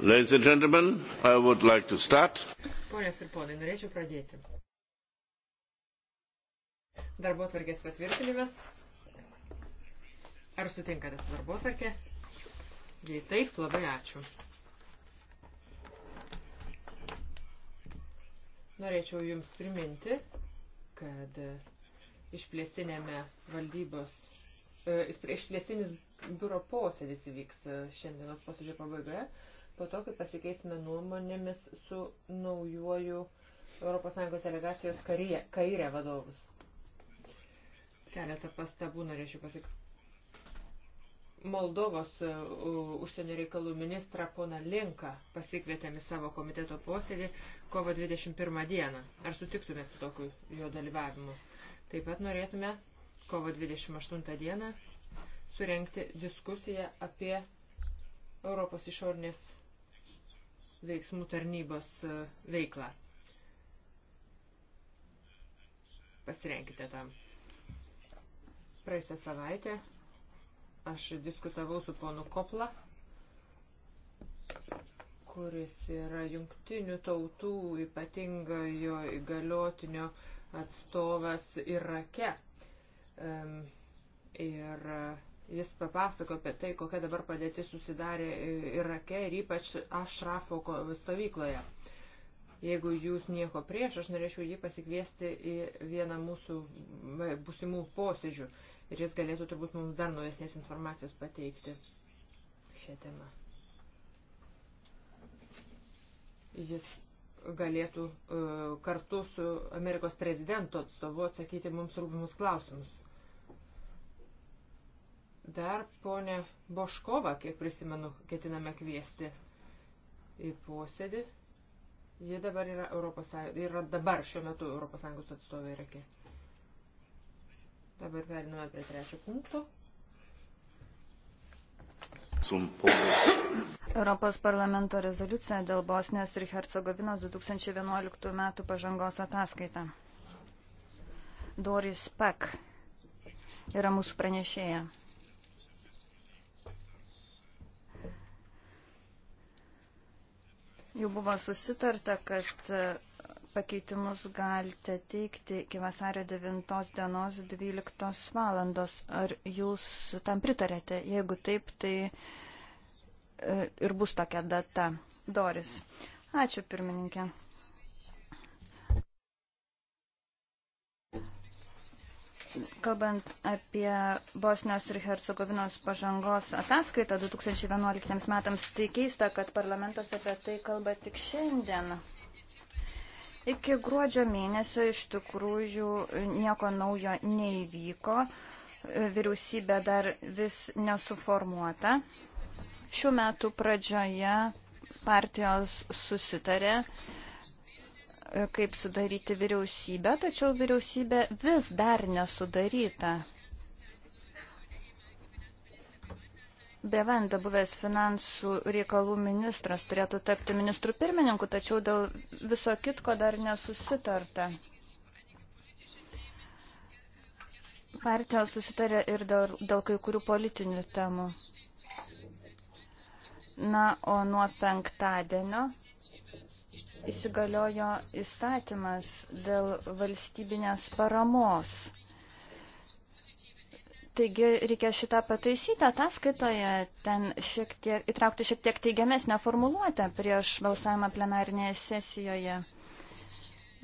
Ladies and gentlemen, I would like to start. Ponios ir ponai, norėčiau pradėti. Darbo tvarkės patvirtinimas. Ar sutinkate su darbo tvarkė? Jei taip, labai ačiū. Norėčiau Jums priminti, kad išplėstinėme valdybos, e, išplėstinis biuro posėdis įvyks e, šiandienos posėdžio pabaigoje po to, kai pasikeisime nuomonėmis su naujuoju ES delegacijos kairė, kairė vadovus. Keletą pastabų norėčiau pasakyti. Moldovos e, užsienio reikalų ministrą poną Linką pasikvietėme savo komiteto posėdį kovo 21 dieną. Ar sutiktume su tokiu jo dalyvavimu? Taip pat norėtume kovo 28 dieną surenkti diskusiją apie Europos išornės veiksmų tarnybos e, veiklą. Pasirenkite tam. Praėjusią savaitę aš diskutavau su ponu Kopla, kuris yra jungtinių tautų ypatingojo įgaliotinio atstovas Irake. Ir, um, ir Jis papasako apie tai, kokia dabar padėtis susidarė Irake ir ypač Ašrafo stovykloje. Jeigu jūs nieko prieš, aš norėčiau jį pasikviesti į vieną mūsų busimų posėdžių ir jis galėtų turbūt mums dar naujesnės informacijos pateikti šią temą. Jis galėtų uh, kartu su Amerikos prezidento atstovu atsakyti mums rūpimus klausimus. Dar ponę Boškovą, kiek prisimenu, ketiname kviesti į posėdį. Ji dabar yra, Europos, yra dabar šiuo metu ES atstovė Irake. Dabar periname prie trečio punkto. Europos parlamento rezoliucija dėl Bosnijos ir Hercegovinos 2011 m. pažangos ataskaita. Doris Pek yra mūsų pranešėja. Jau buvo susitarta, kad e, pakeitimus galite teikti iki vasario 9 dienos 12 valandos. Ar jūs tam pritarėte? Jeigu taip, tai e, ir bus tokia data. Doris. Ačiū pirmininkė. kalbant apie Bosnios ir Hercegovinos pažangos ataskaitą 2011 metams, tai keista, kad parlamentas apie tai kalba tik šiandien. Iki gruodžio mėnesio iš tikrųjų nieko naujo neįvyko, vyriausybė dar vis nesuformuota. Šių metų pradžioje partijos susitarė kaip sudaryti vyriausybę, tačiau vyriausybė vis dar nesudaryta. Bevenda buvęs finansų reikalų ministras turėtų tapti ministrų pirmininku, tačiau dėl viso kitko dar nesusitarta. Partijos susitarė ir dėl, dėl kai kurių politinių temų. Na, o nuo penktadienio įsigaliojo įstatymas dėl valstybinės paramos. Taigi reikia šitą pataisyti ataskaitoje, ten šiek tiek, įtraukti šiek tiek teigiamesnę formuluotę prieš balsavimą plenarinėje sesijoje.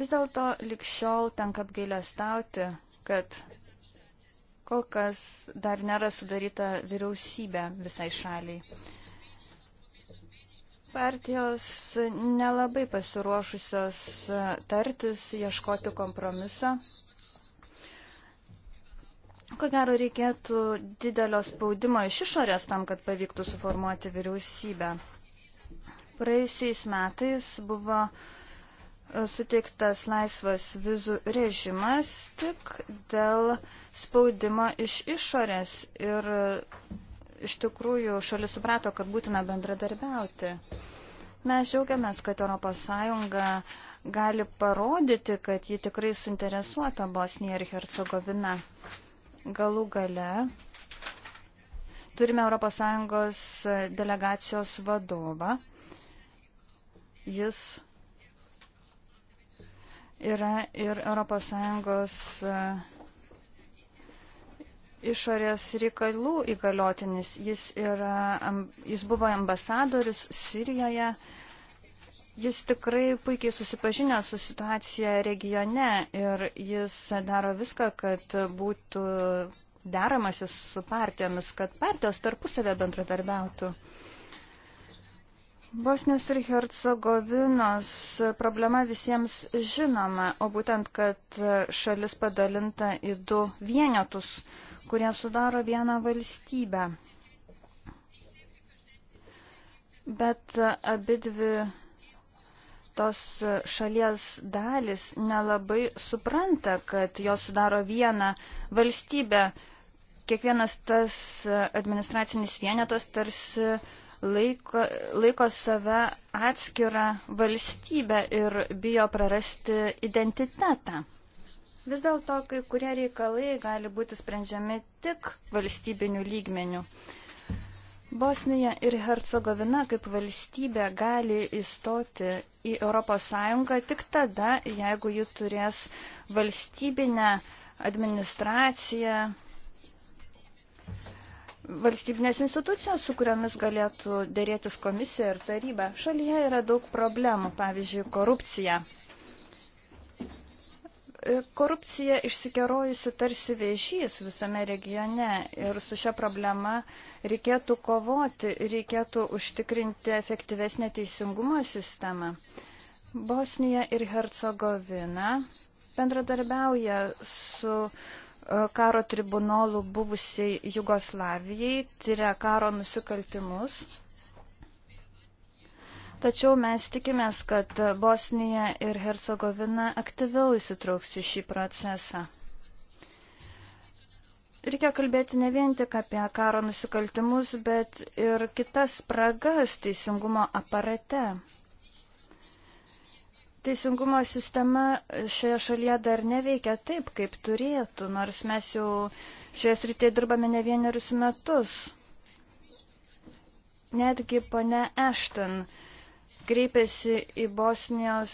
Vis dėlto likščiol tenka apgailestauti, kad kol kas dar nėra sudaryta vyriausybė visai šaliai. Partijos nelabai pasiruošusios e, tartis, ieškoti kompromiso. Ko gero reikėtų didelio spaudimo iš išorės tam, kad pavyktų suformuoti vyriausybę. Praėjusiais metais buvo e, suteiktas laisvas vizų režimas tik dėl spaudimo iš išorės ir iš tikrųjų šalis suprato, kad būtina bendradarbiauti. Mes džiaugiamės, kad ES gali parodyti, kad ji tikrai suinteresuota Bosnija ir Hercegovina. Galų gale turime ES delegacijos vadovą. Jis yra ir ES išorės reikalų įgaliotinis. Jis, yra, jis buvo ambasadoris Sirijoje. Jis tikrai puikiai susipažinę su situacija regione ir jis daro viską, kad būtų deramasis su partijomis, kad partijos tarpusavė bendradarbiautų. Bosnijos ir Hercegovinos problema visiems žinoma, o būtent, kad šalis padalinta į du vienetus, kurie sudaro vieną valstybę. Bet abidvi tos šalies dalis nelabai supranta, kad jos sudaro vieną valstybę. Kiekvienas tas administracinis vienetas tarsi laiko, laiko save atskirą valstybę ir bijo prarasti identitetą. Vis dėlto kai kurie reikalai gali būti sprendžiami tik valstybinių lygmenių. Bosnija ir Hercegovina kaip valstybė gali įstoti į ES tik tada, jeigu ji turės valstybinę administraciją, valstybinės institucijos, su kuriomis galėtų dėrėtis komisija ir taryba. Šalyje yra daug problemų, pavyzdžiui, korupcija. Korupcija išsikerojusi tarsi vėžys visame regione ir su šia problema reikėtų kovoti, reikėtų užtikrinti efektyvesnę teisingumo sistemą. Bosnija ir Hercegovina bendradarbiauja su e, karo tribunolu buvusiai Jugoslavijai, tyria karo nusikaltimus Tačiau mes tikimės, kad Bosnija ir Hercegovina aktyviau įsitrauks į šį procesą. Reikia kalbėti ne vien tik apie karo nusikaltimus, bet ir kitas spragas teisingumo aparate. Teisingumo sistema šioje šalyje dar neveikia taip, kaip turėtų, nors mes jau šioje srityje dirbame ne vienerius metus. Netgi pone Ešten kreipėsi į Bosnijos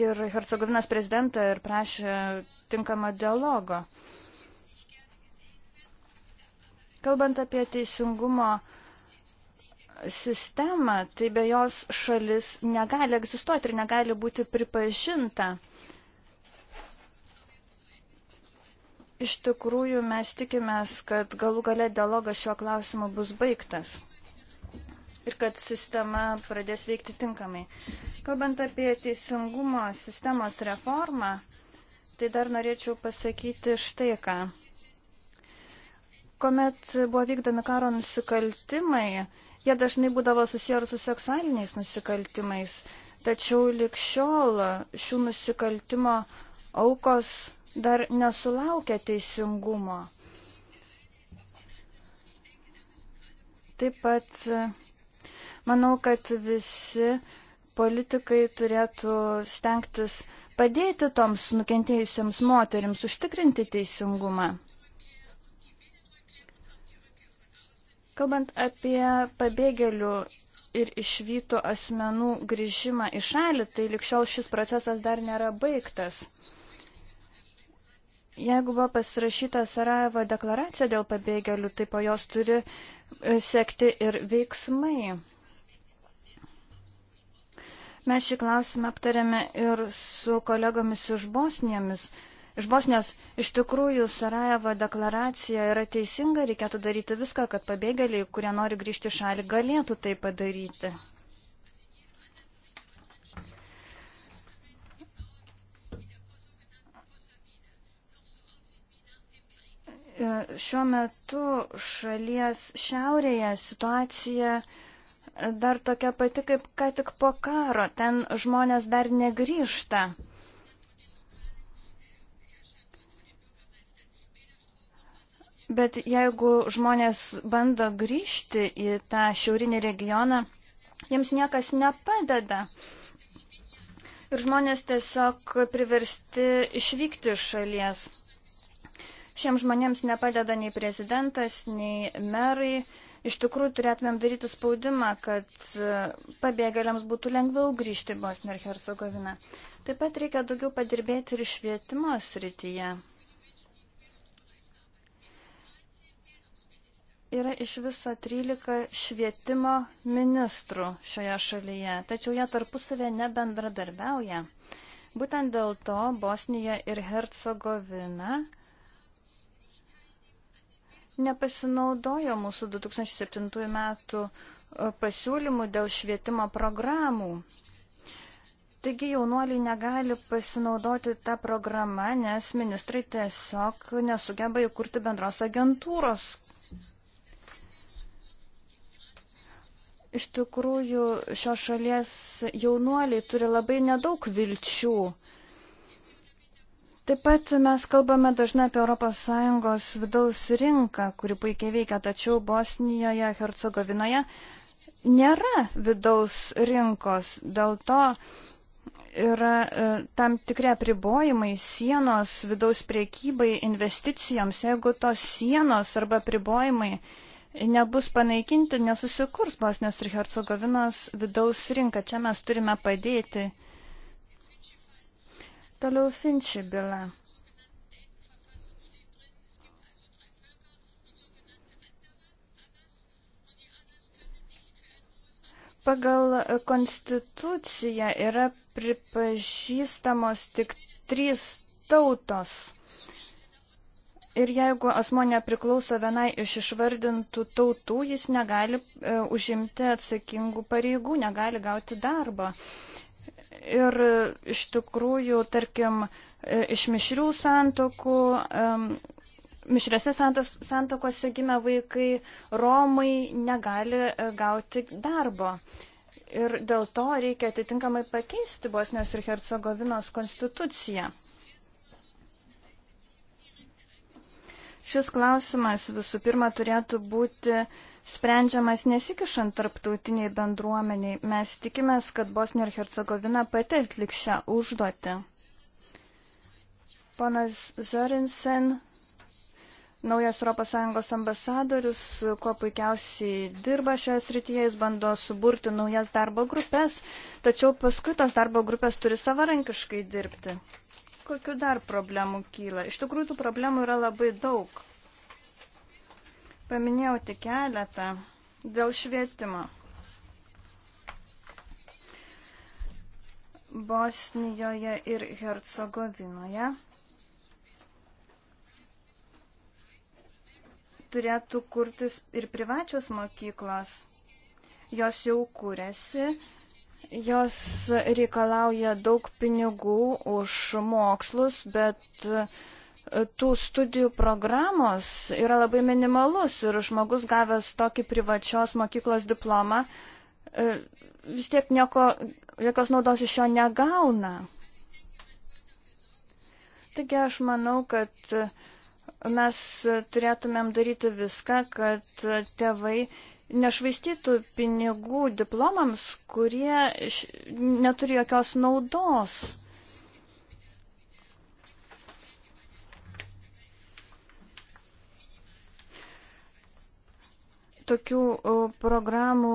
ir Hercegovinos prezidentą ir prašė tinkamą dialogo. Kalbant apie teisingumo sistemą, tai be jos šalis negali egzistuoti ir negali būti pripažinta. Iš tikrųjų, mes tikimės, kad galų gale dialogas šiuo klausimu bus baigtas ir kad sistema pradės veikti tinkamai. Kalbant apie teisingumo sistemos reformą, tai dar norėčiau pasakyti štai ką. Komet buvo vykdomi karo nusikaltimai, jie dažnai būdavo susiję ir su seksualiniais nusikaltimais, tačiau likščiol šių nusikaltimo aukos dar nesulaukia teisingumo. Taip pat manau, kad visi politikai turėtų stengtis padėti toms nukentėjusiems moteriams užtikrinti teisingumą. Kalbant apie pabėgėlių ir išvyto asmenų grįžimą į šalį, tai likščiau šis procesas dar nėra baigtas. Jeigu buvo pasirašyta Sarajevo deklaracija dėl pabėgėlių, tai po jos turi e, sekti ir veiksmai. Mes šį klausimą aptarėme ir su kolegomis iš Bosnijomis. Iš Bosnijos iš tikrųjų Sarajevo deklaracija yra teisinga, reikėtų daryti viską, kad pabėgėliai, kurie nori grįžti į šalį, galėtų tai padaryti. E, šiuo metu šalies šiaurėje situacija dar tokia pati kaip ką tik po karo. Ten žmonės dar negrįžta. Bet jeigu žmonės bando grįžti į tą šiaurinį regioną, jiems niekas nepadeda. Ir žmonės tiesiog priversti išvykti iš šalies. Šiems žmonėms nepadeda nei prezidentas, nei merai. Iš tikrųjų turėtumėm daryti spaudimą, kad e, pabėgėliams būtų lengviau grįžti į Bosniją ir Hercegoviną. Taip pat reikia daugiau padirbėti ir švietimo srityje. yra iš viso 13 švietimo ministrų šioje šalyje, tačiau jie tarpusavė nebendradarbiauja. Būtent dėl to Bosnija ir Hercegovina nepasinaudojo mūsų 2007 metų e, pasiūlymų dėl švietimo programų. Taigi jaunuoliai negali pasinaudoti tą programą, nes ministrai tiesiog nesugeba įkurti bendros agentūros. Iš tikrųjų, šios šalies jaunuoliai turi labai nedaug vilčių Taip pat mes kalbame dažnai apie ES vidaus rinką, kuri puikiai veikia, tačiau Bosnijoje, Hercegovinoje nėra vidaus rinkos. Dėl to yra e, tam tikri apribojimai sienos vidaus priekybai investicijoms. Jeigu tos sienos arba apribojimai nebus panaikinti, nesusikurs Bosnijos ir Hercegovinos vidaus rinka. Čia mes turime padėti Toliau Finči byla. Pagal konstituciją yra pripažįstamos tik trys tautos. Ir jeigu asmo nepriklauso vienai iš išvardintų tautų, jis negali e, užimti atsakingų pareigų, negali gauti darbo. Ir e, iš tikrųjų, tarkim, e, iš mišrių santokų, e, mišriose santokose gimę vaikai, Romai negali gauti darbo. Ir dėl to reikia atitinkamai pakeisti Bosnijos ir Hercegovinos konstituciją. Šis klausimas visų pirma turėtų būti uh, sprendžiamas nesikišant tarptautiniai bendruomeniai. Mes tikimės, kad Bosnija ir Hercegovina pati atliks šią užduotį. Ponas Zorinsen, naujas ES ambasadorius, kuo puikiausiai dirba šioje srityje, jis bando suburti naujas darbo grupės, tačiau paskui tos darbo grupės turi savarankiškai dirbti. Kokiu dar problemų kyla? Iš tikrųjų, tų problemų yra labai daug. Paminėjau tik keletą dėl švietimo. Bosnijoje ir Hercegovinoje turėtų kurtis ir privačios mokyklos. Jos jau kūrėsi, jos reikalauja daug pinigų už mokslus, bet uh, tų studijų programos yra labai minimalus ir žmogus gavęs tokį privačios mokyklos diplomą e, vis tiek nieko, jokios naudos iš jo negauna. Taigi aš manau, kad e, mes turėtumėm daryti viską, kad tėvai nešvaistytų pinigų diplomams, kurie neturi jokios naudos. tokių programų,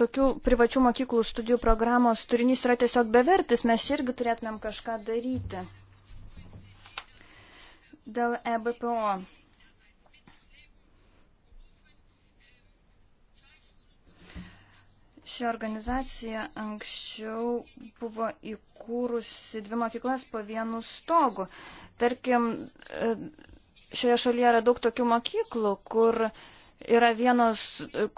tokių privačių mokyklų studijų programos turinys yra tiesiog bevertis, mes irgi turėtumėm kažką daryti dėl EBPO. Ši organizacija anksčiau buvo įkūrusi dvi mokyklas po vienu stogu. Tarkim, e, šioje šalyje yra daug tokių mokyklų, kur uh, yra vienos,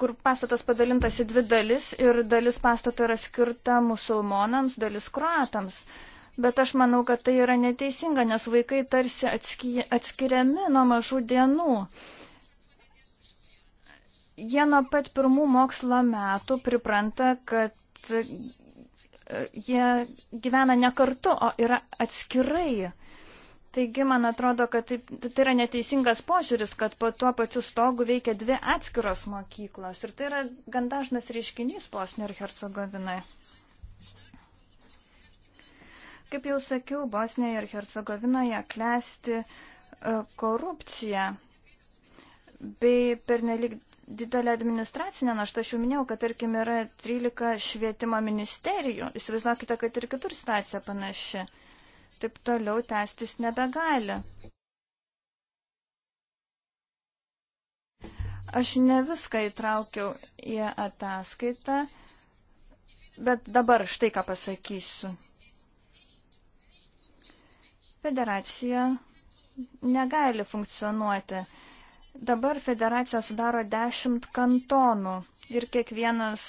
kur pastatas padalintas į dvi dalis ir dalis pastato yra skirta musulmonams, dalis kroatams. Bet aš manau, kad tai yra neteisinga, nes vaikai tarsi atskiriami nuo mažų dienų. Jie nuo pat pirmų mokslo metų pripranta, kad e, jie gyvena ne kartu, o yra atskirai. Taigi, man atrodo, kad taip, tai yra neteisingas požiūris, kad po tuo pačiu stogu veikia dvi atskiros mokyklos. Ir tai yra gan dažnas reiškinys Bosnijoje ir Hercegovinoje. Kaip jau sakiau, Bosnijoje ir Hercegovinoje klesti e, korupcija bei pernelik didelė administracinė našta. Aš jau minėjau, kad tarkim yra 13 švietimo ministerijų. Įsivaizduokite, kad ir kitur situacija panaši taip toliau tęstis nebegali. Aš ne viską įtraukiau į ataskaitą, bet dabar štai ką pasakysiu. Federacija negali funkcionuoti. Dabar federacija sudaro dešimt kantonų ir kiekvienas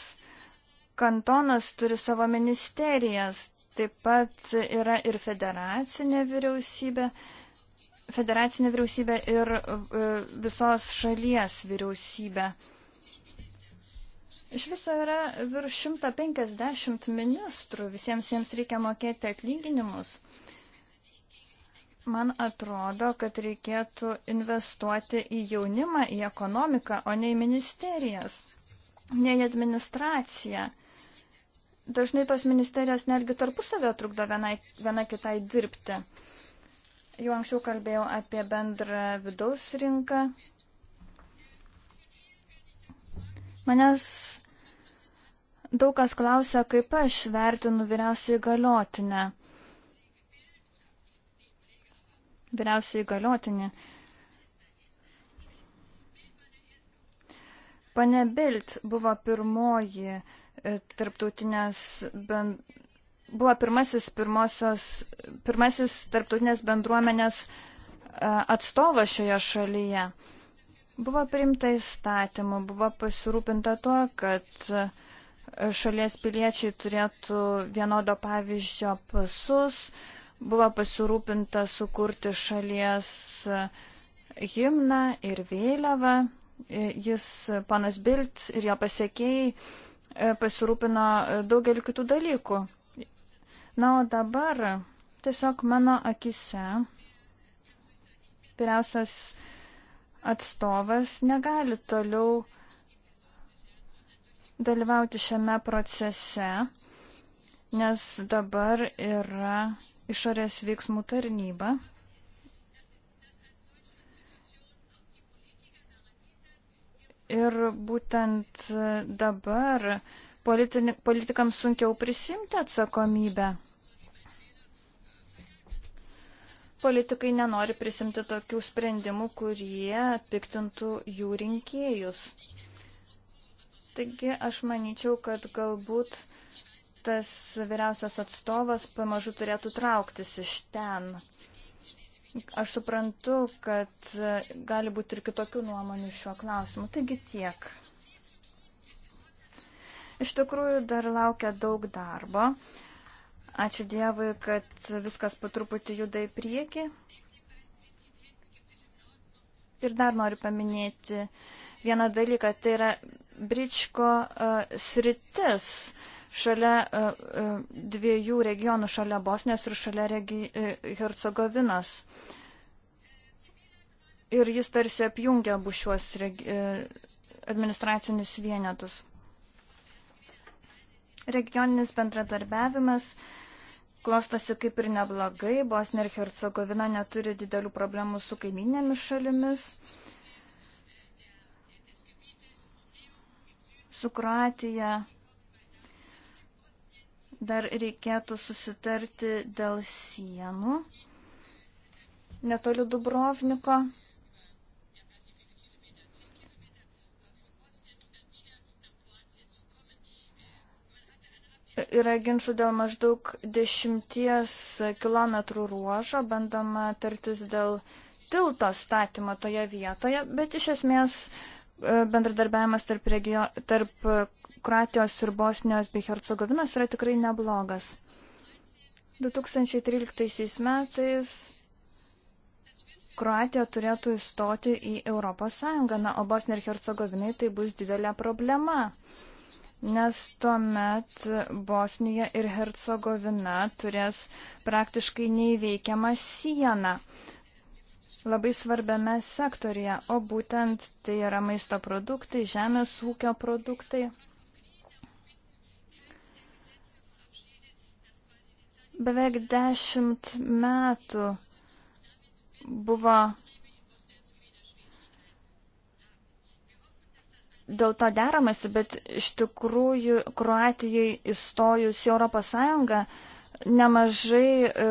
kantonas turi savo ministerijas. Taip pat yra ir federacinė vyriausybė, federacinė vyriausybė ir e, visos šalies vyriausybė. Iš viso yra virš 150 ministrų, visiems jiems reikia mokėti atlyginimus. Man atrodo, kad reikėtų investuoti į jaunimą, į ekonomiką, o ne į ministerijas, ne į administraciją dažnai tos ministerijos netgi tarpusavio trukdo vienai, viena kitai dirbti. Jau anksčiau kalbėjau apie bendrą vidaus rinką. Manęs daug kas klausia, kaip aš vertinu vyriausiai galiotinę. Vyriausiai galiotinį. Pane Bilt buvo pirmoji uh, E, tarptautinės bend... buvo pirmasis, pirmosios, pirmasis tarptautinės bendruomenės e, atstovas šioje šalyje. Buvo priimta įstatymų, buvo pasirūpinta tuo, kad e, šalies piliečiai turėtų vienodo pavyzdžio pasus, buvo pasirūpinta sukurti šalies himną ir vėliavą. Jis, panas Bilt ir jo pasiekėjai, E, pasirūpino e, daugeliu kitų dalykų. Na, o dabar e, tiesiog mano akise vyriausias atstovas negali toliau dalyvauti šiame procese, nes dabar yra išorės veiksmų tarnyba, Ir būtent dabar politin, politikams sunkiau prisimti atsakomybę. Politikai nenori prisimti tokių sprendimų, kurie piktintų jų rinkėjus. Taigi aš manyčiau, kad galbūt tas vyriausias atstovas pamažu turėtų trauktis iš ten. Aš suprantu, kad gali būti ir kitokių nuomonių šiuo klausimu. Taigi tiek. Iš tikrųjų, dar laukia daug darbo. Ačiū Dievui, kad viskas patruputį juda į priekį. Ir dar noriu paminėti vieną dalyką, tai yra Bričko uh, sritis. Uh, šalia e, e, dviejų regionų, šalia Bosnės ir šalia regi... E, Hercegovinos. Ir jis tarsi apjungia abu šiuos regi... administracinius vienetus. Regioninis bendradarbiavimas klostosi kaip ir neblogai. Bosnė ir Hercegovina neturi didelių problemų su kaiminėmis šalimis. Su Kroatija Dar reikėtų susitarti dėl sienų netoli Dubrovniko. Yra ginčių dėl maždaug dešimties kilometrų ruožo, bandoma tartis dėl tilto statymo toje vietoje, bet iš esmės e, bendradarbiavimas tarp, regio, tarp Kroatijos ir Bosnijos bei Hercegovinos yra tikrai neblogas. 2013 metais Kroatija turėtų įstoti į Europos Sąjungą, na, o Bosnija ir Hercegovinai tai bus didelė problema, nes tuomet Bosnija ir Hercegovina turės praktiškai neįveikiamą sieną labai svarbiame sektorija, o būtent tai yra maisto produktai, žemės ūkio produktai. Beveik dešimt metų buvo dėl to deramasi, bet iš tikrųjų Kroatijai įstojus į Europos Sąjungą nemažai e,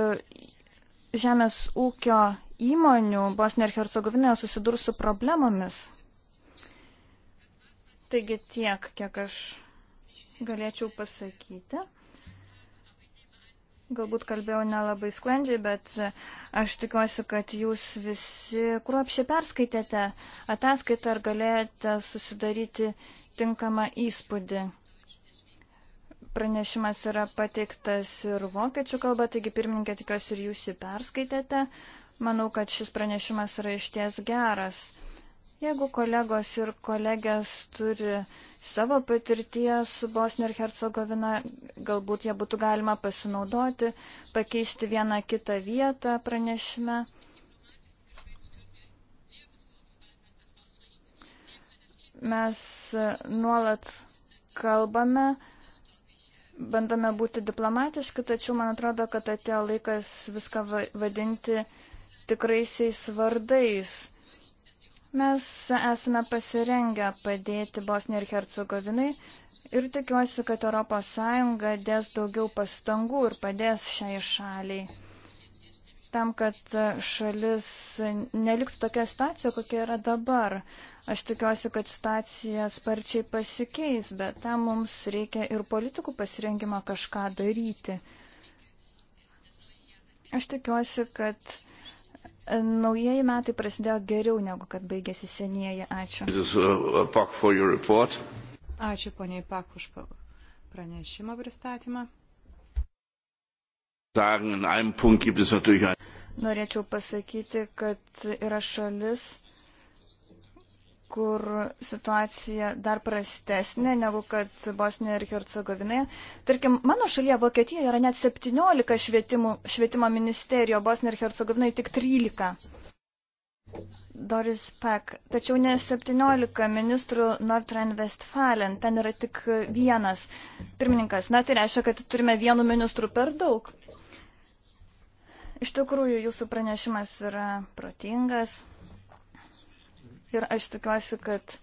žemės ūkio įmonių Bosnijoje ir Hercegovinoje susidurs su problemomis. Taigi tiek, kiek aš galėčiau pasakyti. Galbūt kalbėjau nelabai sklandžiai, bet aš tikiuosi, kad jūs visi kruopšiai perskaitėte ataskaitą ar galėjote susidaryti tinkamą įspūdį. Pranešimas yra pateiktas ir vokiečių kalba, taigi pirmininkė tikiuosi ir jūs jį perskaitėte. Manau, kad šis pranešimas yra išties geras. Jeigu kolegos ir kolegės turi savo patirties su Bosnija ir Hercegovina, galbūt ją būtų galima pasinaudoti, pakeisti vieną kitą vietą pranešime. Mes nuolat kalbame, bandome būti diplomatiški, tačiau man atrodo, kad atėjo laikas viską vadinti tikraisiais vardais Mes esame pasirengę padėti Bosniai ir Hercegovinai ir tikiuosi, kad ES dės daugiau pastangų ir padės šiai šaliai. Tam, kad šalis neliktų tokia situacija, kokia yra dabar. Aš tikiuosi, kad situacija sparčiai pasikeis, bet tam mums reikia ir politikų pasirengimo kažką daryti. Aš tikiuosi, kad Naujieji metai prasidėjo geriau negu kad baigėsi senieji. Ačiū. Uh, Ačiū poniai Pak už pranešimą pristatymą. Norėčiau pasakyti, kad yra šalis, kur situacija dar prastesnė negu kad Bosnijoje ir Hercegovinoje. Tarkim, mano šalyje Vokietijoje yra net 17 švietimų, švietimo ministerijo, Bosnijoje ir Hercegovinoje tik 13. Doris Peck. Tačiau ne 17 ministrų Nordrhein-Westfalen, ten yra tik vienas pirmininkas. Na, tai reiškia, kad turime vienu ministru per daug. Iš tikrųjų, jūsų pranešimas yra protingas. Ir aš tikiuosi, kad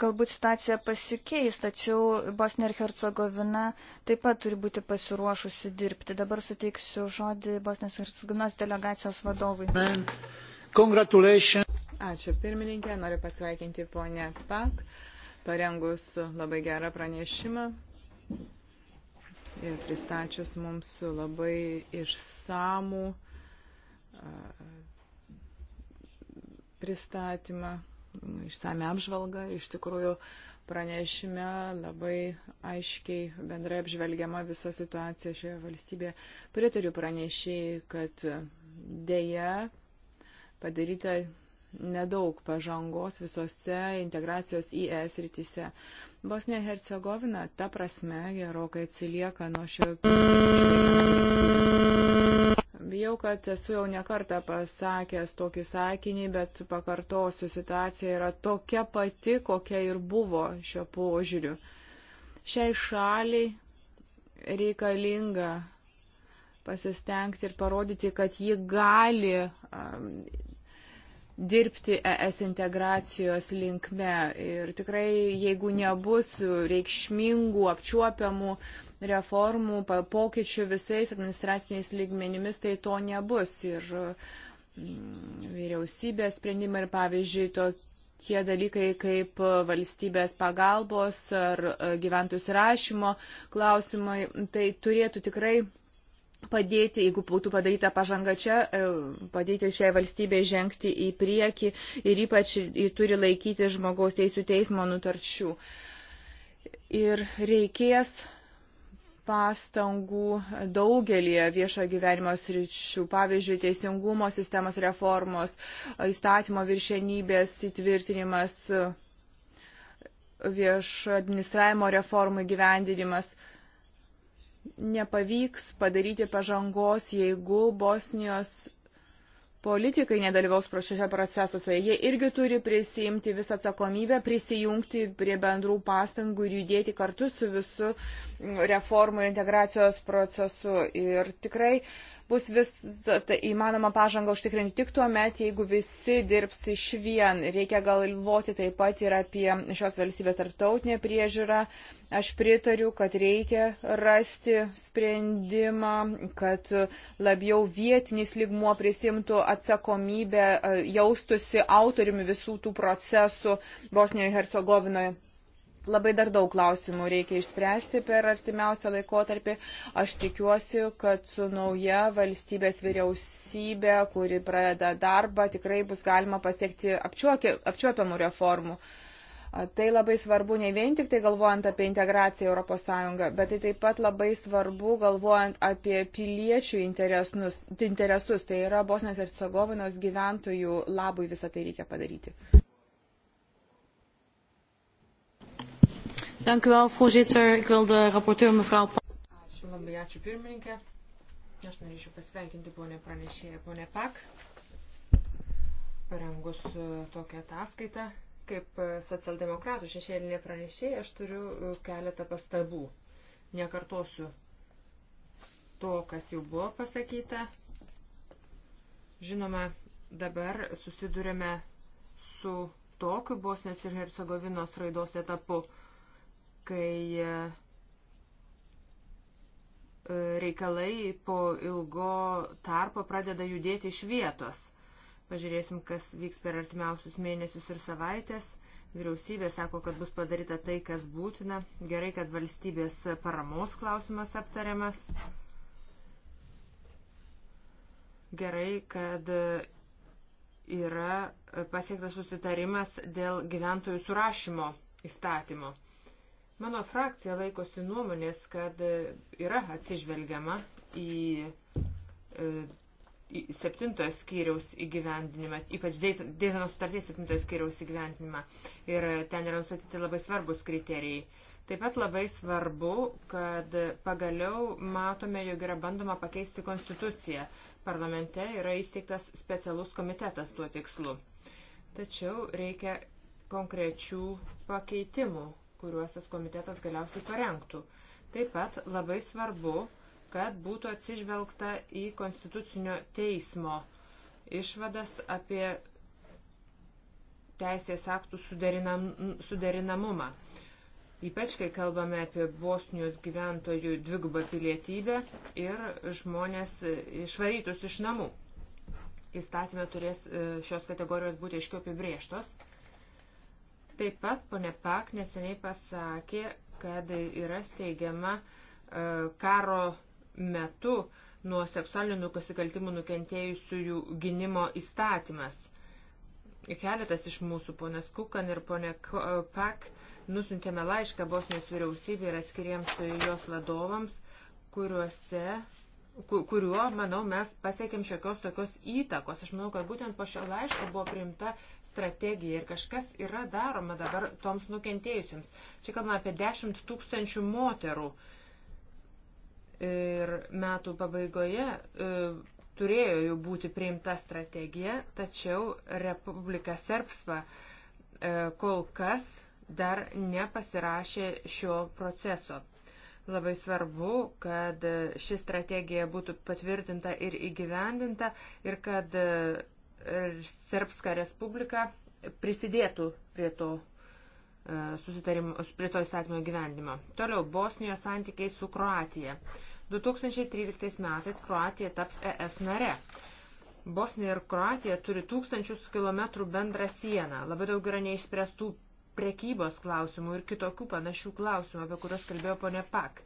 galbūt situacija pasikeis, tačiau Bosnija ir Hercegovina taip pat turi būti pasiruošusi dirbti. Dabar suteiksiu žodį Bosnijos ir Hercegovinos delegacijos vadovui. Ačiū pirmininkė, noriu pasveikinti ponę Pak, parengus labai gerą pranešimą ir pristačius mums labai išsamų uh, pristatymą, išsame apžvalgą. Iš tikrųjų, pranešime labai aiškiai bendrai apžvelgiama visa situacija šioje valstybėje. Pritariu pranešėjai, kad dėja padaryta nedaug pažangos visose integracijos į ES rytise. Bosnija Hercegovina ta prasme gerokai atsilieka nuo šio. Bijau, kad esu jau nekartą pasakęs tokį sakinį, bet pakartosiu, situacija yra tokia pati, kokia ir buvo šio požiūriu. Šiai šaliai reikalinga pasistengti ir parodyti, kad ji gali um, dirbti ES integracijos linkme. Ir tikrai, jeigu nebus reikšmingų, apčiuopiamų uh, reformų, pokyčių visais administraciniais lygmenimis, tai to nebus. Ir mm, vyriausybės sprendimai ir pavyzdžiui tokie dalykai kaip valstybės pagalbos ar e, gyventojų surašymo klausimai, tai turėtų tikrai padėti, jeigu būtų padaryta pažanga čia, e, padėti šiai valstybei žengti į priekį ir ypač turi laikyti žmogaus teisų teismo nutarčių. Ir reikės pastangų daugelie viešo gyvenimo sričių, pavyzdžiui, teisingumo sistemos reformos, įstatymo viršenybės įtvirtinimas, viešo administravimo reformų gyvendinimas. Nepavyks padaryti pažangos, jeigu Bosnijos politikai nedalyvaus šiuose procesuose, jie irgi turi prisijimti visą atsakomybę, prisijungti prie bendrų pastangų ir judėti kartu su visu mm, reformų ir integracijos procesu. Ir tikrai uh, bus visą tai įmanoma pažangą užtikrinti tik tuo met, jeigu visi dirbs iš vien. Reikia galvoti taip pat ir apie šios valstybės tarptautinę priežiūrą. Aš pritariu, kad reikia rasti sprendimą, kad labiau vietinis ligmuo prisimtų atsakomybę, e, jaustusi autoriumi visų tų procesų Bosnijoje Hercegovinoje. Labai dar daug klausimų reikia išspręsti per artimiausią laikotarpį. Aš tikiuosi, kad su nauja valstybės vyriausybė, kuri pradeda darbą, tikrai bus galima pasiekti apčiuopiamų reformų. Tai labai svarbu ne vien tik tai galvojant apie integraciją ES, bet tai taip pat labai svarbu galvojant apie piliečių interesus. interesus. Tai yra Bosnijos ir Cegovinos gyventojų labui visą tai reikia padaryti. Dank u wel, voorzitter. Ik wil de rapporteur mevrouw... Ačiū labai, ačiū pirmininkė. Aš norėčiau pasveikinti ponę pranešėją, ponę Pak, parengus e, tokią ataskaitą. Kaip e, socialdemokratų šešėlinė pranešėja, aš turiu e, keletą pastabų. Nekartosiu to, kas jau buvo pasakyta. Žinoma, dabar susidurėme su tokiu Bosnės ir Hercegovinos raidos etapu, kai e, reikalai po ilgo tarpo pradeda judėti iš vietos. Pažiūrėsim, kas vyks per artimiausius mėnesius ir savaitės. Vyriausybė sako, kad bus padaryta tai, kas būtina. Gerai, kad valstybės paramos klausimas aptariamas. Gerai, kad yra pasiektas susitarimas dėl gyventojų surašymo įstatymo. Mano frakcija laikosi nuomonės, kad e, yra atsižvelgiama į, e, į septintojo skyriaus įgyvendinimą, ypač Dėtino sutarties septintojo skyriaus įgyvendinimą. Ir e, ten yra nustatyti labai svarbus kriterijai. Taip pat labai svarbu, kad pagaliau matome, jog yra bandoma pakeisti konstituciją. Parlamente yra įsteigtas specialus komitetas tuo tikslu. Tačiau reikia konkrečių pakeitimų kuriuos tas komitetas galiausiai parengtų. Taip pat labai svarbu, kad būtų atsižvelgta į konstitucinio teismo išvadas apie teisės aktų suderinam, suderinamumą. Ypač, kai kalbame apie Bosnijos gyventojų dvigubą pilietybę ir žmonės e, išvarytus iš namų. Įstatymė turės e, šios kategorijos būti aiškiau apibrieštos. Taip pat ponė Pak neseniai pasakė, kad yra steigiama e, karo metu nuo seksualinių nusikaltimų nukentėjusiųjų gynimo įstatymas. Keletas iš mūsų, ponas Kukan ir ponė e, Pak, nusintėme laišką Bosnijos vyriausybė ir atskiriems jos vadovams, kuriuose kuriuo, manau, mes pasiekėm šiokios tokios įtakos. Aš manau, kad būtent po šio laiško buvo priimta strategija ir kažkas yra daroma dabar toms nukentėjusiems. Čia kalbame apie 10 tūkstančių moterų. Ir metų pabaigoje e, turėjo jau būti priimta strategija, tačiau Republika Serbsva e, kol kas dar nepasirašė šio proceso. Labai svarbu, kad ši strategija būtų patvirtinta ir įgyvendinta ir kad e, Serbska Respublika prisidėtų prie to e, susitarimo, prie to įstatymo gyvendimo. Toliau, Bosnijos santykiai su Kroatija. 2013 metais Kroatija taps ES nare. Bosnija ir Kroatija turi tūkstančius kilometrų bendrą sieną. Labai daug yra neišspręstų prekybos klausimų ir kitokių panašių klausimų, apie kuriuos kalbėjo ponė Pak.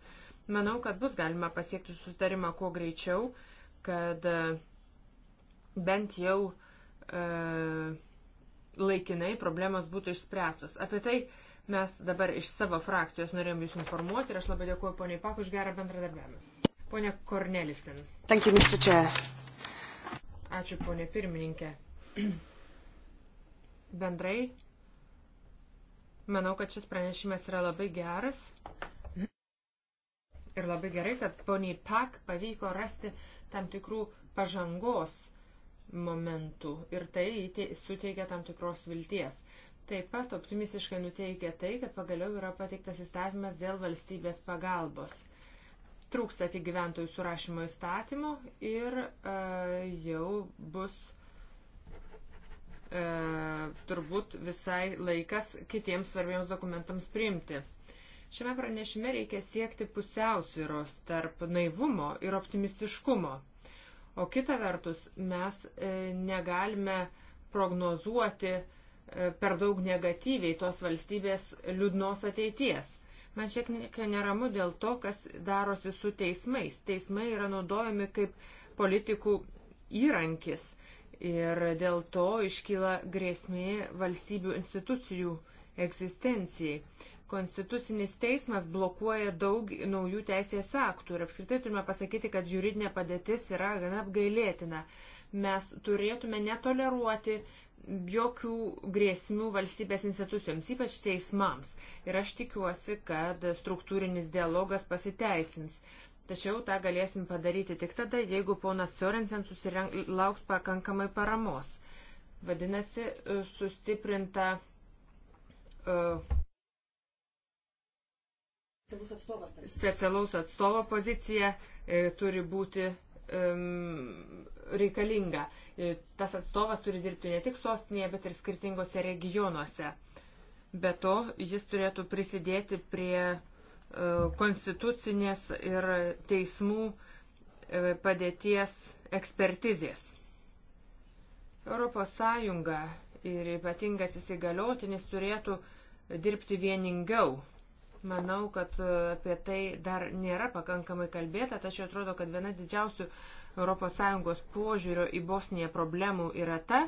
Manau, kad bus galima pasiekti susitarimą kuo greičiau, kad uh, bent jau e, laikinai problemos būtų išspręstos. Apie tai mes dabar iš savo frakcijos norėjom Jūs informuoti ir aš labai dėkuoju poniai Pak už gerą bendradarbiavimą. Pone Kornelisen. Thank you, Mr. Chair. Ačiū, ponė pirmininkė. Bendrai, manau, kad šis pranešimas yra labai geras. Ir labai gerai, kad poniai Pak pavyko rasti tam tikrų pažangos momentų ir tai suteikia tam tikros vilties. Taip pat optimistiškai nuteikia tai, kad pagaliau yra pateiktas įstatymas dėl valstybės pagalbos. Trūksta tik gyventojų surašymo įstatymų ir e, jau bus e, turbūt visai laikas kitiems svarbiems dokumentams priimti. Šiame pranešime reikia siekti pusiausviros tarp naivumo ir optimistiškumo O kita vertus, mes e, negalime prognozuoti e, per daug negatyviai tos valstybės liūdnos ateities. Man šiek tiek neramu dėl to, kas darosi su teismais. Teismai yra naudojami kaip politikų įrankis ir dėl to iškyla grėsmė valstybių institucijų egzistencijai. Konstitucinis teismas blokuoja daug naujų teisės aktų ir apskritai turime pasakyti, kad juridinė padėtis yra gana apgailėtina. Mes turėtume netoleruoti jokių grėsmių valstybės institucijoms, ypač teismams. Ir aš tikiuosi, kad struktūrinis dialogas pasiteisins. Tačiau tą galėsim padaryti tik tada, jeigu ponas Sorensen susilauks pakankamai paramos. Vadinasi, sustiprinta uh, specialaus atstovo pozicija e, turi būti reikalinga. E, tas atstovas turi dirbti ne tik sostinėje, bet ir skirtingose regionuose. Be to, jis turėtų prisidėti prie e, konstitucinės ir teismų padėties ekspertizės. Europos Sąjunga ir ypatingas įsigaliotinis turėtų dirbti vieningiau Manau, kad e, apie tai dar nėra pakankamai kalbėta, tačiau atrodo, kad viena didžiausių ES požiūrio į Bosniją problemų yra ta,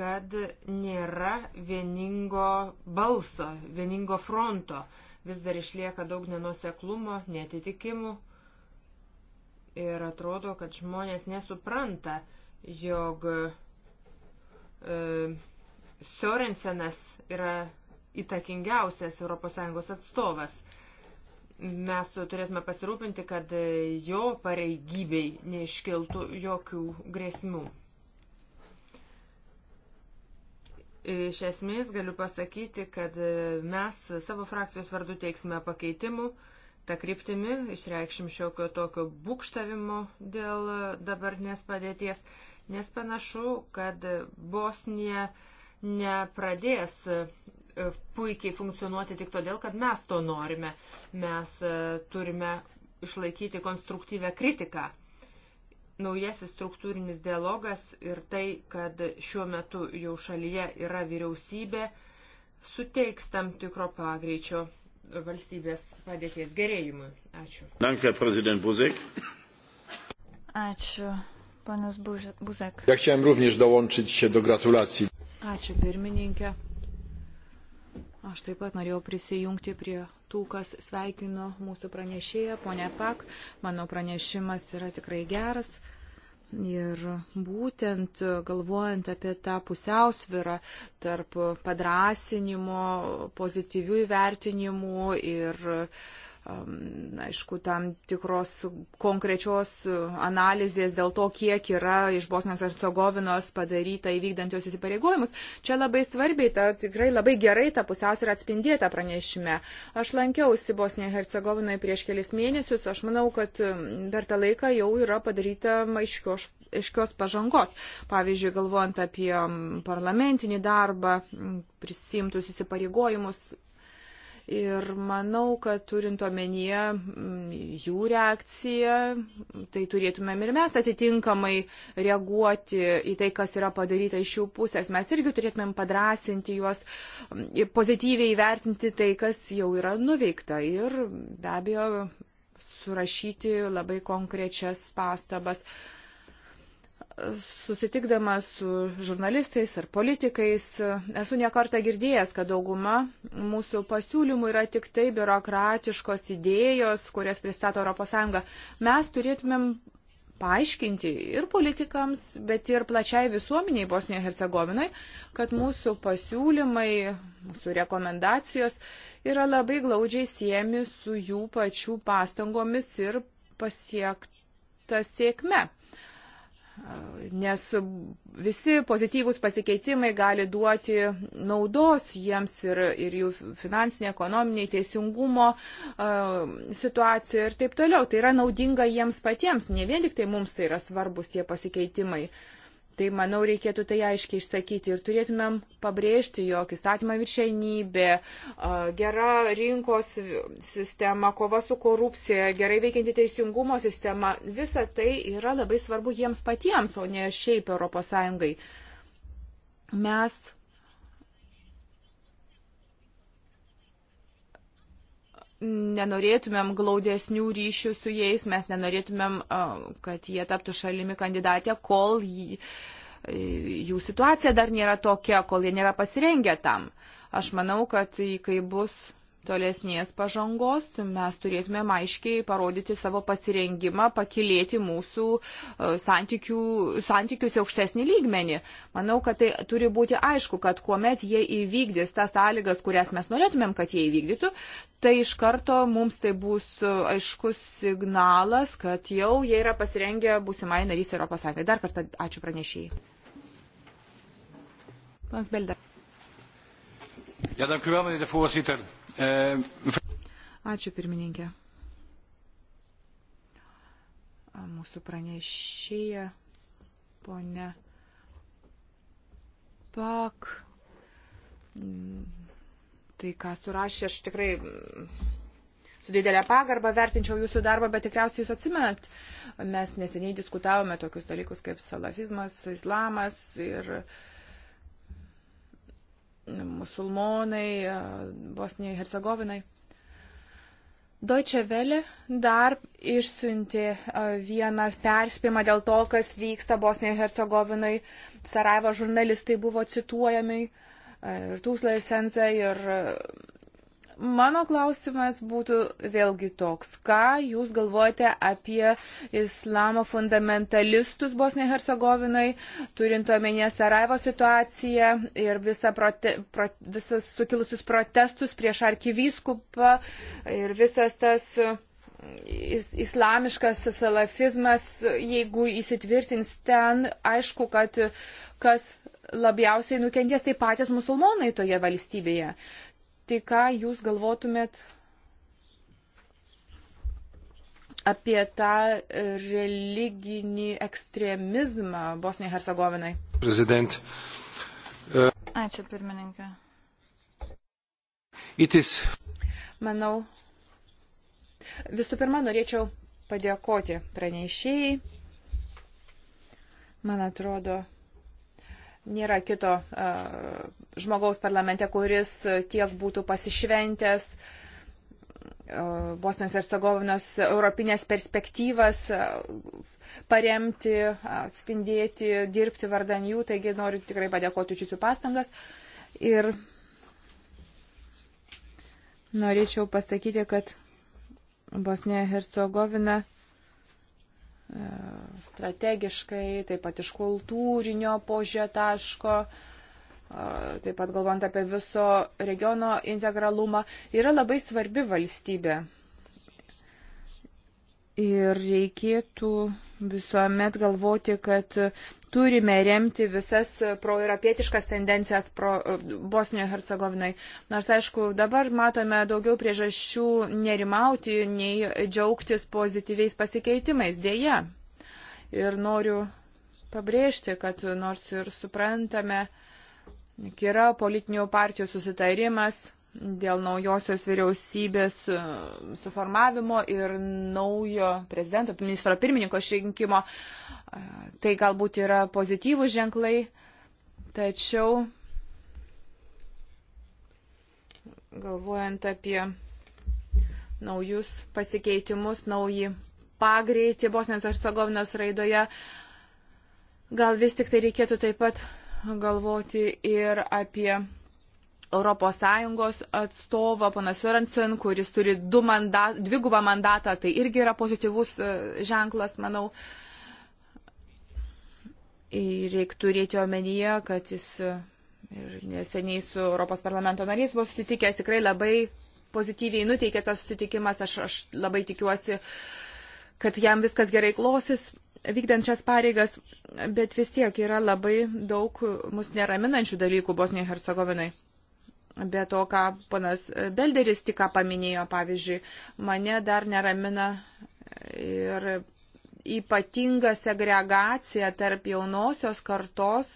kad nėra vieningo balso, vieningo fronto. Vis dar išlieka daug nenuseklumo, netitikimų. Ir atrodo, kad žmonės nesupranta, jog e, Sorensenas yra įtakingiausias ES atstovas. Mes turėtume pasirūpinti, kad jo pareigybei neiškiltų jokių grėsmių. Iš esmės galiu pasakyti, kad mes savo frakcijos vardu teiksime pakeitimų tą kryptimį, išreikšim šiokio tokio būkštavimo dėl dabartinės padėties, nes panašu, kad Bosnija nepradės E, puikiai funkcionuoti tik todėl, kad mes to norime. Mes e, turime išlaikyti konstruktyvę kritiką. Naujasis struktūrinis dialogas ir tai, kad šiuo metu jau šalyje yra vyriausybė, suteiks tam tikro pagreičio valstybės padėties gerėjimui. Ačiū. Danke, prezident Buzek. Ačiū, panas Buzek. Ja chciałem również dołączyć się do gratulacji. Ačiū, pirmininkė. Aš taip pat norėjau prisijungti prie tų, kas sveikino mūsų pranešėją, ponė Pak. Mano pranešimas yra tikrai geras. Ir būtent galvojant apie tą pusiausvirą tarp padrasinimo, pozityvių įvertinimų ir uh, aišku, tam tikros konkrečios analizės dėl to, kiek yra iš Bosnijos ir Hercegovinos padaryta įvykdant jos įsipareigojimus. Čia labai svarbiai, ta, tikrai labai gerai ta pusiausvyrą atspindėta pranešime. Aš lankiausi Bosnijoje ir Hercegovinoje prieš kelis mėnesius, aš manau, kad per tą laiką jau yra padaryta aiškios aiškios pažangos. Pavyzdžiui, galvojant apie parlamentinį darbą, prisimtus įsipareigojimus Ir manau, kad turint omenyje mm, jų reakciją, tai turėtumėm ir mes atitinkamai reaguoti į tai, kas yra padaryta iš jų pusės. Mes irgi turėtumėm padrasinti juos, mm, pozityviai įvertinti tai, kas jau yra nuveikta. Ir be abejo, surašyti labai konkrečias pastabas. Uh, susitikdamas su žurnalistais ar politikais, esu nekartą girdėjęs, kad dauguma mūsų pasiūlymų yra tik tai biurokratiškos idėjos, kurias pristato ES. Mes turėtumėm paaiškinti ir politikams, bet ir plačiai visuomeniai Bosnijoje Hercegovinai, kad mūsų pasiūlymai, mūsų rekomendacijos yra labai glaudžiai siemi su jų pačių pastangomis ir pasiekta sėkme nes visi pozityvūs pasikeitimai gali duoti naudos jiems ir, ir jų finansinė, ekonominė, teisingumo situacijoje ir taip toliau. Tai yra naudinga jiems patiems, ne vien tik tai mums tai yra svarbus tie pasikeitimai. Uh, Tai, manau, reikėtų tai aiškiai išsakyti ir turėtumėm pabrėžti, jog įstatymą viršenybė, gera rinkos sistema, kova su korupcija, gerai veikianti teisingumo sistema, visa tai yra labai svarbu jiems patiems, o ne šiaip ES. Mes nenorėtumėm glaudesnių ryšių su jais, mes nenorėtumėm, kad jie taptų šalimi kandidatė, kol e, jų situacija dar nėra tokia, kol jie nėra pasirengę tam. Aš manau, kad kai bus tolesnės pažangos, mes turėtume aiškiai parodyti savo pasirengimą pakilėti mūsų e, santykių, santykius aukštesnį lygmenį. Manau, kad tai turi būti aišku, kad kuomet jie įvykdys tas sąlygas, kurias mes norėtumėm, kad jie įvykdytų, tai iš karto mums tai bus aiškus signalas, kad jau jie yra pasirengę būsimai narys Europos Sąjungai. Dar kartą ačiū pranešėjai. Pans Belda. Ja, dank u wel, meneer de voorzitter. Ačiū pirmininkė. Mūsų pranešėja, ponė Pak. Tai, ką surašė, aš tikrai su didelė pagarba vertinčiau jūsų darbą, bet tikriausiai jūs atsimenat, mes neseniai diskutavome tokius dalykus kaip salafizmas, islamas ir uh, musulmonai, Bosnijai, Hercegovinai. Deutsche Welle dar išsiuntė vieną perspėjimą dėl to, kas vyksta Bosnijoje Hercegovinai. Sarajevo žurnalistai buvo cituojami ir Tūsla ir Senza ir Mano klausimas būtų vėlgi toks, ką jūs galvojate apie islamo fundamentalistus Bosniai Hercegovinai, turint omenyje Sarajevo situaciją ir visa prote, pro, visas sukilusius protestus prieš arkivyskupą ir visas tas islamiškas salafizmas, jeigu įsitvirtins ten, aišku, kad kas labiausiai nukentės tai patys musulmonai toje valstybėje. Tai ką jūs galvotumėt apie tą religinį ekstremizmą Bosniai Hercegovinai? Prezident. Uh... Ačiū pirmininkė. Is... Manau. Visų pirma, norėčiau padėkoti pranešėjai. Man atrodo, Nėra kito žmogaus parlamente, kuris tiek būtų pasišventęs Bosnijos ir Hercegovinos europinės perspektyvas paremti, atspindėti, dirbti vardan jų. Taigi noriu tikrai padėkoti už jūsų pastangas. Ir norėčiau pasakyti, kad Bosnija ir Hercegovina E, strategiškai, taip pat iš kultūrinio požiūrio taško, e, taip pat galvant apie viso regiono integralumą, yra labai svarbi valstybė. Ir reikėtų visuomet galvoti, kad turime remti visas proeuropietiškas tendencijas pro Bosnijoje Hercegovinoje. Nors, aišku, dabar matome daugiau priežasčių nerimauti, nei džiaugtis pozityviais pasikeitimais. Deja. Ir noriu pabrėžti, kad nors ir suprantame, yra politinių partijų susitarimas dėl naujosios vyriausybės e, suformavimo ir naujo prezidento, ministro pirmininko išrinkimo. E, tai galbūt yra pozityvų ženklai, tačiau galvojant apie naujus pasikeitimus, nauji pagreitį Bosnijos Hercegovinos raidoje, gal vis tik tai reikėtų taip pat galvoti ir apie ES atstovo, panas Sorensen, kuris turi mandat, dvigubą mandatą, tai irgi yra pozityvus e, ženklas, manau. Ir reikia turėti omenyje, kad jis e, ir neseniai su Europos parlamento nariais buvo susitikęs, tikrai labai pozityviai nuteikė tas susitikimas, aš, aš labai tikiuosi, kad jam viskas gerai klosis vykdant šias pareigas, bet vis tiek yra labai daug mus neraminančių dalykų Bosnijoje Hercegovinai. Be to, ką panas Belderis tik paminėjo, pavyzdžiui, mane dar neramina ir ypatinga segregacija tarp jaunosios kartos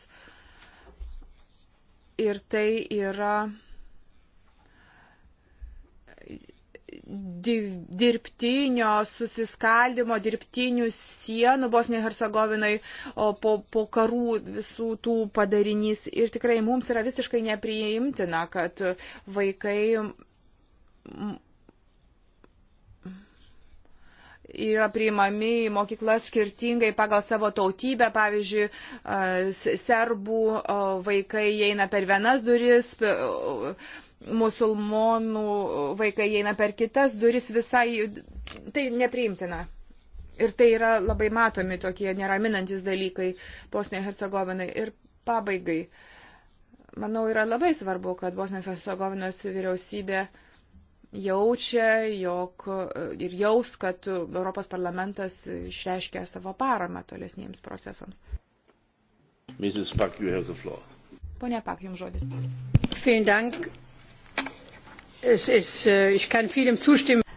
ir tai yra dirbtinio susiskaldimo, dirbtinių sienų Bosnijoje Hercegovinai po, po karų visų tų padarinys. Ir tikrai mums yra visiškai nepriimtina, kad vaikai yra priimami į mokyklas skirtingai pagal savo tautybę. Pavyzdžiui, serbų vaikai eina per vienas duris, musulmonų vaikai eina per kitas duris visai, tai nepriimtina. Ir tai yra labai matomi tokie neraminantis dalykai Bosniai Hercegovinai. Ir pabaigai, manau, yra labai svarbu, kad Bosnijos Hercegovinos vyriausybė jaučia, jog ir jaus, kad Europos parlamentas išreiškia savo paramą tolesniems procesams. Mrs. Pak, you have the floor. Pone Pak, jums žodis. Vielen Dank. Äh,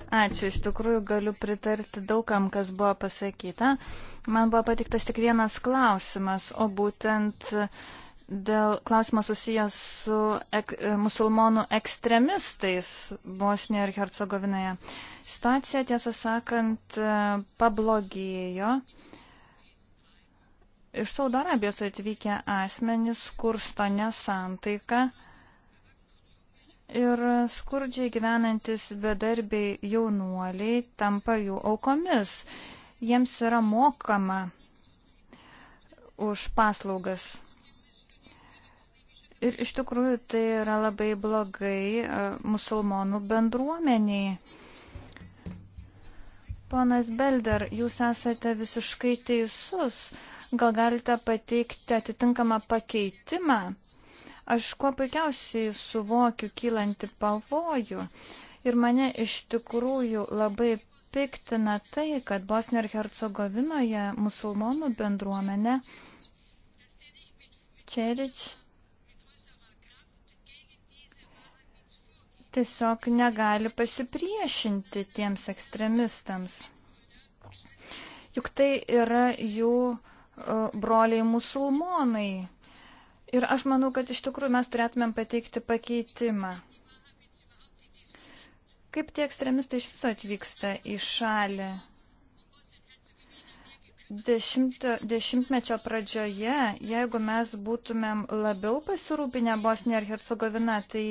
Ačiū, iš tikrųjų galiu pritarti daugam, kas buvo pasakyta. Man buvo patiktas tik vienas klausimas, o būtent dėl klausimo susijęs su ek, e, musulmonų ekstremistais Bosnijoje ir Hercegovinoje. Situacija, tiesą sakant, e, pablogėjo. Iš Saudo Arabijos atvykę asmenys kursto nesantaiką. Ir skurdžiai gyvenantis bedarbiai jaunuoliai tampa jų aukomis. Jiems yra mokama už paslaugas. Ir iš tikrųjų tai yra labai blogai e, musulmonų bendruomeniai. Ponas Belder, jūs esate visiškai teisus. Gal galite pateikti atitinkamą pakeitimą? Aš kuo puikiausiai suvokiu kylanti pavojų ir mane iš tikrųjų labai piktina tai, kad Bosnijoje ir Hercegovinoje musulmonų bendruomenė Čerič tiesiog negali pasipriešinti tiems ekstremistams. Juk tai yra jų e, broliai musulmonai. Ir aš manau, kad iš tikrųjų mes turėtumėm pateikti pakeitimą. Kaip tie ekstremistai iš viso atvyksta į šalį? Dešimto, dešimtmečio pradžioje, jeigu mes būtumėm labiau pasirūpinę Bosniją ir Hercegoviną, tai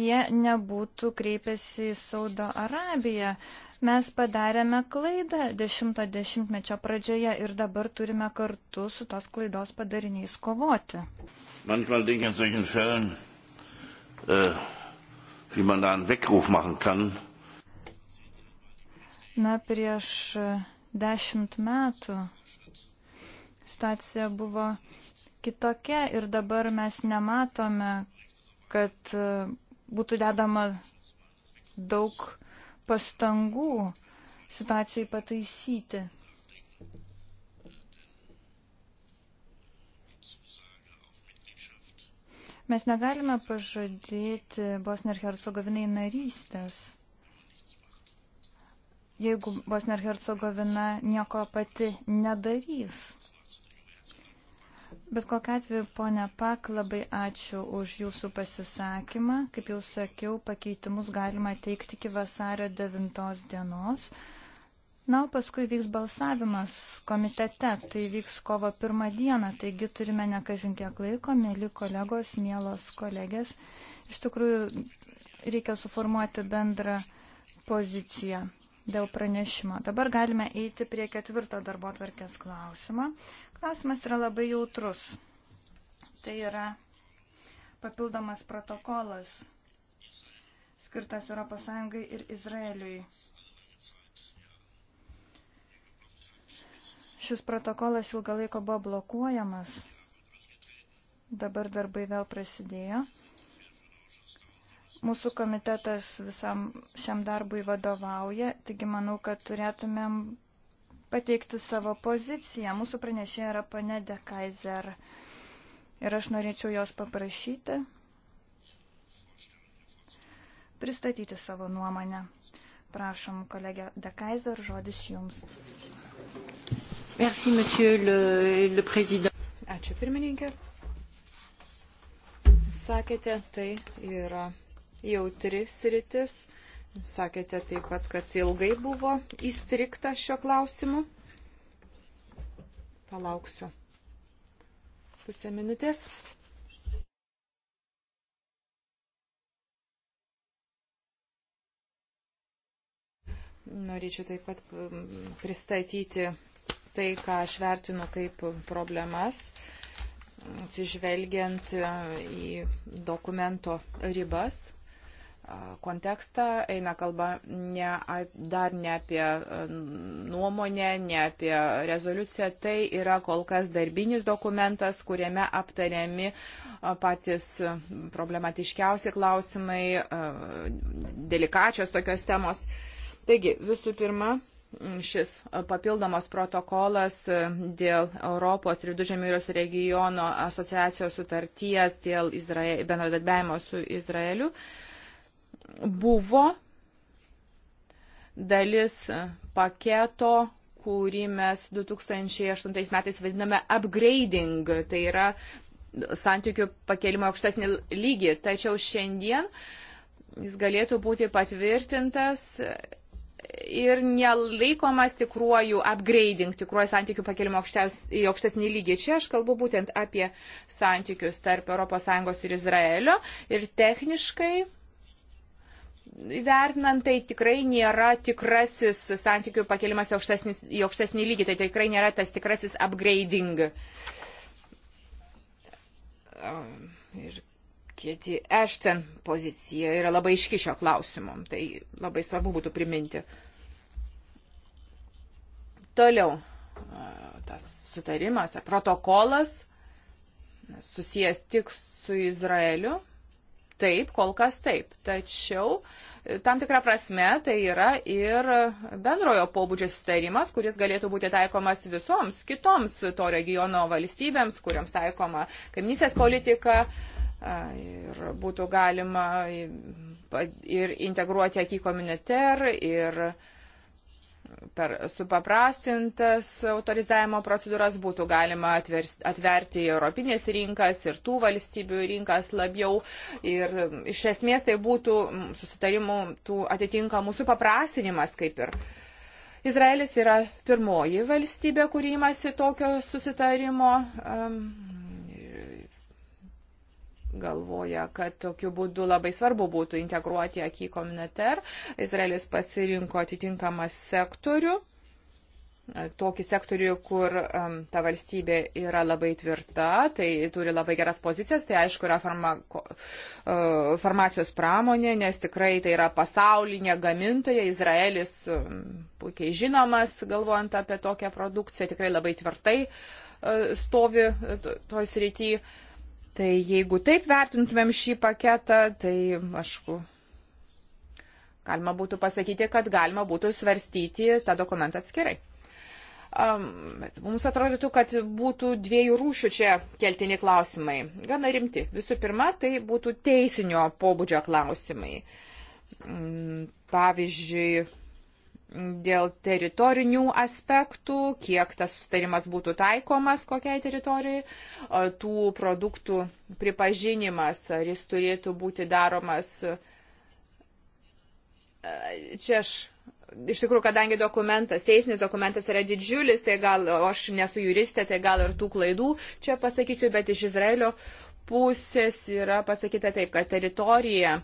jie nebūtų kreipęsi į Saudo Arabiją. Mes padarėme klaidą 10-mečio pradžioje ir dabar turime kartu su tos klaidos padariniais kovoti. Manchmal denke ich in solchen Fällen, äh, wie man da einen Weckruf machen kann. Na, prieš äh, dešimt metų situacija buvo kitokia ir dabar mes nematome, kad äh, būtų dedama daug pastangų situacijai pataisyti. Mes negalime pažadėti Bosnio ir Hercegovinai narystės, jeigu Bosnio ir Hercegovina nieko pati nedarys. Bet kokia atveju, ponia Pak, labai ačiū už jūsų pasisakymą. Kaip jau sakiau, pakeitimus galima teikti iki vasario 9 dienos. Na, o paskui vyks balsavimas komitete, tai vyks kovo pirmą dieną, taigi turime nekažinkiek laiko, mėly kolegos, mielos kolegės. Iš tikrųjų, reikia suformuoti bendrą poziciją dėl pranešimo. Dabar galime eiti prie ketvirto darbo tvarkės klausimo. Klausimas yra labai jautrus. Tai yra papildomas protokolas skirtas ES ir Izraeliui. Šis protokolas ilgą laiką buvo blokuojamas. Dabar darbai vėl prasidėjo. Mūsų komitetas visam šiam darbui vadovauja, taigi manau, kad turėtumėm pateikti savo poziciją. Mūsų pranešėja yra pane De Kaiser ir aš norėčiau jos paprašyti pristatyti savo nuomonę. Prašom, kolegė De Kaiser, žodis jums. Merci, monsieur le, le président. Ačiū, pirmininkė. Sakėte, tai yra jautris rytis Sakėte taip pat, kad ilgai buvo įstrikta šio klausimu. Palauksiu. Pusę minutės. Norėčiau taip pat pristatyti tai, ką aš vertinu kaip problemas, atsižvelgiant e, į dokumento ribas, kontekstą, eina kalba ne, dar ne apie e, nuomonę, ne apie rezoliuciją, tai yra kol kas darbinis dokumentas, kuriame aptariami e, patys e, problematiškiausi klausimai, delikačios tokios temos. Taigi, visų pirma, šis papildomas protokolas dėl Europos ir Vidužėmirios regiono asociacijos sutarties dėl Izrael, bendradarbiavimo su Izraeliu. Uh, buvo dalis paketo, kurį mes 2008 metais vadiname upgrading, tai yra santykių pakelimo aukštesnį lygį. Tačiau šiandien jis galėtų būti patvirtintas ir nelaikomas tikruoju upgrading, tikruoju santykių pakelimu į aukštesnį lygį. Čia aš kalbu būtent apie santykius tarp ES ir Izraelio ir techniškai vertinant, tai tikrai nėra tikrasis santykių pakelimas į aukštesnį, į aukštesnį lygį, tai tikrai nėra tas tikrasis upgrading. Um, ir Kiti Ešten pozicija yra labai iški šio klausimu, tai labai svarbu būtų priminti. Toliau, tas sutarimas ar protokolas susijęs tik su Izraeliu, Taip, kol kas taip. Tačiau e, tam tikrą prasme tai yra ir bendrojo pobūdžio sustarimas, kuris galėtų būti taikomas visoms kitoms to regiono valstybėms, kuriams taikoma kaimynysės politika ir būtų galima ir integruoti akį komuniter ir per supaprastintas autorizavimo procedūras būtų galima atversti, atverti į europinės rinkas ir tų valstybių rinkas labiau. Ir iš esmės tai būtų susitarimų tų atitinkamų supaprastinimas kaip ir. Izraelis yra pirmoji valstybė, kuri imasi tokio susitarimo. Um, galvoja, kad tokiu būdu labai svarbu būtų integruoti akį komuniter. Izraelis pasirinko atitinkamą sektorių, tokį sektorių, kur um, ta valstybė yra labai tvirta, tai turi labai geras pozicijas, tai aišku yra farmako, uh, farmacijos pramonė, nes tikrai tai yra pasaulinė gamintoja, Izraelis um, puikiai žinomas, galvojant apie tokią produkciją, tikrai labai tvirtai uh, stovi uh, toj srity. Uh, Tai jeigu taip vertintumėm šį paketą, tai aišku, galima būtų pasakyti, kad galima būtų svarstyti tą dokumentą atskirai. Um, mums atrodytų, kad būtų dviejų rūšių čia keltini klausimai. Gana rimti. Visų pirma, tai būtų teisinio pobūdžio klausimai. Mm, pavyzdžiui, dėl teritorinių aspektų, kiek tas sustarimas būtų taikomas kokiai teritorijai, tų produktų pripažinimas, ar jis turėtų būti daromas. Čia aš iš tikrųjų, kadangi dokumentas, teisinis dokumentas yra didžiulis, tai gal aš nesu juristė, tai gal ir tų klaidų čia pasakysiu, bet iš Izraelio pusės yra pasakyta taip, kad teritorija,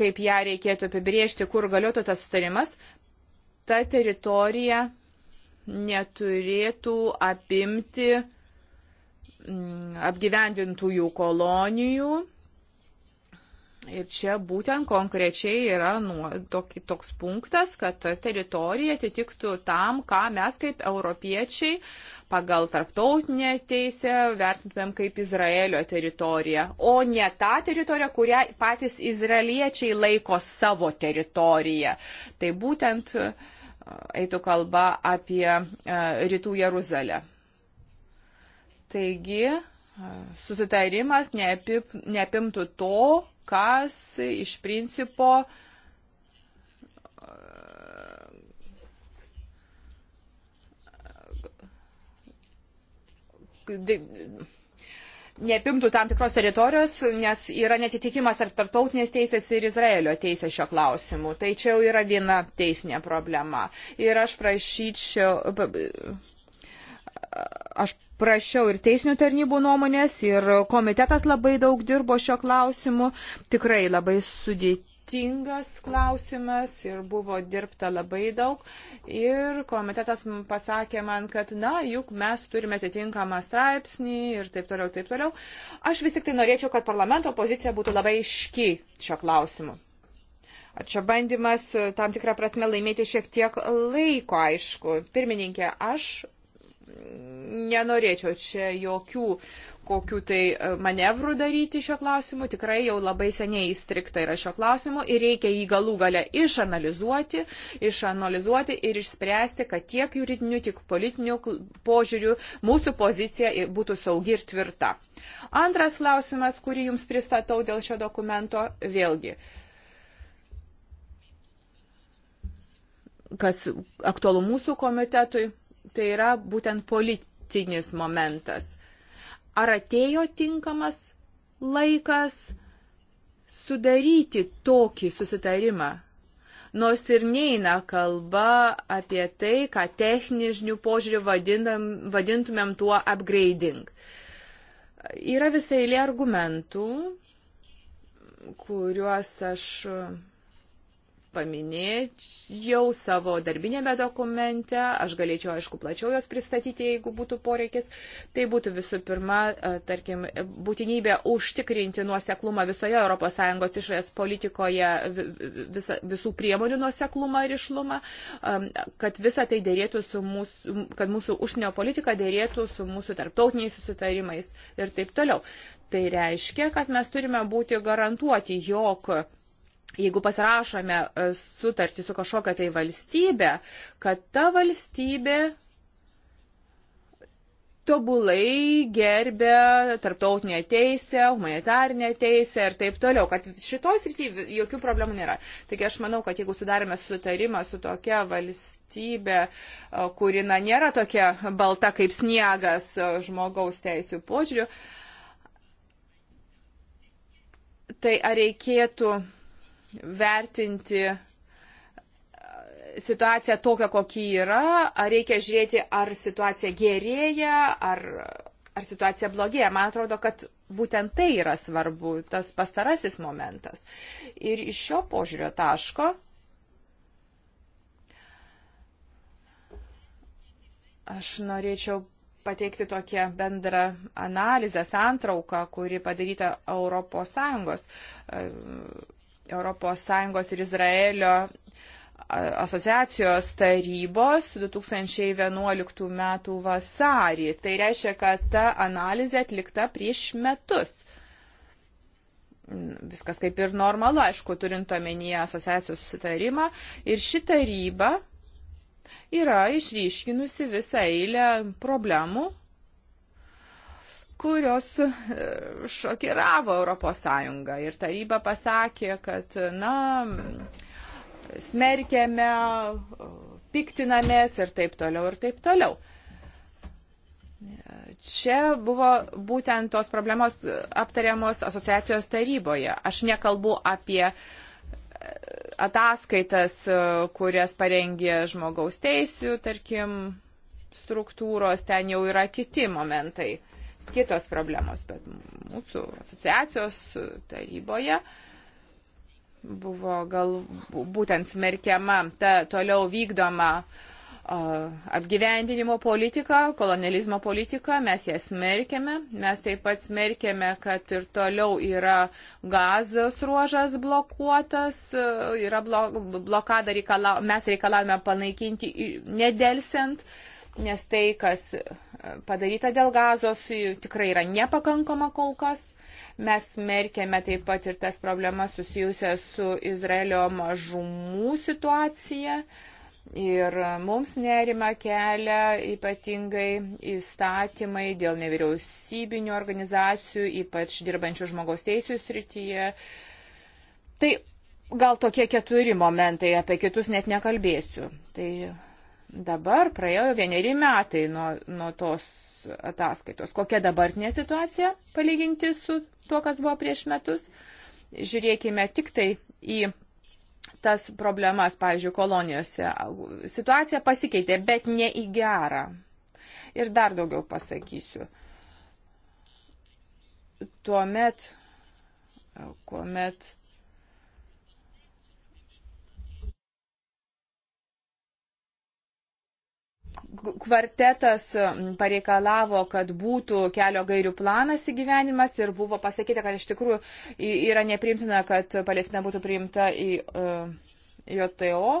kaip ją reikėtų apibriežti, kur galėtų tas sutarimas, ta teritorija neturėtų apimti mm, apgyvendintųjų kolonijų. Ir čia būtent konkrečiai yra nu, toki, toks punktas, kad teritorija atitiktų tam, ką mes kaip europiečiai pagal tarptautinę teisę vertintumėm kaip Izraelio teritoriją, o ne tą teritoriją, kurią patys izraeliečiai laiko savo teritoriją. Tai būtent uh, eitų kalba apie e, rytų Jeruzalę. Taigi, e, susitarimas neapip, neapimtų to, kas iš principo e, neapimtų tam tikros teritorijos, nes yra netitikimas ar tarptautinės teisės ir Izraelio teisės šio klausimu. Tai čia jau yra viena teisinė problema. Ir aš prašyčiau. Aš prašiau ir teisinių tarnybų nuomonės, ir komitetas labai daug dirbo šio klausimu. Tikrai labai sudėtinga sudėtingas klausimas ir buvo dirbta labai daug. Ir komitetas pasakė man, kad na, juk mes turime atitinkamą straipsnį ir taip toliau, taip toliau. Aš vis tik tai norėčiau, kad parlamento pozicija būtų labai iški šio klausimu. Čia bandymas e, tam tikrą prasme laimėti šiek tiek laiko, aišku. Pirmininkė, aš nenorėčiau čia jokių kokių tai e, manevrų daryti šio klausimu. Tikrai jau labai seniai įstrikta yra šio klausimu ir reikia jį galų gale išanalizuoti, išanalizuoti ir išspręsti, kad tiek juridinių, tiek politinių požiūrių mūsų pozicija būtų saugi ir tvirta. Antras klausimas, kurį jums pristatau dėl šio dokumento, vėlgi. kas aktualu mūsų komitetui, tai yra būtent politinis momentas. Ar atėjo tinkamas laikas sudaryti tokį susitarimą? Nors ir neina kalba apie tai, ką technišnių požiūrių vadinam, vadintumėm tuo upgrading. Yra visai lė argumentų, kuriuos aš paminėjau savo darbinėme dokumente, aš galėčiau, aišku, plačiau jos pristatyti, jeigu būtų poreikis. Tai būtų visų pirma, e, tarkim, būtinybė užtikrinti nuoseklumą visoje ES išorės politikoje, visa, visų priemonių nuoseklumą ir išlumą, kad visa tai dėrėtų su mūsų, kad mūsų užsienio politika dėrėtų su mūsų tarptautiniais susitarimais ir taip toliau. Tai reiškia, kad mes turime būti garantuoti, jog jeigu pasirašome e, sutartį su kažkokia tai valstybė, kad ta valstybė tobulai gerbė tarptautinę teisę, humanitarinę teisę ir taip toliau, kad šitoj srityje jokių problemų nėra. Taigi aš manau, kad jeigu sudarėme sutarimą su tokia valstybė, e, kuri na, nėra tokia balta kaip sniegas e, žmogaus teisų požiūrių, tai ar reikėtų vertinti e, situaciją tokią, kokia yra, ar reikia žiūrėti, ar situacija gerėja, ar, ar situacija blogėja. Man atrodo, kad būtent tai yra svarbu, tas pastarasis momentas. Ir iš šio požiūrio taško aš norėčiau pateikti tokią bendrą analizę, santrauką, kuri padaryta Europos Sąjungos e, ES ir Izraelio asociacijos tarybos 2011 m. vasarį. Tai reiškia, kad ta analizė atlikta prieš metus. Viskas kaip ir normalu, aišku, turint omenyje asociacijos susitarimą. Ir ši taryba yra išryškinusi visą eilę problemų, kurios e, šokiravo Europos Sąjungą. Ir taryba pasakė, kad, na, smerkėme, piktinamės ir taip toliau, ir taip toliau. Čia buvo būtent tos problemos aptariamos asociacijos taryboje. Aš nekalbu apie e, ataskaitas, e, kurias parengė žmogaus teisų, tarkim, struktūros, ten jau yra kiti momentai kitos problemos, bet mūsų asociacijos taryboje buvo gal būtent smerkiama ta toliau vykdoma apgyvendinimo politika, kolonializmo politika, mes ją smerkėme, mes taip pat smerkėme, kad ir toliau yra gazos ruožas blokuotas, yra blokada, reikala, mes reikalavome panaikinti nedelsiant. Uh, nes tai, kas e, padaryta dėl gazos, e, tikrai yra nepakankama kol kas. Mes merkėme taip pat ir tas problemas susijusias su Izraelio mažumų situacija. Ir mums nerima kelia ypatingai įstatymai dėl nevyriausybinių organizacijų, ypač dirbančių žmogaus teisų srityje. Tai gal tokie keturi momentai, apie kitus net nekalbėsiu. Tai Dabar praėjo vieneri metai nuo, nuo tos ataskaitos. Kokia dabartinė situacija palyginti su tuo, kas buvo prieš metus? Žiūrėkime tik tai į tas problemas, pavyzdžiui, kolonijose. Situacija pasikeitė, bet ne į gerą. Ir dar daugiau pasakysiu. Tuomet, kuomet kvartetas pareikalavo, kad būtų kelio gairių planas įgyvenimas ir buvo pasakyta, kad iš tikrųjų yra neprimtina, kad Palestina būtų priimta į e, JTO.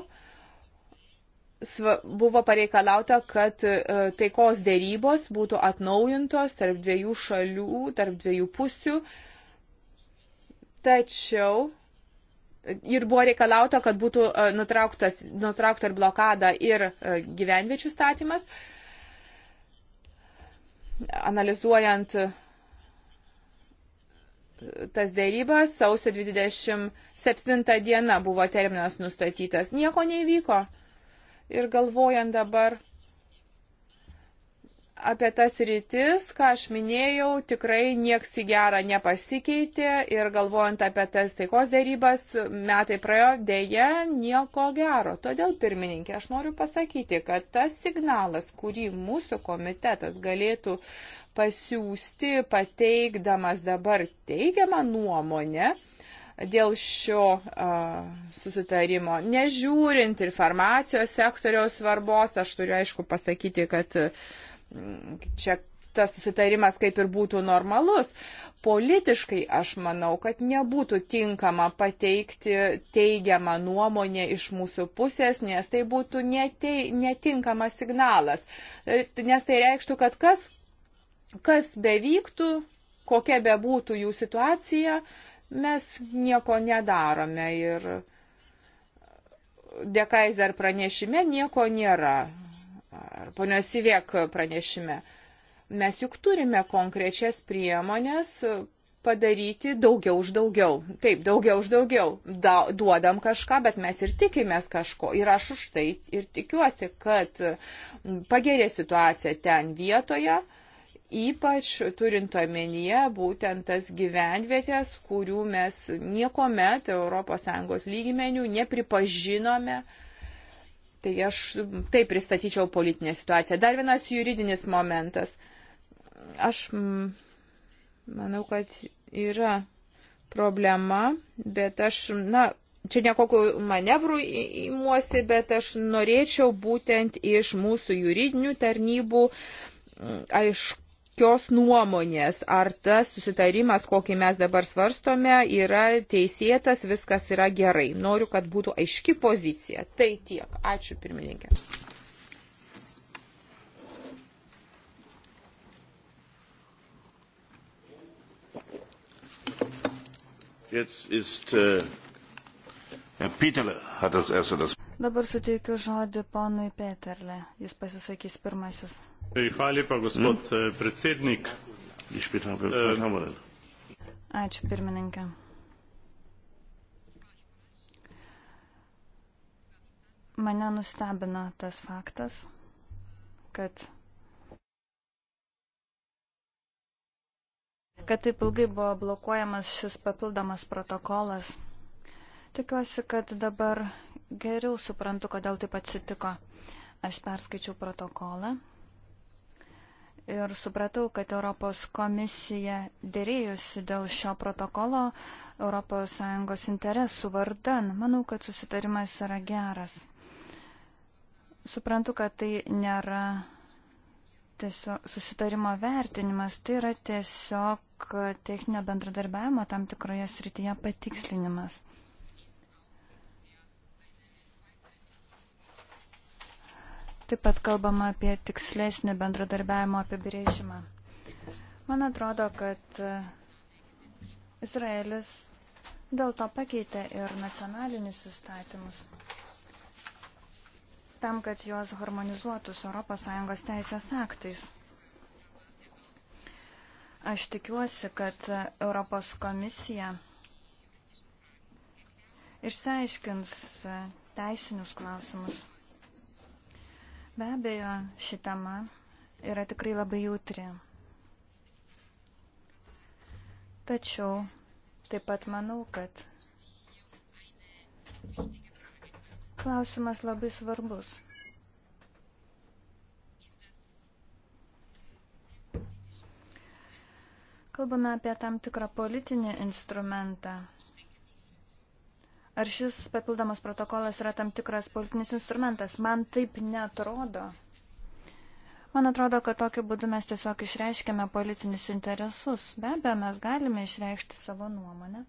Buvo pareikalauta, kad e, taikos dėrybos būtų atnaujintos tarp dviejų šalių, tarp dviejų pusių. Tačiau Ir buvo reikalauta, kad būtų e, nutraukta ir blokada ir e, gyvenviečių statymas. Analizuojant e, tas dėrybas, sausio 27 diena buvo terminas nustatytas. Nieko neįvyko. Ir galvojant dabar apie tas rytis, ką aš minėjau, tikrai nieks į gerą nepasikeitė ir galvojant apie tas taikos dėrybas, metai praėjo, dėja, nieko gero. Todėl, pirmininkė, aš noriu pasakyti, kad tas signalas, kurį mūsų komitetas galėtų pasiūsti, pateikdamas dabar teigiamą nuomonę, dėl šio a, susitarimo. Nežiūrint ir farmacijos sektoriaus svarbos, aš turiu aišku pasakyti, kad čia tas susitarimas kaip ir būtų normalus. Politiškai aš manau, kad nebūtų tinkama pateikti teigiamą nuomonę iš mūsų pusės, nes tai būtų netei, netinkamas signalas. E, nes tai reikštų, kad kas, kas bevyktų, kokia bebūtų jų situacija, mes nieko nedarome ir dekaizer pranešime nieko nėra ar ponios įviek pranešime. Mes juk turime konkrečias priemonės padaryti daugiau už daugiau. Taip, daugiau už daugiau. Da, duodam kažką, bet mes ir tikimės kažko. Ir aš už tai ir tikiuosi, kad pagerė situacija ten vietoje, ypač turint omenyje būtent tas gyvenvietės, kurių mes niekuomet ES lygmenių nepripažinome uh, Tai aš taip pristatyčiau politinę situaciją. Dar vienas juridinis momentas. Aš manau, kad yra problema, bet aš, na, čia nekokiu manevru įmuosi, bet aš norėčiau būtent iš mūsų juridinių tarnybų aišku kokios nuomonės, ar tas susitarimas, kokį mes dabar svarstome, yra teisėtas, viskas yra gerai. Noriu, kad būtų aiški pozicija. Tai tiek. Ačiū pirmininkė. Jetzt ist äh, Herr Peterle hat das erste das. Dabar suteikiu žodį ponui Peterle. Jis pasisakys pirmasis. Hvala lepa, gospod mm. predsednik. Eh, Ačiū pirmininkė. Mane nustebino tas faktas, kad, kad taip ilgai buvo blokuojamas šis papildomas protokolas. Tikiuosi, kad dabar geriau suprantu, kodėl taip atsitiko. Aš perskaičiau protokolą ir supratau, kad Europos komisija dėrėjusi dėl šio protokolo ES interesų vardan. Manau, kad susitarimas yra geras. Suprantu, kad tai nėra tiesiog susitarimo vertinimas, tai yra tiesiog techninio bendradarbiavimo tam tikroje srityje patikslinimas. Taip pat kalbama apie tikslesnį bendradarbiavimo apibrėžimą. Man atrodo, kad e, Izraelis dėl to pakeitė ir nacionalinius įstatymus, tam, kad juos harmonizuotų su ES teisės aktais. Aš tikiuosi, kad Europos komisija išsiaiškins e, teisinius klausimus. Be abejo, ši tema yra tikrai labai jautri. Tačiau taip pat manau, kad klausimas labai svarbus. Kalbame apie tam tikrą politinį instrumentą, Ar šis papildomas protokolas yra tam tikras politinis instrumentas? Man taip netrodo. Man atrodo, kad tokiu būdu mes tiesiog išreiškiame politinius interesus. Be abejo, mes galime išreikšti savo nuomonę.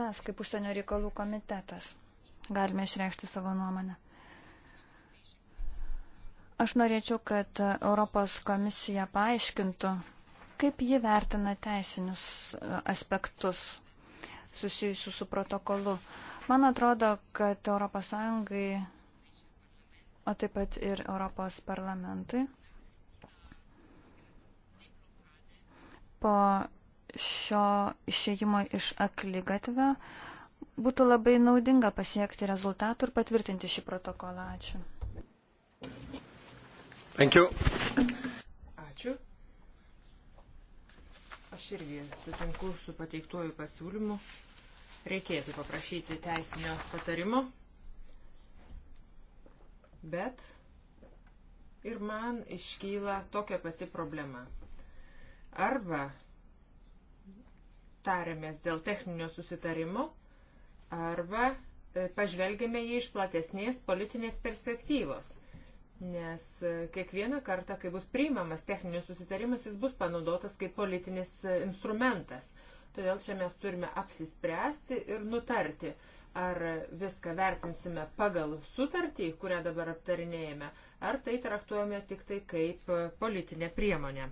Mes, kaip užsienio reikalų komitetas, galime išreikšti savo nuomonę. Aš norėčiau, kad Europos komisija paaiškintų, kaip ji vertina teisinius aspektus susijusių su protokolu. Man atrodo, kad ES, o taip pat ir Europos parlamentui, po šio išėjimo iš aklygatvio būtų labai naudinga pasiekti rezultatų ir patvirtinti šį protokolą. Ačiū. Thank you. Ačiū. Aš irgi sutinku su pateiktuoju pasiūlymu. Reikėtų paprašyti teisinio patarimo. Bet ir man iškyla tokia pati problema. Arba tarėmės dėl techninio susitarimo, arba e, pažvelgėme jį iš platesnės politinės perspektyvos nes e, kiekvieną kartą, kai bus priimamas techninis susitarimas, jis bus panaudotas kaip politinis e, instrumentas. Todėl čia mes turime apsispręsti ir nutarti, ar viską vertinsime pagal sutartį, kurią dabar aptarinėjame, ar tai traktuojame tik tai kaip e, politinę priemonę.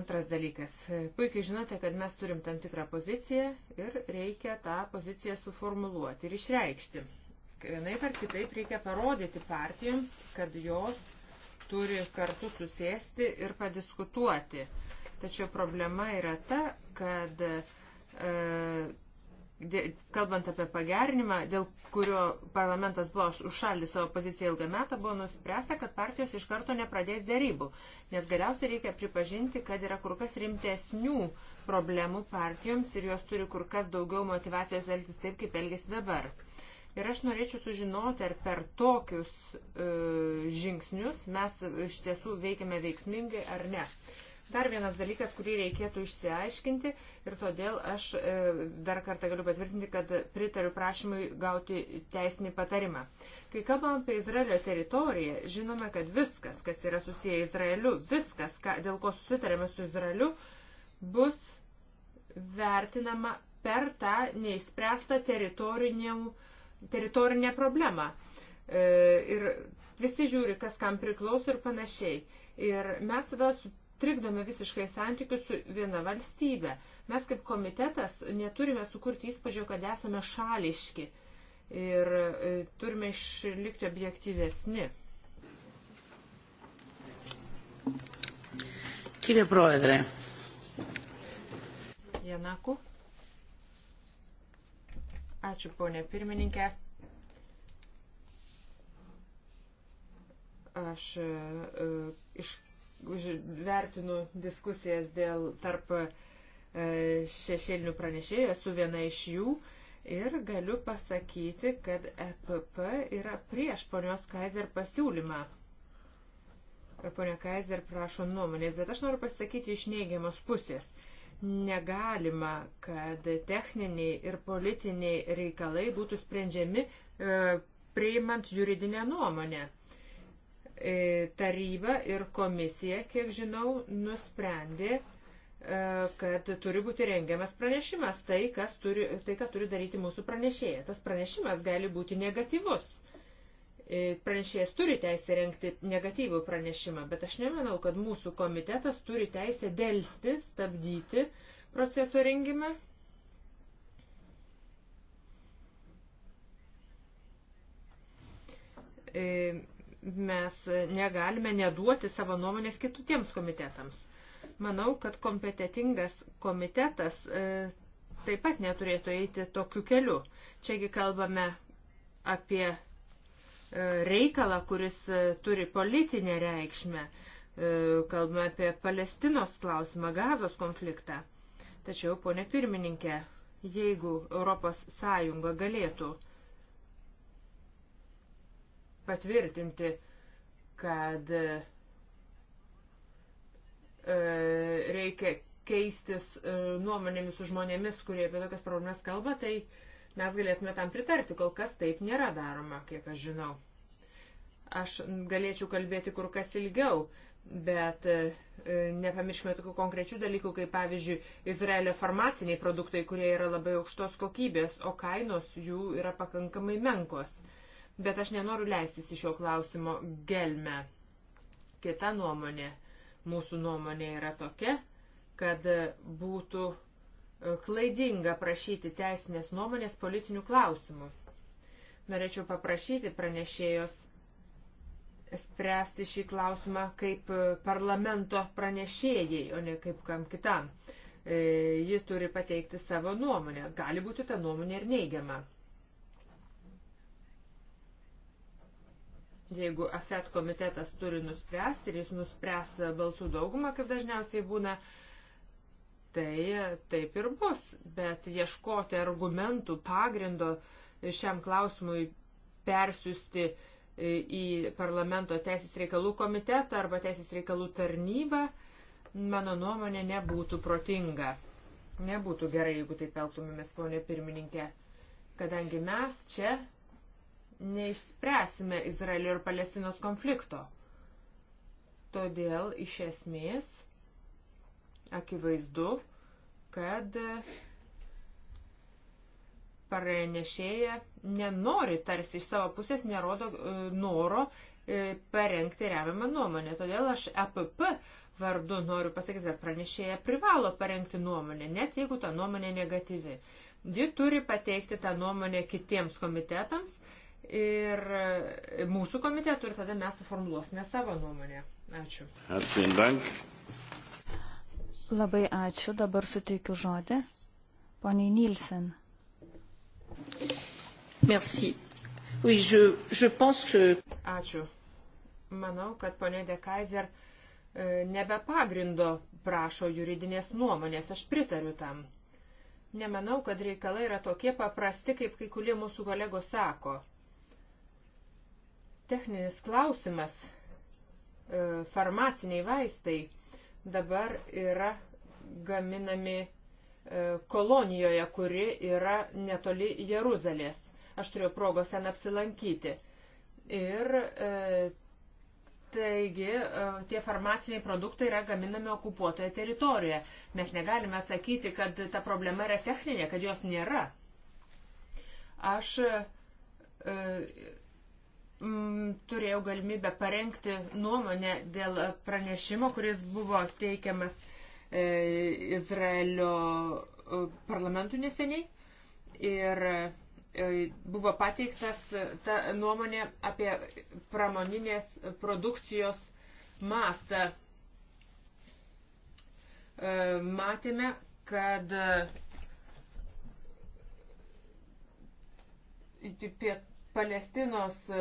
Antras dalykas. Puikiai žinote, kad mes turim tam tikrą poziciją ir reikia tą poziciją suformuluoti ir išreikšti vienai per kitaip reikia parodyti partijoms, kad jos turi kartu susėsti ir padiskutuoti. Tačiau problema yra ta, kad e, kalbant apie pagerinimą, dėl kurio parlamentas buvo užšaldęs savo poziciją ilgą metą, buvo nuspręsta, kad partijos iš karto nepradės dėrybų. Nes galiausiai reikia pripažinti, kad yra kur kas rimtesnių problemų partijoms ir jos turi kur kas daugiau motivacijos elgtis taip, kaip elgesi dabar. E, Ir aš norėčiau sužinoti, ar per tokius e, žingsnius mes iš tiesų veikiame veiksmingai ar ne. Dar vienas dalykas, kurį reikėtų išsiaiškinti ir todėl aš e, dar kartą galiu patvirtinti, kad pritariu prašymui gauti teisinį patarimą. Kai kalbam apie Izraelio teritoriją, žinome, kad viskas, kas yra susiję Izraeliu, viskas, ką, dėl ko susitarėme su Izraeliu, bus vertinama per tą neišspręstą teritorinių uh, teritorinę problemą. E, ir visi žiūri, kas kam priklauso ir panašiai. Ir mes tada trikdome visiškai santykius su viena valstybė. Mes kaip komitetas neturime sukurti įspūdžio, kad esame šališki ir e, turime išlikti objektyvesni. Κύριε Πρόεδρε. Γιαννάκου. Ačiū, ponė pirmininkė. Aš uh, iš, vertinu diskusijas dėl tarp uh, šešėlinių pranešėjų, esu viena iš jų ir galiu pasakyti, kad EPP yra prieš ponios Kaiser pasiūlymą. Pone Kaiser prašo nuomonės, bet aš noriu pasakyti iš neigiamos pusės. Uh, Negalima, kad techniniai ir politiniai reikalai būtų sprendžiami e, priimant juridinę nuomonę. E, taryba ir komisija, kiek žinau, nusprendė, e, kad turi būti rengiamas pranešimas, tai, kas turi, tai ką turi daryti mūsų pranešėja. Tas pranešimas gali būti negatyvus E, pranešėjas turi teisę renkti negatyvų pranešimą, bet aš nemanau, kad mūsų komitetas turi teisę dėlsti, stabdyti proceso rengimą. E, mes negalime neduoti savo nuomonės kitiems komitetams. Manau, kad kompetitingas komitetas e, taip pat neturėtų eiti tokiu keliu. Čiagi kalbame apie reikalą, kuris e, turi politinę reikšmę. E, kalbame apie Palestinos klausimą, gazos konfliktą. Tačiau, ponė pirmininkė, jeigu ES galėtų patvirtinti, kad e, reikia keistis nuomonėmis su žmonėmis, kurie apie tokias problemas kalba, tai uh, Mes galėtume tam pritarti, kol kas taip nėra daroma, kiek aš žinau. Aš galėčiau kalbėti kur kas ilgiau, bet e, nepamirškime tokių konkrečių dalykų, kaip pavyzdžiui, Izraelio farmaciniai produktai, kurie yra labai aukštos kokybės, o kainos jų yra pakankamai menkos. Bet aš nenoriu leistis į šio klausimo gelmę. Kita nuomonė, mūsų nuomonė yra tokia, kad būtų klaidinga prašyti teisinės nuomonės politinių klausimų. Norėčiau paprašyti pranešėjos spręsti šį klausimą kaip parlamento pranešėjai, o ne kaip kam kitam. E, ji turi pateikti savo nuomonę. Gali būti ta nuomonė ir neigiama. Jeigu AFET komitetas turi nuspręsti ir jis nuspręs balsų daugumą, kaip dažniausiai būna, uh, tai taip ir bus. Bet ieškoti argumentų, pagrindo šiam klausimui persiųsti į parlamento teisės reikalų komitetą arba teisės reikalų tarnybą, mano nuomonė, nebūtų protinga. Nebūtų gerai, jeigu taip elgtumėmės, ponė pirmininkė, kadangi mes čia neišspręsime Izraelio ir Palestinos konflikto. Todėl iš esmės akivaizdu, kad pranešėja nenori, tarsi iš savo pusės nerodo e, noro e, parengti remiamą nuomonę. Todėl aš EPP vardu noriu pasakyti, kad pranešėja privalo parengti nuomonę, net jeigu ta nuomonė negatyvi. Ji turi pateikti tą nuomonę kitiems komitetams ir e, mūsų komitetui ir tada mes suformuluosime savo nuomonę. Ačiū. Ačiū. Labai ačiū. Dabar suteikiu žodį. Poniai Nilsen. Merci. Oui, je, je pense que... Ačiū. Manau, kad ponė De Kaiser e, nebe pagrindo prašo juridinės nuomonės. Aš pritariu tam. Nemanau, kad reikalai yra tokie paprasti, kaip kai kurie mūsų kolegos sako. Techninis klausimas. E, farmaciniai vaistai dabar yra gaminami e, kolonijoje, kuri yra netoli Jeruzalės. Aš turėjau progos ten apsilankyti. Ir e, taigi e, tie farmaciniai produktai yra gaminami okupuotoje teritorijoje. Mes negalime sakyti, kad ta problema yra techninė, kad jos nėra. Aš e, m, mm, turėjau galimybę parengti nuomonę dėl pranešimo, kuris buvo teikiamas e, Izraelio e, parlamentų neseniai. Ir e, buvo pateiktas ta nuomonė apie pramoninės produkcijos mastą. E, matėme, kad e, Palestinos e,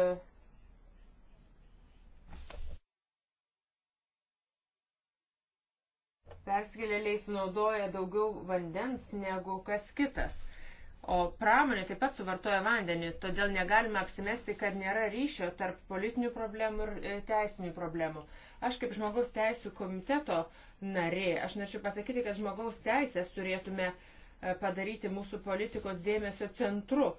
perskėlėliai sunaudoja daugiau vandens negu kas kitas. O pramonė taip pat suvartoja vandenį, todėl negalime apsimesti, kad nėra ryšio tarp politinių problemų ir e, teisinių problemų. Aš kaip žmogaus teisų komiteto narė, aš norėčiau pasakyti, kad žmogaus teisės turėtume e, padaryti mūsų politikos dėmesio centru.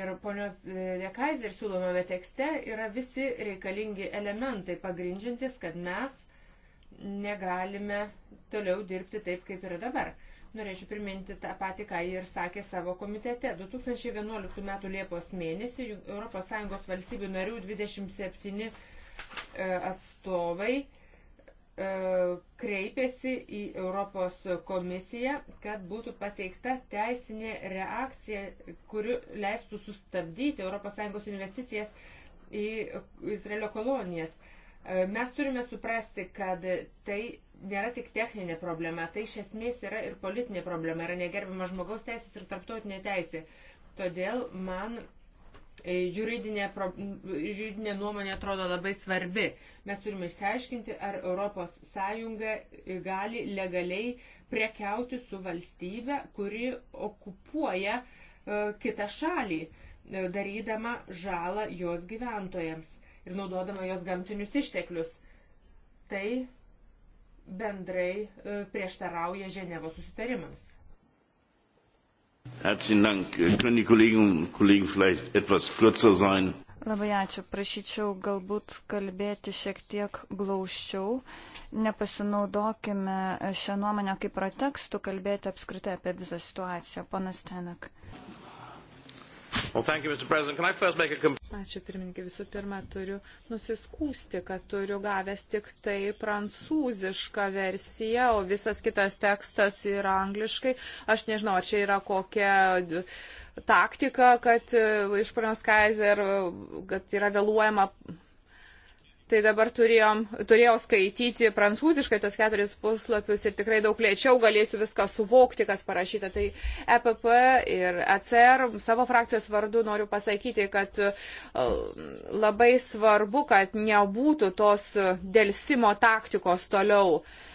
Ir ponios e, Dekaiser siūlomame tekste yra visi reikalingi elementai pagrindžiantis, kad mes negalime toliau dirbti taip, kaip yra dabar. Norėčiau priminti tą patį, ką jie ir sakė savo komitete. 2011 m. Liepos mėnesį ES valstybių narių 27 e, atstovai e, kreipėsi į Europos komisiją, kad būtų pateikta teisinė reakcija, kuri leistų sustabdyti ES investicijas į Izraelio kolonijas. E, mes turime suprasti, kad tai nėra tik techninė problema, tai iš esmės yra ir politinė problema, yra negerbima žmogaus teisės ir tarptautinė teisė. Todėl man e, juridinė, pro, juridinė nuomonė atrodo labai svarbi. Mes turime išsiaiškinti, ar ES gali legaliai prekiauti su valstybe, kuri okupuoja e, kitą šalį, e, darydama žalą jos gyventojams ir naudodama jos gamtinius išteklius. Tai bendrai e, prieštarauja Ženevo susitarimams. Labai ačiū. Prašyčiau galbūt kalbėti šiek tiek glaušiau. Nepasinaudokime šią nuomonę kaip pretekstų kalbėti apskritai apie visą situaciją. Panas Tenek. Well, you, a... Ačiū pirmininkai. Visų pirma, turiu nusiskūsti, kad turiu gavęs tik tai prancūzišką versiją, o visas kitas tekstas yra angliškai. Aš nežinau, ar čia yra kokia taktika, kad e, iš ponios Kaiser, e, kad yra vėluojama Tai dabar turėjom, turėjau skaityti prancūziškai tos keturis puslapius ir tikrai daug lėčiau galėsiu viską suvokti, kas parašyta. Tai EPP ir ECR savo frakcijos vardu noriu pasakyti, kad e, labai svarbu, kad nebūtų tos dėlsimo taktikos toliau. Uh,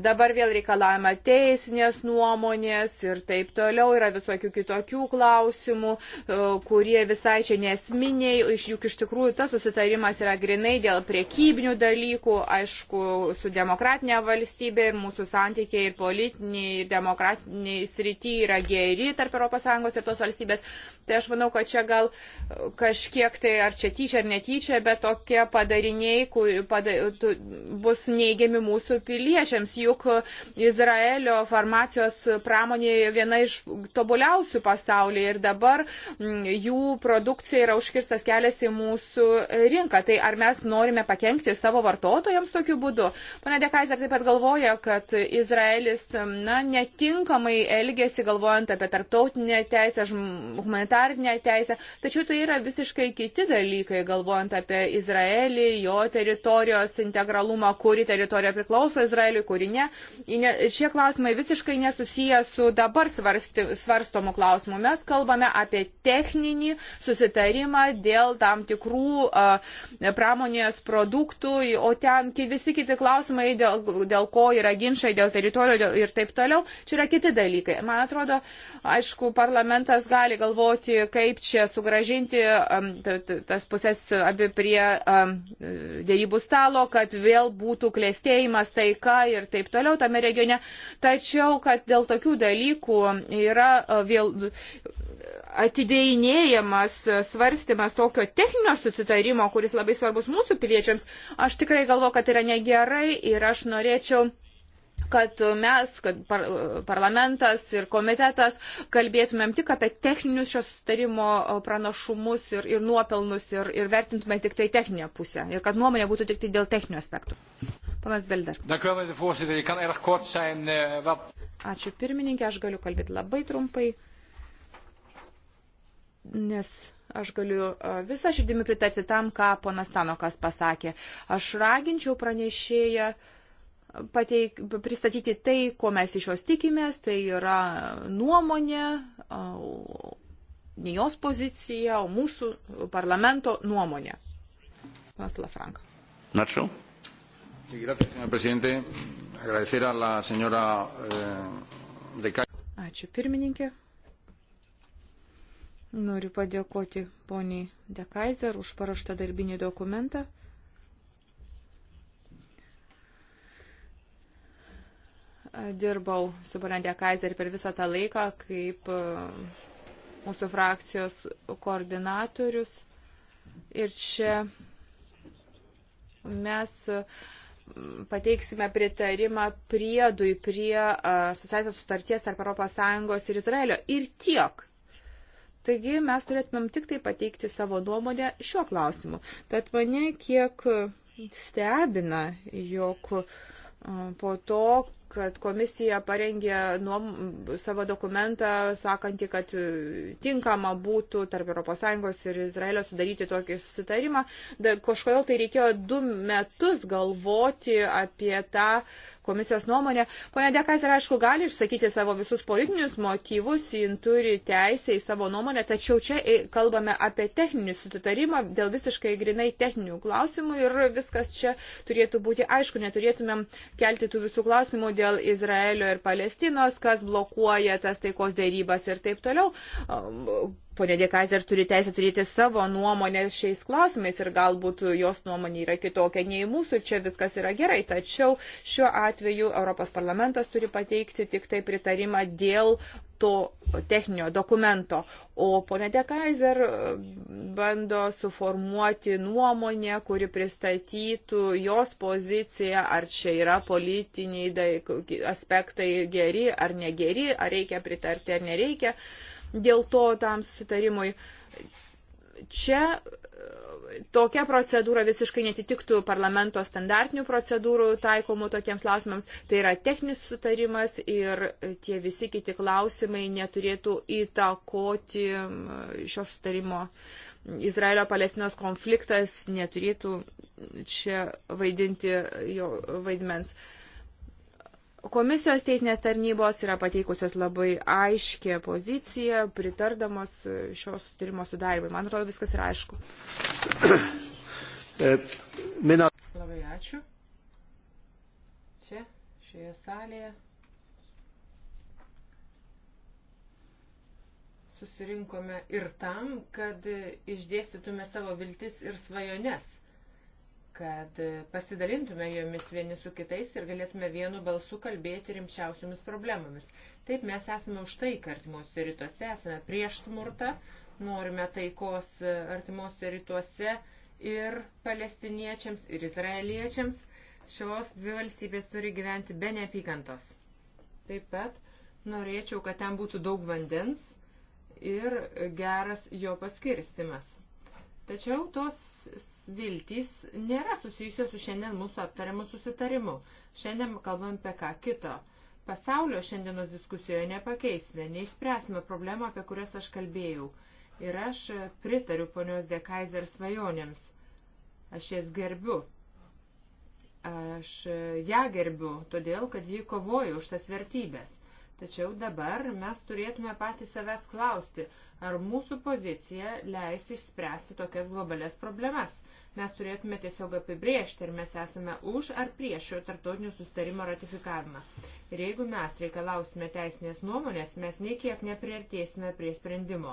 Dabar vėl reikalavimą teisinės nuomonės ir taip toliau yra visokių kitokių klausimų, e, kurie visai čia nesminiai, juk iš tikrųjų tas susitarimas yra grinai dėl priekybinių dalykų, aišku, su demokratinė valstybė ir mūsų santykiai ir politiniai, ir demokratiniai srity yra geri tarp ES ir tos valstybės. Tai aš manau, kad čia gal kažkiek tai ar čia tyčia ar netyčia, bet tokie padariniai kur, pada, tu, bus neigiami mūsų piliečiai piliečiams, juk Izraelio farmacijos pramonė viena iš tobuliausių pasaulyje ir dabar mm, jų produkcija yra užkirstas kelias į mūsų rinką. Tai ar mes norime pakengti savo vartotojams tokiu būdu? Pane Dekaiser taip pat galvoja, kad Izraelis mm, na, netinkamai elgėsi galvojant apie tarptautinę teisę, humanitarinę teisę, tačiau tai yra visiškai kiti dalykai, galvojant apie Izraelį, jo teritorijos integralumą, kuri teritorija priklauso Izraeliui kūrinė. Šie klausimai visiškai nesusiję su dabar svarstomu klausimu. Mes kalbame apie techninį susitarimą dėl tam tikrų pramonės produktų, o ten visi kiti klausimai, dėl, dėl ko yra ginčiai, dėl teritorijų dėl, ir taip toliau, čia yra kiti dalykai. Man atrodo, aišku, parlamentas gali galvoti, kaip čia sugražinti um, tas pusės abi prie um, dėrybų stalo, kad vėl būtų klėstėjimas taika ir taip toliau tame regione. Tačiau, kad dėl tokių dalykų yra e, vėl atidėjinėjamas e, svarstymas tokio techninio susitarimo, kuris labai svarbus mūsų piliečiams, aš tikrai galvoju, kad yra negerai ir aš norėčiau kad mes, kad par, parlamentas ir komitetas kalbėtumėm tik apie techninius šio sustarimo e, pranašumus ir, ir nuopelnus ir, ir vertintumėm tik tai techninę pusę ir kad nuomonė būtų tik tai dėl techninių aspektų. Panas Belder. Eh, Ačiū pirmininkė, aš galiu kalbėti labai trumpai, nes aš galiu e, visą širdimi pritarti tam, ką ponas Tanokas pasakė. Aš raginčiau pranešėją pateik, pristatyti tai, ko mes iš jos tikimės, tai yra nuomonė, e, ne jos pozicija, o mūsų parlamento nuomonė. Ponas Lafranka. Načiau. Sure. Sí, gracias, señor presidente. Agradecer a la señora eh, de Calle. Ačiū pirmininkė. Noriu padėkoti poniai Dekaiser už paraštą darbinį dokumentą. Dirbau su ponia Dekaiser per visą tą laiką kaip e, mūsų frakcijos koordinatorius. Ir čia mes uh, pateiksime pritarimą priedui prie asociacijos sutarties tarp ES ir Izraelio. Ir tiek. Taigi mes turėtumėm tik tai pateikti savo nuomonę šiuo klausimu. Tad mane kiek stebina, jog po to, kad komisija parengė nuom, savo dokumentą, sakantį, kad e, tinkama būtų tarp ES ir Izraelio sudaryti tokį susitarimą. Da, kažkodėl tai reikėjo du metus galvoti apie tą komisijos nuomonę. Pone Dekaiser, aišku, gali išsakyti savo visus politinius motyvus, jin turi teisę į savo nuomonę, tačiau čia kalbame apie techninį sutarimą dėl visiškai grinai techninių klausimų ir viskas čia turėtų būti aišku, neturėtumėm kelti tų visų klausimų dėl Izraelio ir Palestinos, kas blokuoja tas taikos dėrybas ir taip toliau Pone Dekaiser turi teisę turėti savo nuomonę šiais klausimais ir galbūt jos nuomonė yra kitokia nei mūsų ir čia viskas yra gerai. Tačiau šiuo atveju Europos parlamentas turi pateikti tik tai pritarimą dėl to techninio dokumento. O ponė Dekaiser e, bando suformuoti nuomonę, kuri pristatytų jos poziciją, ar čia yra politiniai aspektai geri ar negeri, ar reikia pritarti ar nereikia. Uh, dėl to tam susitarimui. Čia e, tokia procedūra visiškai netitiktų parlamento standartinių procedūrų taikomų tokiems klausimams. Tai yra techninis sutarimas ir tie visi kiti klausimai neturėtų įtakoti šio sutarimo. Izraelio-Palestinos konfliktas neturėtų čia vaidinti jo vaidmens. Uh, Komisijos teisinės tarnybos yra pateikusios labai aiškę poziciją, pritardamos e, šio sutarimo sudarimui. Man atrodo, viskas yra aišku. E, Mina. Labai ačiū. Čia, šioje salėje. Susirinkome ir tam, kad išdėstytume savo viltis ir svajones kad pasidalintume jomis vieni su kitais ir galėtume vienu balsu kalbėti rimčiausiomis problemomis. Taip mes esame už tai, kad artimuose rytuose esame prieš smurtą, norime taikos e, artimuose rytuose ir palestiniečiams, ir izraeliečiams. Šios dvi valstybės turi gyventi be neapykantos. Taip pat norėčiau, kad ten būtų daug vandens ir geras jo paskirstimas. Tačiau tos viltys nėra susijusios su šiandien mūsų aptariamu susitarimu. Šiandien kalbam apie ką kito. Pasaulio šiandienos diskusijoje nepakeisime, neišspręsime problemą, apie kurias aš kalbėjau. Ir aš pritariu ponios Dekaiser svajonėms. Aš jas gerbiu. Aš ją gerbiu, todėl kad ji kovoja už tas vertybės. Tačiau dabar mes turėtume patys savęs klausti, ar mūsų pozicija leis išspręsti tokias globales problemas. Mes turėtume tiesiog apibriežti, ar mes esame už ar prieš šio tarptautinio sustarimo ratifikavimą. Ir jeigu mes reikalausime teisinės nuomonės, mes niekiek nepriartėsime prie sprendimo,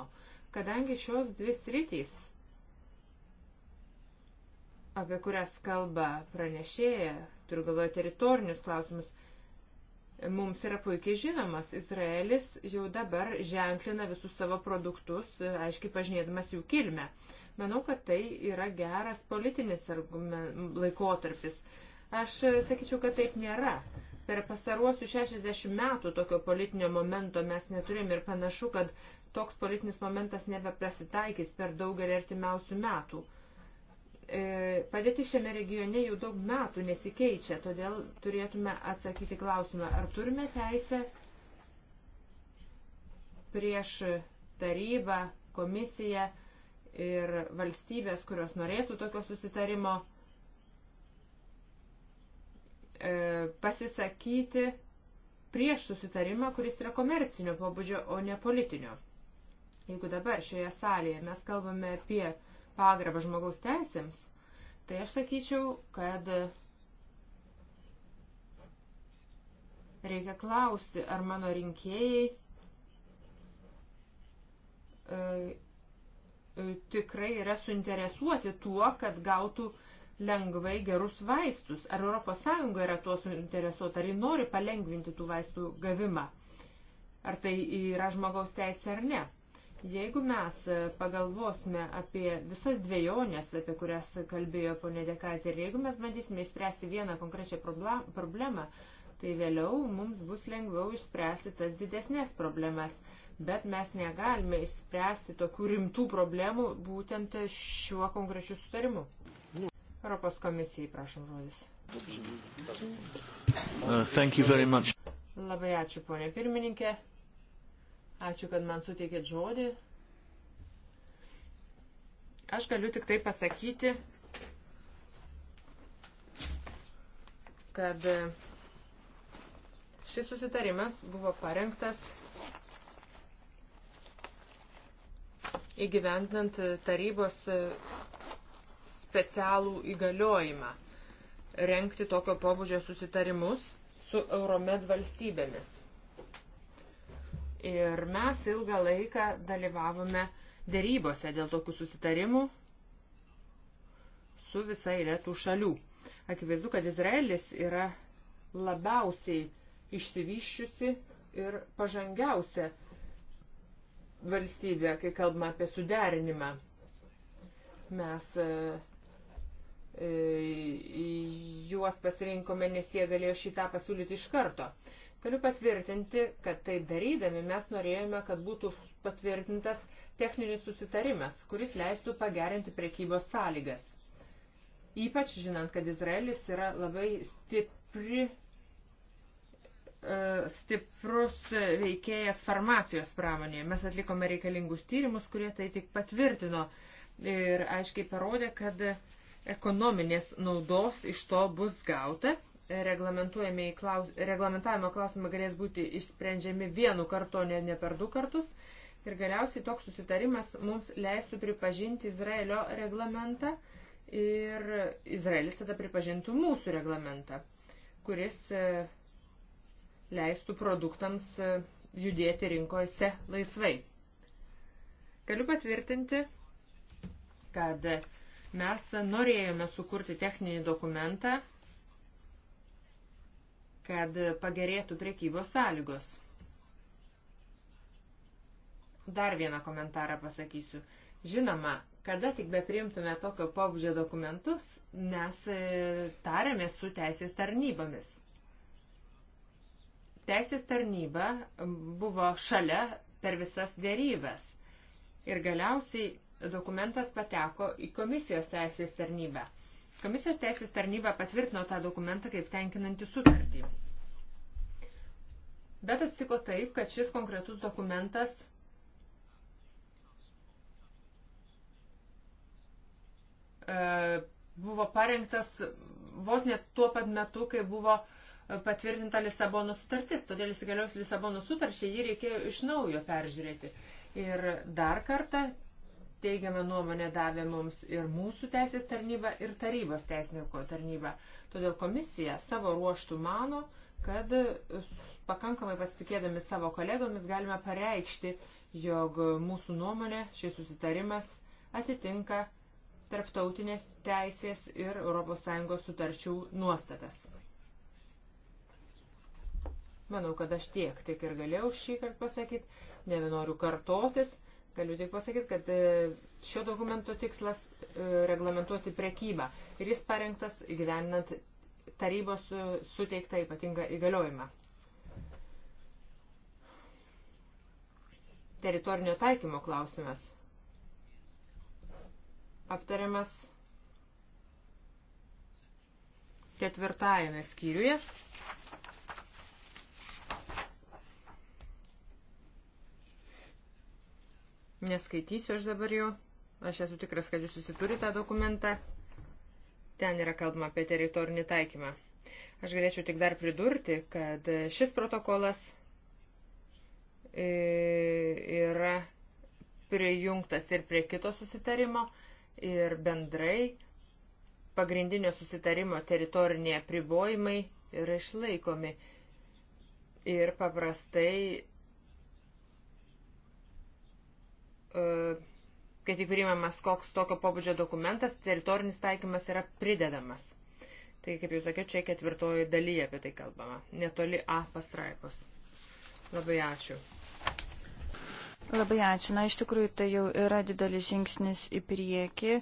kadangi šios dvi sritys apie kurias kalba pranešėja, turiu galvoje teritorinius klausimus, mums yra puikiai žinomas. Izraelis jau dabar ženklina visus savo produktus, aiškiai pažinėdamas jų kilmę. Manau, kad tai yra geras politinis laikotarpis. Aš sakyčiau, kad taip nėra. Per pastaruosius 60 metų tokio politinio momento mes neturim ir panašu, kad toks politinis momentas nebeprasitaikys per daugelį artimiausių metų. E, padėti šiame regione jau daug metų nesikeičia, todėl turėtume atsakyti klausimą, ar turime teisę prieš tarybą, komisiją, ir valstybės, kurios norėtų tokio susitarimo, e, pasisakyti prieš susitarimą, kuris yra komercinio pobūdžio, o ne politinio. Jeigu dabar šioje salėje mes kalbame apie pagarbą žmogaus teisėms, tai aš sakyčiau, kad reikia klausti, ar mano rinkėjai e, E, tikrai yra suinteresuoti tuo, kad gautų lengvai gerus vaistus. Ar ES yra tuo suinteresuota, ar ji nori palengvinti tų vaistų gavimą. Ar tai yra žmogaus teisė ar ne. Jeigu mes pagalvosime apie visas dviejonės, apie kurias kalbėjo ponė Dekazė, ir jeigu mes bandysime išspręsti vieną konkrečią problemą, tai vėliau mums bus lengviau išspręsti tas didesnės problemas bet mes negalime išspręsti tokių rimtų problemų būtent šiuo konkrečiu sutarimu. Europos komisijai prašom žodis. Uh, Labai ačiū, ponė pirmininkė. Ačiū, kad man suteikėt žodį. Aš galiu tik tai pasakyti, kad šis susitarimas buvo parengtas įgyvendinant tarybos specialų įgaliojimą renkti tokio pobūdžio susitarimus su Euromed valstybėmis. Ir mes ilgą laiką dalyvavome dėrybose dėl tokių susitarimų su visai retų šalių. Akivaizdu, kad Izraelis yra labiausiai išsivyščiusi ir pažangiausia valstybė, kai kalbame apie suderinimą. Mes e, e, juos pasirinkome, nes jie galėjo šitą pasiūlyti iš karto. Galiu patvirtinti, kad tai darydami mes norėjome, kad būtų patvirtintas techninis susitarimas, kuris leistų pagerinti prekybos sąlygas. Ypač žinant, kad Izraelis yra labai stipri E, stiprus veikėjas farmacijos pramonėje. Mes atlikome reikalingus tyrimus, kurie tai tik patvirtino ir aiškiai parodė, kad ekonominės naudos iš to bus gauta. Klaus, reglamentavimo klausimai galės būti išsprendžiami vienu kartu, ne, ne per du kartus. Ir galiausiai toks susitarimas mums leistų pripažinti Izraelio reglamentą ir Izraelis tada pripažintų mūsų reglamentą, kuris e, leistų produktams e, judėti rinkose laisvai. Galiu patvirtinti, kad mes norėjome sukurti techninį dokumentą, kad pagerėtų priekybos sąlygos. Dar vieną komentarą pasakysiu. Žinoma, kada tik be priimtume tokio pobūdžio dokumentus, mes e, tarėmės su teisės tarnybomis. Teisės tarnyba buvo šalia per visas dėrybas. Ir galiausiai dokumentas pateko į komisijos teisės tarnybą. Komisijos teisės tarnyba patvirtino tą dokumentą kaip tenkinantį sutartį. Bet atsitiko taip, kad šis konkretus dokumentas e, buvo parengtas vos net tuo pat metu, kai buvo e, patvirtinta Lisabono sutartis, todėl įsigalios Lisabono sutarčiai jį reikėjo iš naujo peržiūrėti. Ir dar kartą teigiamą nuomonę davė mums ir mūsų teisės tarnyba, ir tarybos teisininko tarnyba. Todėl komisija savo ruoštų mano, kad pakankamai pasitikėdami savo kolegomis galime pareikšti, jog mūsų nuomonė šis susitarimas atitinka tarptautinės teisės ir ES sutarčių nuostatas. Manau, kad aš tiek, tiek ir galėjau šį kartą pasakyti, nebenoriu kartotis, galiu tik pasakyti, kad e, šio dokumento tikslas e, reglamentuoti prekybą ir jis parengtas gyvenant tarybos e, suteiktą ypatingą įgaliojimą. Teritorinio taikymo klausimas aptariamas ketvirtajame skyriuje Neskaitysiu aš dabar jo. Aš esu tikras, kad jūs susiturite tą dokumentą. Ten yra kalbama apie teritorinį taikymą. Aš galėčiau tik dar pridurti, kad šis protokolas e, yra prijungtas ir prie kito susitarimo ir bendrai pagrindinio susitarimo teritoriniai apribojimai yra išlaikomi. Ir paprastai E, kai tik priimamas koks tokio pobūdžio dokumentas, teritorinis taikymas yra pridedamas. Tai, kaip jau sakiau, čia ketvirtoji dalyje apie tai kalbama, netoli A pastraipos. Labai ačiū. Labai ačiū. Na, iš tikrųjų, tai jau yra didelis žingsnis į priekį,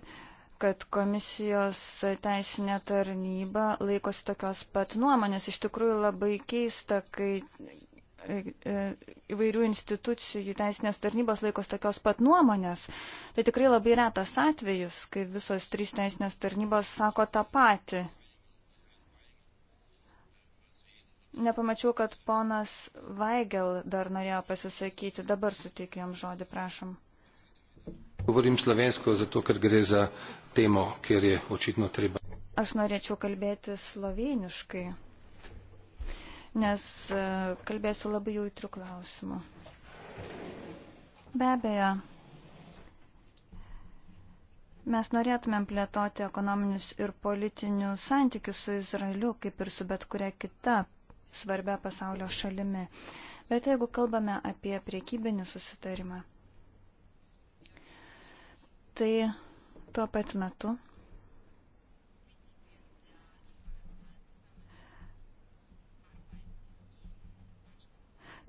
kad komisijos teisinė tarnyba laikosi tokios pat nuomonės. Iš tikrųjų, labai keista, kai įvairių institucijų teisinės tarnybos laikos tokios pat nuomonės. Tai tikrai labai retas atvejis, kai visos trys teisinės tarnybos sako tą patį. Nepamačiau, kad ponas Vaigel dar norėjo pasisakyti. Dabar suteikiu jam žodį, prašom. Govorim slovensko, zato, kad gre za temo, kjer je očitno treba. Aš norėčiau kalbėti sloveniškai nes e, kalbėsiu labai jautrių klausimų. Be abejo, mes norėtumėm plėtoti ekonominius ir politinius santykius su Izraeliu, kaip ir su bet kuria kita svarbia pasaulio šalimi. Bet jeigu kalbame apie priekybinį susitarimą, tai tuo pat metu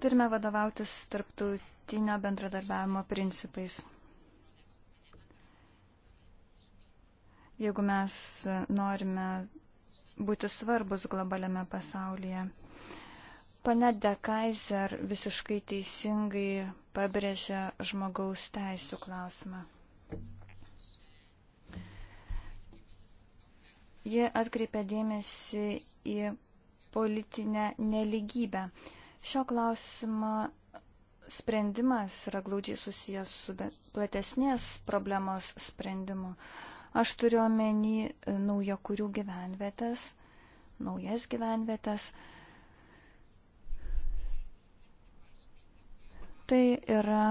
Turime vadovautis tarptautinio bendradarbiavimo principais. Jeigu mes norime būti svarbus globaliame pasaulyje. Pane De Kaiser visiškai teisingai pabrėžė žmogaus teisų klausimą. Ji atkreipė dėmesį į politinę neligybę. Šio klausimo sprendimas yra glaudžiai susijęs su platesnės problemos sprendimu. Aš turiu omeny e, naujo kurių gyvenvietės, naujas gyvenvietės. Tai yra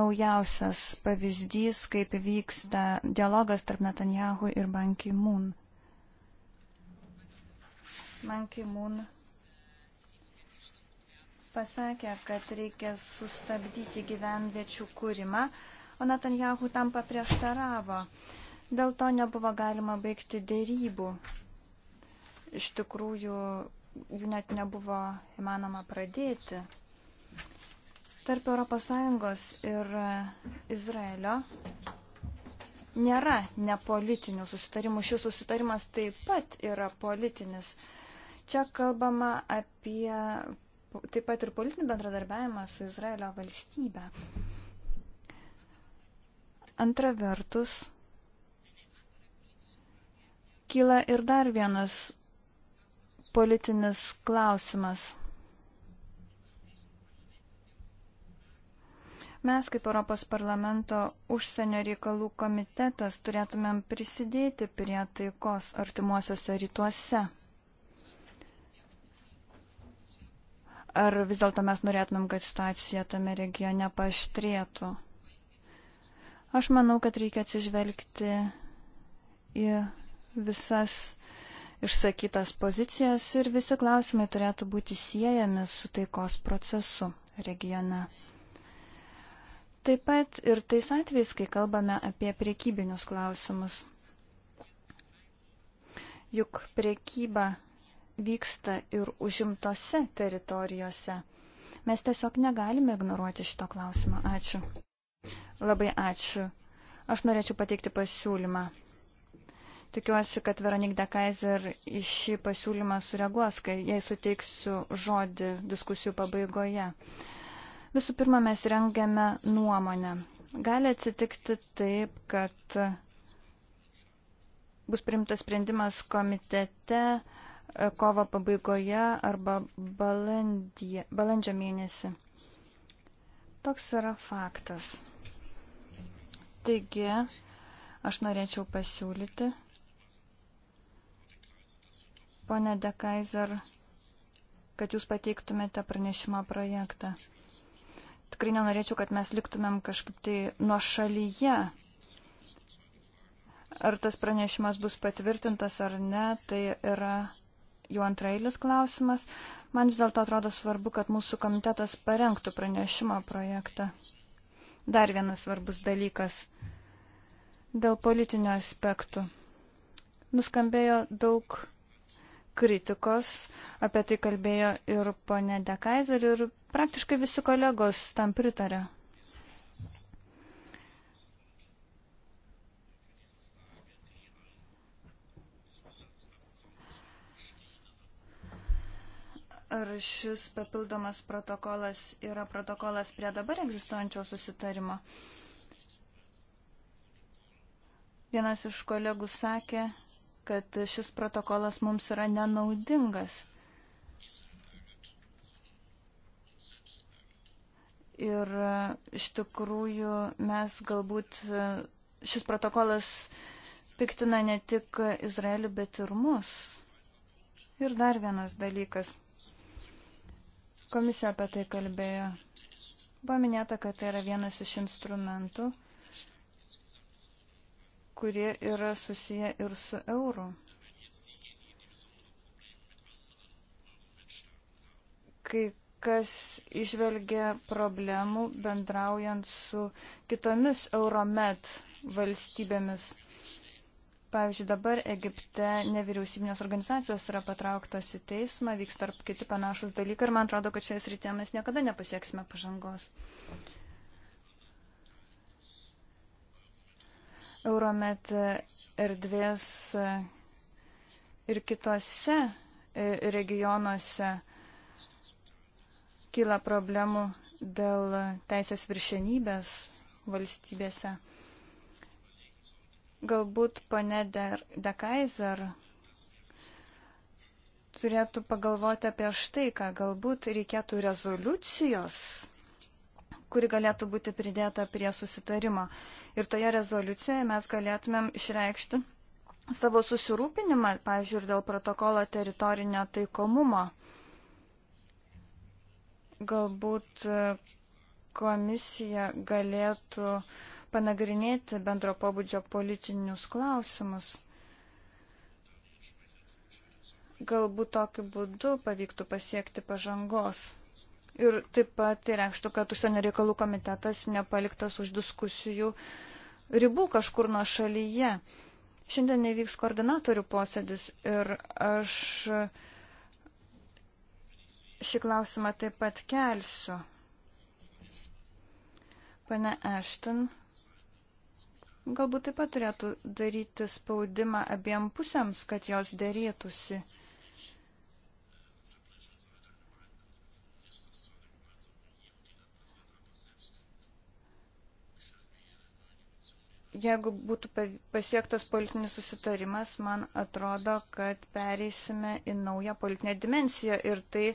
naujausias pavyzdys, kaip vyksta dialogas tarp Netanjahu ir Banki Mun. Banki Mun pasakė, kad reikia sustabdyti gyvenviečių kūrimą, o Netanjahu tam paprieštaravo. Dėl to nebuvo galima baigti dėrybų. Iš tikrųjų, jų net nebuvo įmanoma pradėti. Tarp ES ir Izraelio nėra nepolitinių susitarimų. Šis susitarimas taip pat yra politinis. Čia kalbama apie taip pat ir politinį bendradarbiavimą su Izraelio valstybe. Antra vertus, kyla ir dar vienas politinis klausimas. Mes kaip Europos parlamento užsienio reikalų komitetas turėtumėm prisidėti prie taikos artimuosiuose rytuose. ar vis dėlto mes norėtumėm, kad situacija tame regione paštrėtų. Aš manau, kad reikia atsižvelgti į visas išsakytas pozicijas ir visi klausimai turėtų būti siejami su taikos procesu regione. Taip pat ir tais atvejais, kai kalbame apie priekybinius klausimus. Juk priekyba vyksta ir užimtose teritorijose. Mes tiesiog negalime ignoruoti šito klausimo. Ačiū. Labai ačiū. Aš norėčiau pateikti pasiūlymą. Tikiuosi, kad Veronik de Kaiser į šį pasiūlymą sureaguos, kai jai suteiksiu žodį diskusijų pabaigoje. Visų pirma, mes rengiame nuomonę. Gali atsitikti taip, kad bus primtas sprendimas komitete, kovo pabaigoje arba balandį, balandžio mėnesį. Toks yra faktas. Taigi, aš norėčiau pasiūlyti, ponė Dekaiser, kad jūs pateiktumėte pranešimo projektą. Tikrai nenorėčiau, kad mes liktumėm kažkaip tai nuo šalyje ar tas pranešimas bus patvirtintas ar ne, tai yra jau antrailis klausimas. Man vis dėlto atrodo svarbu, kad mūsų komitetas parengtų pranešimo projektą. Dar vienas svarbus dalykas dėl politinių aspektų. Nuskambėjo daug kritikos, apie tai kalbėjo ir ponė Dekaiser ir praktiškai visi kolegos tam pritarė. ar šis papildomas protokolas yra protokolas prie dabar egzistuojančio susitarimo. Vienas iš kolegų sakė, kad šis protokolas mums yra nenaudingas. Ir iš tikrųjų mes galbūt šis protokolas piktina ne tik Izraelį, bet ir mus. Ir dar vienas dalykas – Komisija apie tai kalbėjo. Buvo minėta, kad tai yra vienas iš instrumentų, kurie yra susiję ir su euru. Kai kas išvelgia problemų bendraujant su kitomis Euromet valstybėmis. Pavyzdžiui, dabar Egipte nevyriausybinės organizacijos yra patrauktas į teismą, vyks tarp kiti panašus dalykai ir man atrodo, kad šioje srityje mes niekada nepasieksime pažangos. Euromet erdvės ir kitose e, regionuose kyla problemų dėl teisės viršenybės valstybėse. Galbūt pane De Kaiser turėtų pagalvoti apie štai, ką galbūt reikėtų rezoliucijos, kuri galėtų būti pridėta prie susitarimo. Ir toje rezoliucijoje mes galėtumėm išreikšti savo susirūpinimą, pavyzdžiui, ir dėl protokolo teritorinio taikomumo. Galbūt e, komisija galėtų uh, panagrinėti bendro pobūdžio politinius klausimus. Galbūt tokiu būdu pavyktų pasiekti pažangos. Ir taip pat tai reikštų, kad užsienio reikalų komitetas nepaliktas už diskusijų ribų kažkur nuo šalyje. Šiandien nevyks koordinatorių posėdis ir aš šį klausimą taip pat kelsiu. Pane Ešten galbūt taip pat turėtų daryti spaudimą abiem pusėms, kad jos dėrėtųsi. Jeigu būtų pasiektas politinis susitarimas, man atrodo, kad pereisime į naują politinę dimensiją ir tai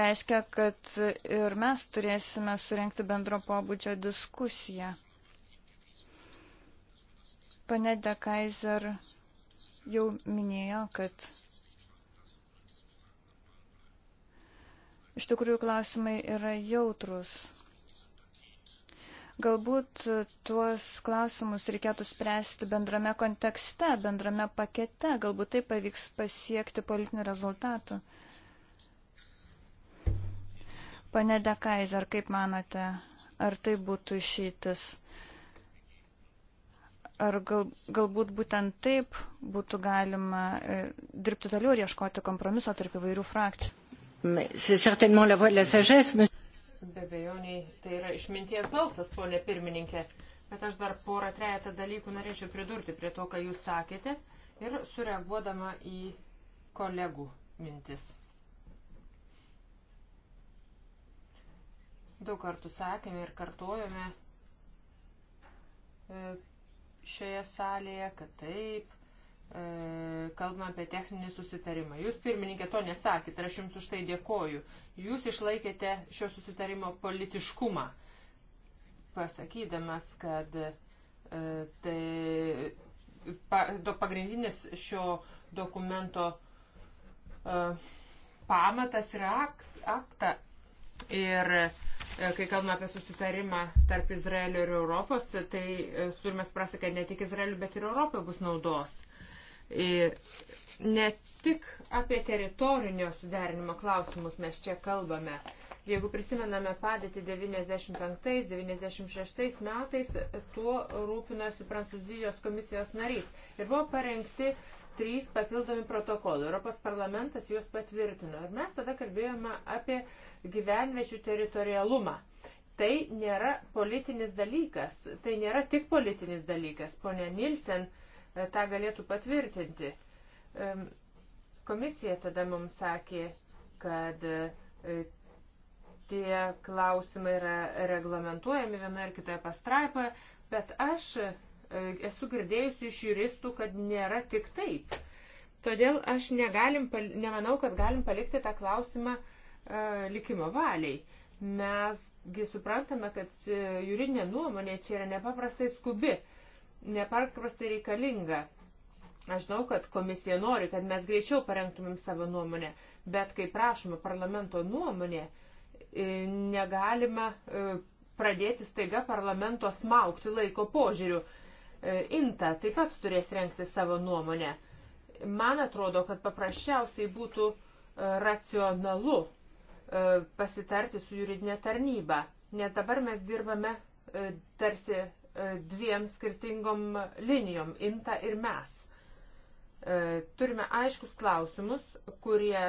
reiškia, kad ir mes turėsime surenkti bendro pobūdžio diskusiją. Pane De Kaiser jau minėjo, kad iš tikrųjų klausimai yra jautrus. Galbūt tuos klausimus reikėtų spręsti bendrame kontekste, bendrame pakete, galbūt tai pavyks pasiekti politinių rezultatų. Pane Dekaiser, kaip manote, ar tai būtų išeitis? Uh, Ar gal, galbūt būtent taip būtų galima e, dirbti toliau ir ieškoti kompromiso tarp įvairių frakcijų? Be bejoniai, tai yra išminties balsas, ponė pirmininkė. Bet aš dar porą trejata dalykų norėčiau pridurti prie to, ką jūs sakėte ir sureaguodama į kolegų mintis. Daug kartų sakėme ir kartojome e, šioje salėje, kad taip, e, kalbame apie techninį susitarimą. Jūs, pirmininkė, to nesakėte ir aš jums už tai dėkoju. Jūs išlaikėte šio susitarimo politiškumą, pasakydamas, kad e, tai pagrindinis šio dokumento e, pamatas yra akta. Ir uh, E, kai kalbame apie susitarimą tarp Izraelio ir Europos, tai e, turime suprasti, kad ne tik Izraeliu, bet ir Europoje bus naudos. E, ne tik apie teritorinio suderinimo klausimus mes čia kalbame. Jeigu prisimename padėtį 95-96 metais, tuo rūpinosi Prancūzijos komisijos narys. Ir buvo parengti uh, trys papildomi protokolai. Europos parlamentas juos patvirtino. Ir mes tada kalbėjome apie gyvenviešių teritorialumą. Tai nėra politinis dalykas, tai nėra tik politinis dalykas. Pone Nilsen e, tą galėtų patvirtinti. Komisija tada mums sakė, kad e, tie klausimai yra reglamentuojami vienoje ar kitoje pastraipoje, bet aš Esu girdėjusi iš juristų, kad nėra tik taip. Todėl aš negalim, nemanau, kad galim palikti tą klausimą e, likimo valiai. Mesgi suprantame, kad e, juridinė nuomonė čia yra nepaprastai skubi, nepaprastai reikalinga. Aš žinau, kad komisija nori, kad mes greičiau parengtumėm savo nuomonę, bet kai prašoma parlamento nuomonė, e, negalima pradėti staiga parlamento smaukti laiko požiūriu. E, Inta taip pat turės renkti savo nuomonę. Man atrodo, kad paprasčiausiai būtų e, racionalu e, pasitarti su juridinė tarnyba, nes dabar mes dirbame tarsi dviem skirtingom linijom - INTA ir mes. Turime aiškus klausimus, kurie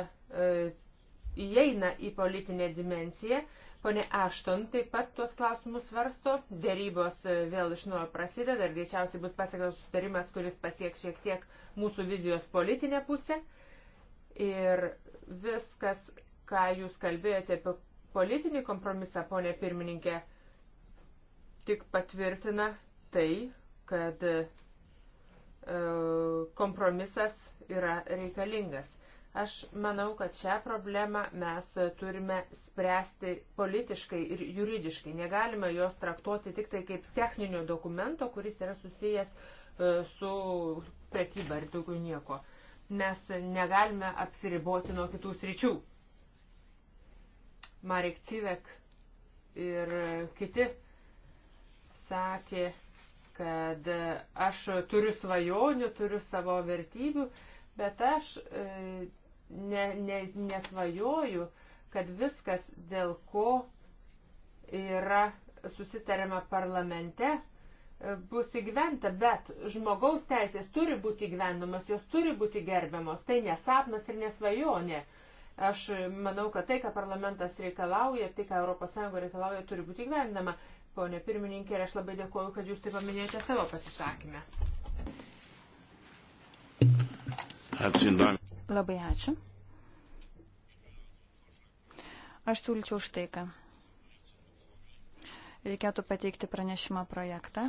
įeina į politinę dimenciją Pone Ašton taip pat tuos klausimus svarsto, dėrybos e, vėl iš nuojo prasideda ir greičiausiai bus pasiektas sustarimas, kuris pasieks šiek tiek mūsų vizijos politinę pusę. Ir viskas, ką jūs kalbėjote apie politinį kompromisą, ponė pirmininkė, tik patvirtina tai, kad e, kompromisas yra reikalingas. Aš manau, kad šią problemą mes turime spręsti politiškai ir juridiškai. Negalime jos traktuoti tik tai kaip techninio dokumento, kuris yra susijęs e, su prekyba ir daugiau nieko. Mes negalime apsiriboti nuo kitų sričių. Marek Civek ir kiti sakė, kad aš turiu svajonių, turiu savo vertybių, bet aš e, ne, ne, nesvajoju, kad viskas, dėl ko yra susitarima parlamente, bus įgyventa, bet žmogaus teisės turi būti įgyvendamas, jos turi būti gerbiamos. Tai nesapnas ir nesvajonė. Aš manau, kad tai, ką parlamentas reikalauja, tai, ką ES reikalauja, turi būti įgyvendama. Pone pirmininkė, ir aš labai dėkuoju, kad jūs tai paminėjote savo pasisakymę. Ačiū. Labai ačiū. Aš siūlyčiau štai ką. Reikėtų pateikti pranešimo projektą.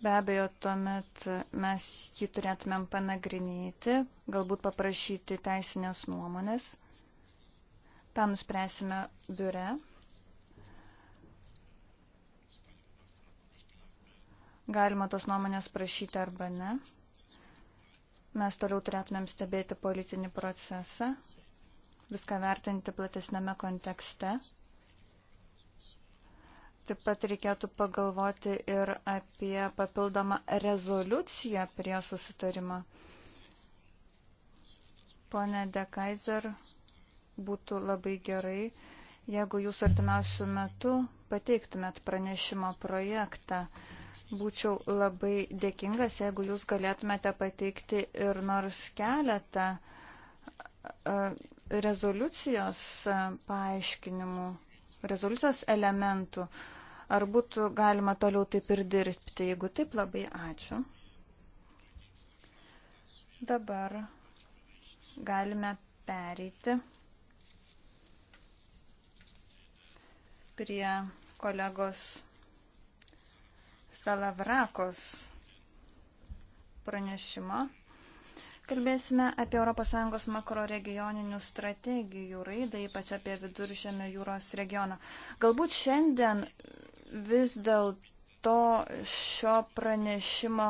Be abejo, tuomet mes jį turėtumėm panagrinėti, galbūt paprašyti teisinės nuomonės. Ta nuspręsime biure. Galima tos nuomonės prašyti arba ne. Mes toliau turėtumėm stebėti politinį procesą, viską vertinti platesnėme kontekste. Taip pat reikėtų pagalvoti ir apie papildomą rezoliuciją prie susitarimo. Pone De Kaiser, būtų labai gerai, jeigu jūs artimiausių metų pateiktumėt pranešimo projektą. Būčiau labai dėkingas, jeigu jūs galėtumėte pateikti ir nors keletą rezoliucijos paaiškinimų, rezoliucijos elementų. Ar būtų galima toliau taip ir dirbti? Jeigu taip, labai ačiū. Dabar galime pereiti prie kolegos Salavrakos pranešimo. Kalbėsime apie ES makroregioninių strategijų raidą, ypač apie viduržėmio jūros regioną. Galbūt šiandien vis dėlto šio pranešimo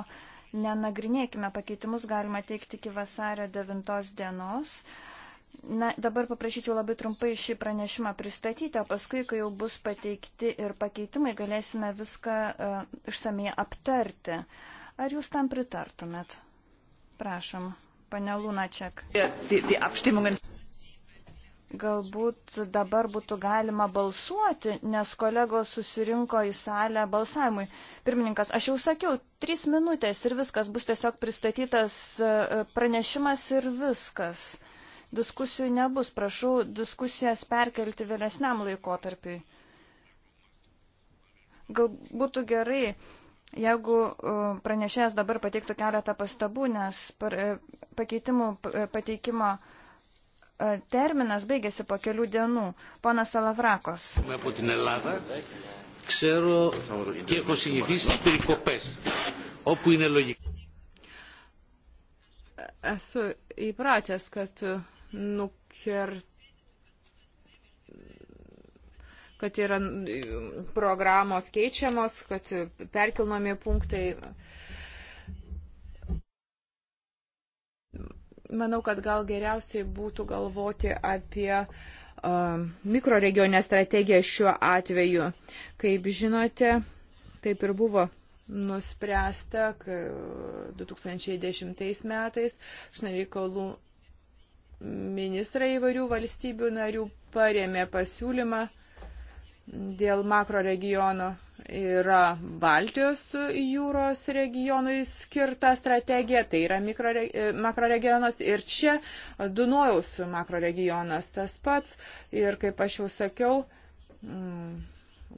nenagrinėkime. Pakeitimus galima teikti iki vasario 9 dienos. Uh, Na, dabar paprašyčiau labai trumpai šį pranešimą pristatyti, o paskui, kai jau bus pateikti ir pakeitimai, galėsime viską uh, išsamei aptarti. Ar jūs tam pritartumėt? Prašom, pane Lunačiak. Galbūt dabar būtų galima balsuoti, nes kolegos susirinko į salę balsavimui. Pirmininkas, aš jau sakiau, trys minutės ir viskas bus tiesiog pristatytas e, pranešimas ir viskas. Uh, diskusijų nebus. Prašau diskusijas perkelti vėlesniam laikotarpiui. Gal būtų gerai, jeigu e, pranešėjas dabar pateiktų keletą pastabų, nes e, pakeitimų e, pateikimo terminas baigėsi po kelių dienų. Ponas Salavrakos. Ξέρω και έχω συνηθίσει στις περικοπές, όπου είναι λογικό. Esu įpratęs, kad nukert kad yra programos keičiamos, kad perkilnomi punktai. Manau, kad gal geriausiai būtų galvoti apie uh, mikroregionę strategiją šiuo atveju. Kaip žinote, taip ir buvo nuspręsta 2010 metais užsienio reikalų ministrai įvairių valstybių narių paremė pasiūlymą dėl makro regiono. Yra Baltijos jūros regionui skirta strategija, tai yra mikro, e, makro regionas ir čia Dunojaus makro regionas tas pats. Ir kaip aš jau sakiau, mm,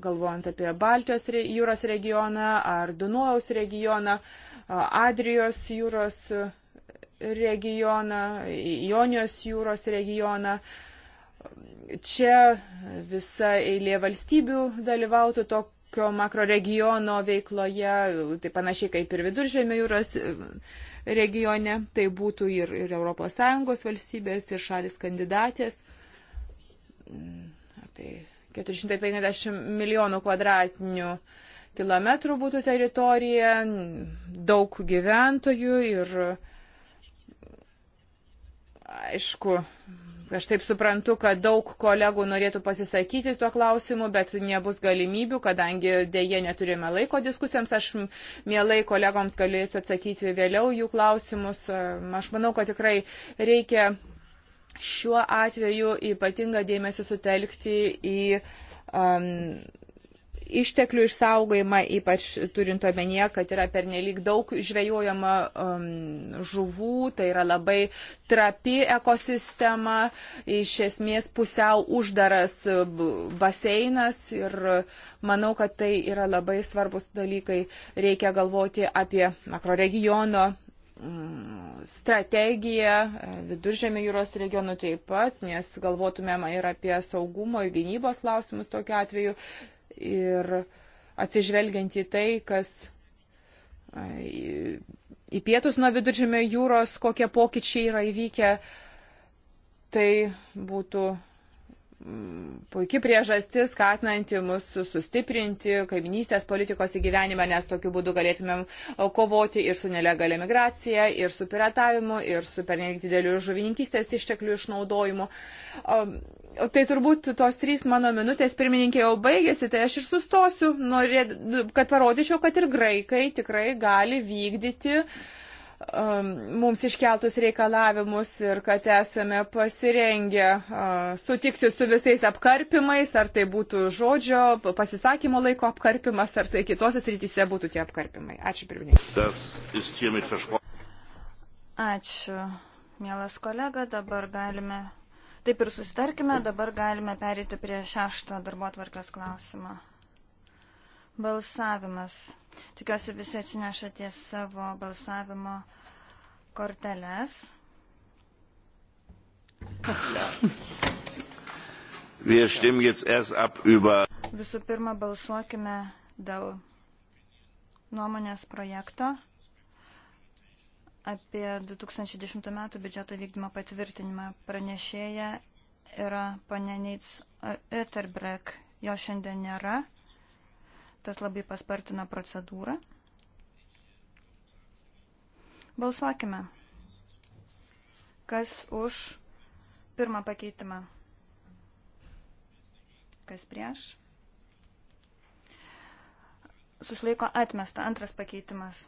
galvojant apie Baltijos jūros regioną ar Dunojaus regioną, Adrijos jūros regioną, Jonijos jūros regioną. Čia visa eilė valstybių dalyvautų tokio makroregiono veikloje, tai panašiai kaip ir viduržėmio jūros e, regione, tai būtų ir, ir ES valstybės, ir šalis kandidatės. Apie 450 milijonų kvadratinių kilometrų būtų teritorija, daug gyventojų ir uh, Aišku, aš taip suprantu, kad daug kolegų norėtų pasisakyti tuo klausimu, bet nebus galimybių, kadangi dėje neturime laiko diskusijoms. Aš mielai kolegoms galėsiu atsakyti vėliau jų klausimus. Aš manau, kad tikrai reikia šiuo atveju ypatingą dėmesį sutelkti į um, išteklių išsaugojimą, ypač turint omenyje, kad yra pernelyg daug žvejojama um, žuvų, tai yra labai trapi ekosistema, iš esmės pusiau uždaras baseinas ir manau, kad tai yra labai svarbus dalykai. Reikia galvoti apie makroregiono mm, strategiją viduržėmio jūros regionų taip pat, nes galvotumėm ir apie saugumo ir gynybos klausimus tokiu atveju ir atsižvelgiant į tai, kas į pietus nuo viduržėmio jūros, kokie pokyčiai yra įvykę, tai būtų puikia priežastis, skatinanti mus sustiprinti kaiminystės politikos įgyvenimą, nes tokiu būdu galėtumėm e, kovoti ir su nelegalia migracija, ir su piratavimu, ir su pernelik dideliu žuvininkystės išteklių išnaudojimu. Tai turbūt tos trys mano minutės pirmininkė jau baigėsi, tai aš ir sustosiu, norėd, kad parodyčiau, kad ir graikai tikrai gali vykdyti uh, um, mums iškeltus reikalavimus ir kad esame pasirengę uh, sutikti su visais apkarpimais, ar tai būtų žodžio pasisakymo laiko apkarpimas, ar tai kitose srityse būtų tie apkarpimai. Ačiū, pirmininkai. Ačiū, mielas kolega, dabar galime. Taip ir susitarkime, dabar galime perėti prie šešto darbo tvarkės klausimą balsavimas. Tikiuosi visi atsinešate savo balsavimo korteles. Visų pirma, balsuokime dėl nuomonės projekto apie 2010 m. biudžeto vykdymo patvirtinimą. Pranešėja yra pane Neits Eterbrek, jo šiandien nėra. Tas labai paspartina procedūrą. Balsuokime. Kas už pirmą pakeitimą? Kas prieš? Susilaiko atmesta antras pakeitimas.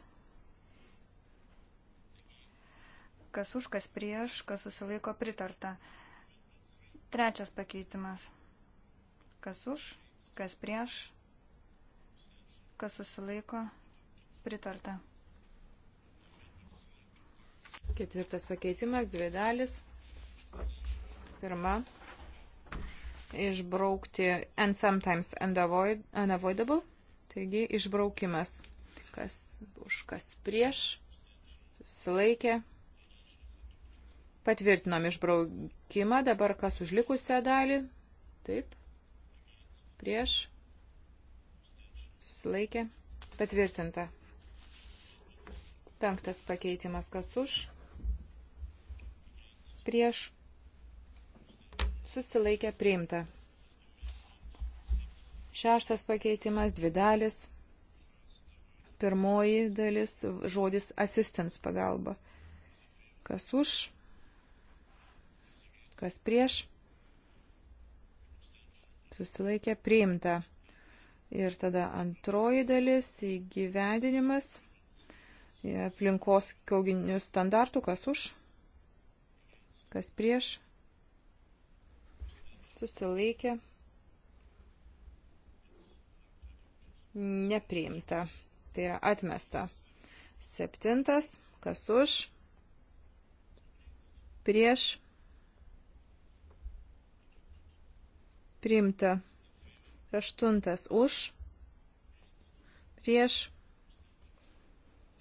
Kas už, kas prieš, kas susilaiko pritarta. Trečias pakeitimas. Kas už, kas prieš, kas susilaiko, pritarta. Ketvirtas pakeitimas, dvi dalis. Pirma, išbraukti and sometimes unavoid, unavoidable, taigi išbraukimas, kas už kas prieš, susilaikė, patvirtinom išbraukimą, dabar kas už likusią dalį, taip, prieš, susilaikė, patvirtinta. Penktas pakeitimas, kas už, prieš, susilaikė, priimta. Šeštas pakeitimas, dvi dalis. Pirmoji dalis žodis assistance pagalba. Kas už, kas prieš, susilaikė priimta. Ir tada antroji dalis įgyvendinimas aplinkos kauginių standartų, kas už, kas prieš, susilaikė, nepriimta, tai yra atmesta. Septintas, kas už, prieš, priimta aštuntas už, prieš,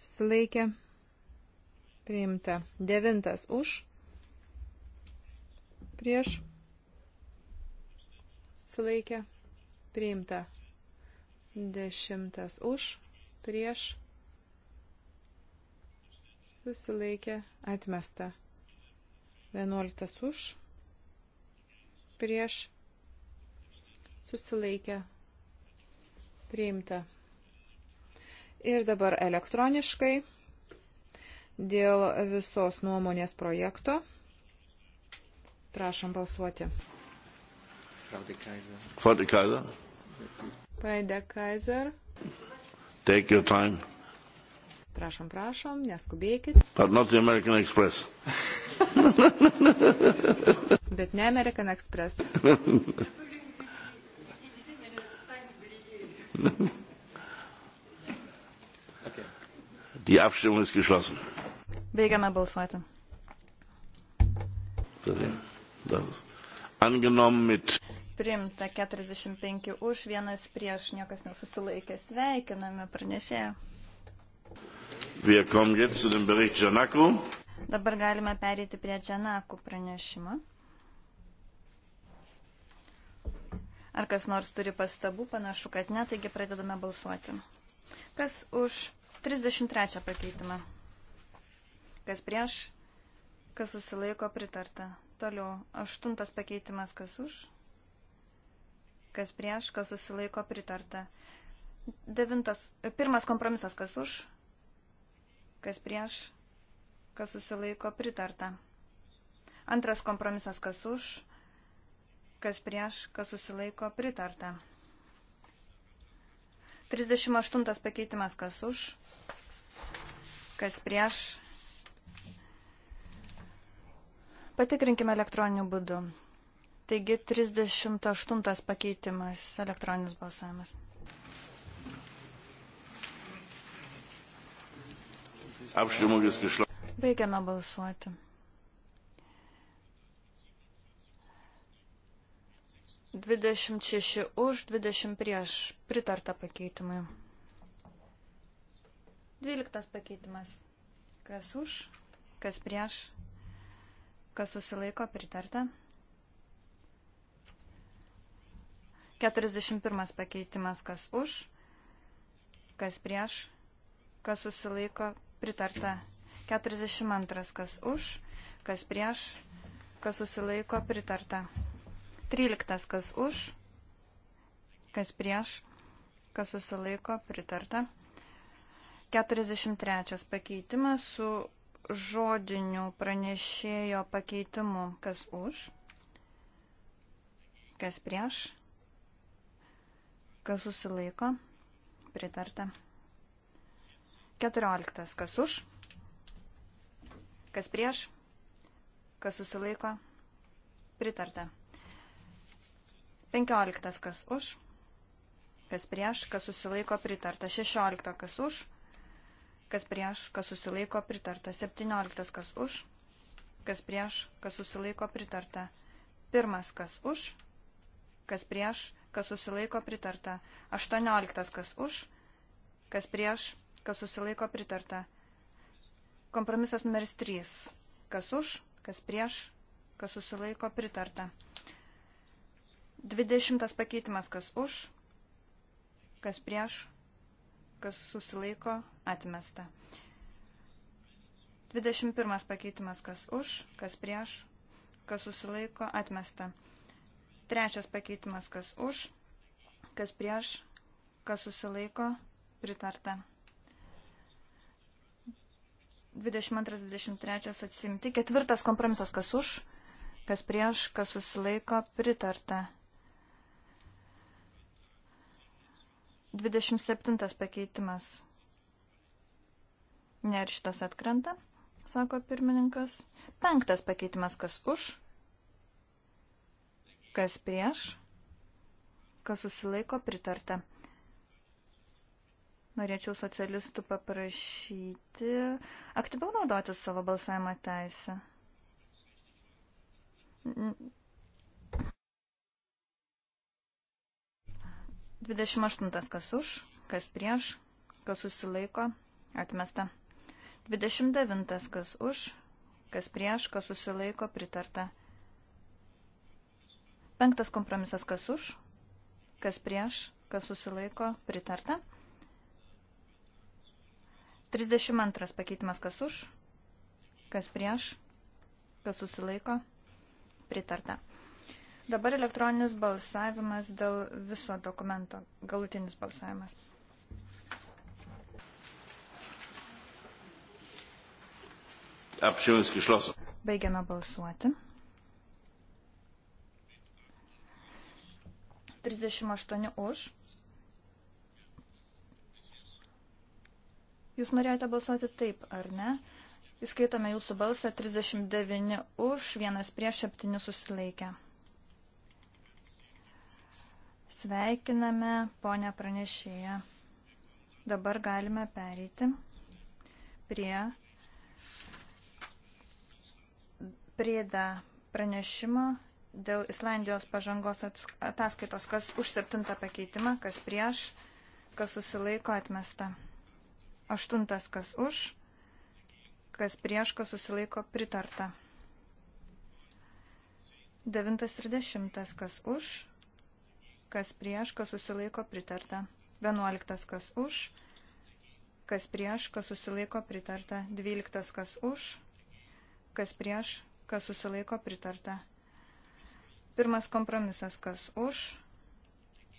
susilaikė, priimta, devintas už, prieš, susilaikė, priimta, dešimtas už, prieš, susilaikė, atmesta, vienuoliktas už, prieš, susilaikė priimta. Ir dabar elektroniškai dėl visos nuomonės projekto. Prašom balsuoti. Fraude Kaiser. Fraude Kaiser. Take your time. Prašom, prašom, neskubėkit. But not the American Express. Bet ne American Express. Die Abstimmung ist geschlossen. Baigiame balsuoti. Angenommen mit. Primta 45 už, vienas prieš, niekas nesusilaikė. Sveikiname pranešėją. Wir kommen jetzt zu dem Bericht Janaku. Dabar galime perėti prie Džanakų pranešimo. Ar kas nors turi pastabų? Panašu, kad ne, taigi pradedame balsuoti. Kas už 33 pakeitimą? Kas prieš? Kas susilaiko pritarta? Toliau, aštuntas pakeitimas, kas už? Kas prieš? Kas susilaiko pritarta? Devintas, pirmas kompromisas, kas už? Kas prieš? Kas susilaiko pritarta? Antras kompromisas, kas už? kas prieš, kas susilaiko pritarta. 38 pakeitimas, kas už, kas prieš. Patikrinkime elektroniniu būdu. Taigi 38 pakeitimas elektroninis balsavimas. Baigiame balsuoti. 26 už, 20 prieš. Pritarta pakeitimai. 12 pakeitimas. Kas už, kas prieš, kas susilaiko, pritarta. 41 pakeitimas. Kas už, kas prieš, kas susilaiko, pritarta. 42 kas už, kas prieš, kas susilaiko, pritarta. 13. Kas už, kas prieš, kas susilaiko, pritarta. 43. Pakeitimas su žodiniu pranešėjo pakeitimu. Kas už, kas prieš, kas susilaiko, pritarta. 14. Kas už, kas prieš, kas susilaiko, pritarta. 15 kas už, kas prieš, kas susilaiko pritarta. 16 kas už, kas prieš, kas susilaiko pritarta. 17 kas už, kas prieš, kas susilaiko pritarta. 1 kas už, kas prieš, kas susilaiko pritarta. 18 kas už, kas prieš, kas susilaiko pritarta. Kompromisas numeris 3. Kas už, kas prieš, kas susilaiko pritarta. Dvidešimtas pakeitimas, kas už, kas prieš, kas susilaiko, atmesta. Dvidešimt pirmas pakeitimas, kas už, kas prieš, kas susilaiko, atmesta. Trečias pakeitimas, kas už, kas prieš, kas susilaiko, pritarta. 22-23 atsimti. Ketvirtas kompromisas, kas už, kas prieš, kas susilaiko, pritarta. 27 pakeitimas. Ne ir šitas atkrenta, sako pirmininkas. Penktas pakeitimas, kas už, kas prieš, kas susilaiko pritarta. Norėčiau socialistų paprašyti aktyviau naudoti savo balsavimo teisę 28 kas už, kas prieš, kas susilaiko, atmesta. 29 kas už, kas prieš, kas susilaiko, pritarta. Penktas kompromisas kas už, kas prieš, kas susilaiko, pritarta. 32 pakeitimas kas už, kas prieš, kas susilaiko, pritarta. Dabar elektroninis balsavimas dėl viso dokumento, galutinis balsavimas. Apšimus geschlossen. Baigiame balsuoti. 38 už. Jūs norėjote balsuoti taip, ar ne? Įskaitome jūsų balsą 39 už, vienas prieš, septyni susilaikę. Sveikiname ponę pranešėją. Dabar galime pereiti prie priedą pranešimo dėl Islandijos pažangos ataskaitos, kas už septintą pakeitimą, kas prieš, kas susilaiko atmesta. Aštuntas, kas už, kas prieš, kas susilaiko pritarta. Devintas ir dešimtas, kas už, kas prieš, kas susilaiko pritarta. 11 kas už, kas prieš, kas susilaiko pritarta. 12 kas už, kas prieš, kas susilaiko pritarta. Pirmas kompromisas kas už,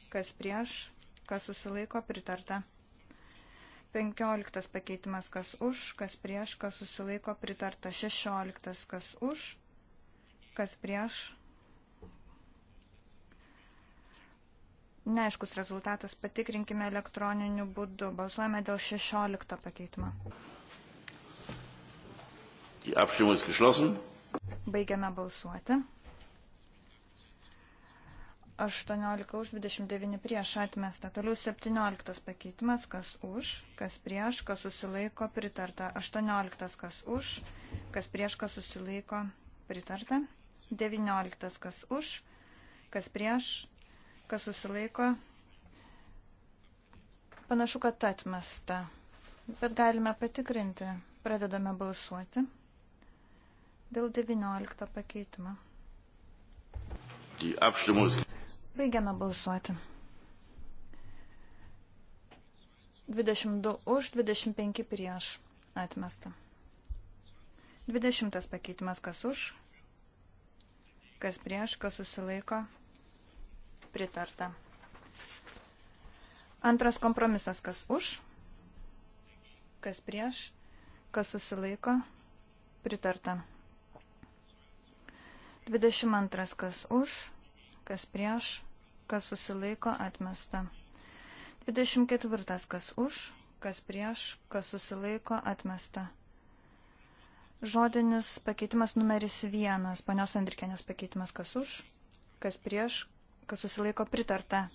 kas prieš, kas susilaiko pritarta. 15 pakeitimas kas už, kas prieš, kas susilaiko pritarta. 16 kas už, kas prieš, Neaiškus rezultatas patikrinkime elektroniniu būdu. Balsuojame dėl 16 pakeitimo. Baigiame balsuoti. 18 už 29 prieš atmesta. Toliau 17 pakeitimas, kas už, kas prieš, kas susilaiko, pritarta. 18 kas už, kas prieš, kas susilaiko, pritarta. 19 kas už, kas prieš, kas susilaiko. Panašu, kad atmesta, bet galime patikrinti. Pradedame balsuoti dėl 19 pakeitimo. Baigiame balsuoti. 22 už, 25 prieš atmesta. 20 pakeitimas kas už, kas prieš, kas susilaiko pritarta. Antras kompromisas, kas už, kas prieš, kas susilaiko, pritarta. 22, kas už, kas prieš, kas susilaiko, atmesta. 24, kas už, kas prieš, kas susilaiko, atmesta. Žodinis pakeitimas numeris vienas, panios Andrikenės pakeitimas, kas už, kas prieš, kas susilaiko pritarta.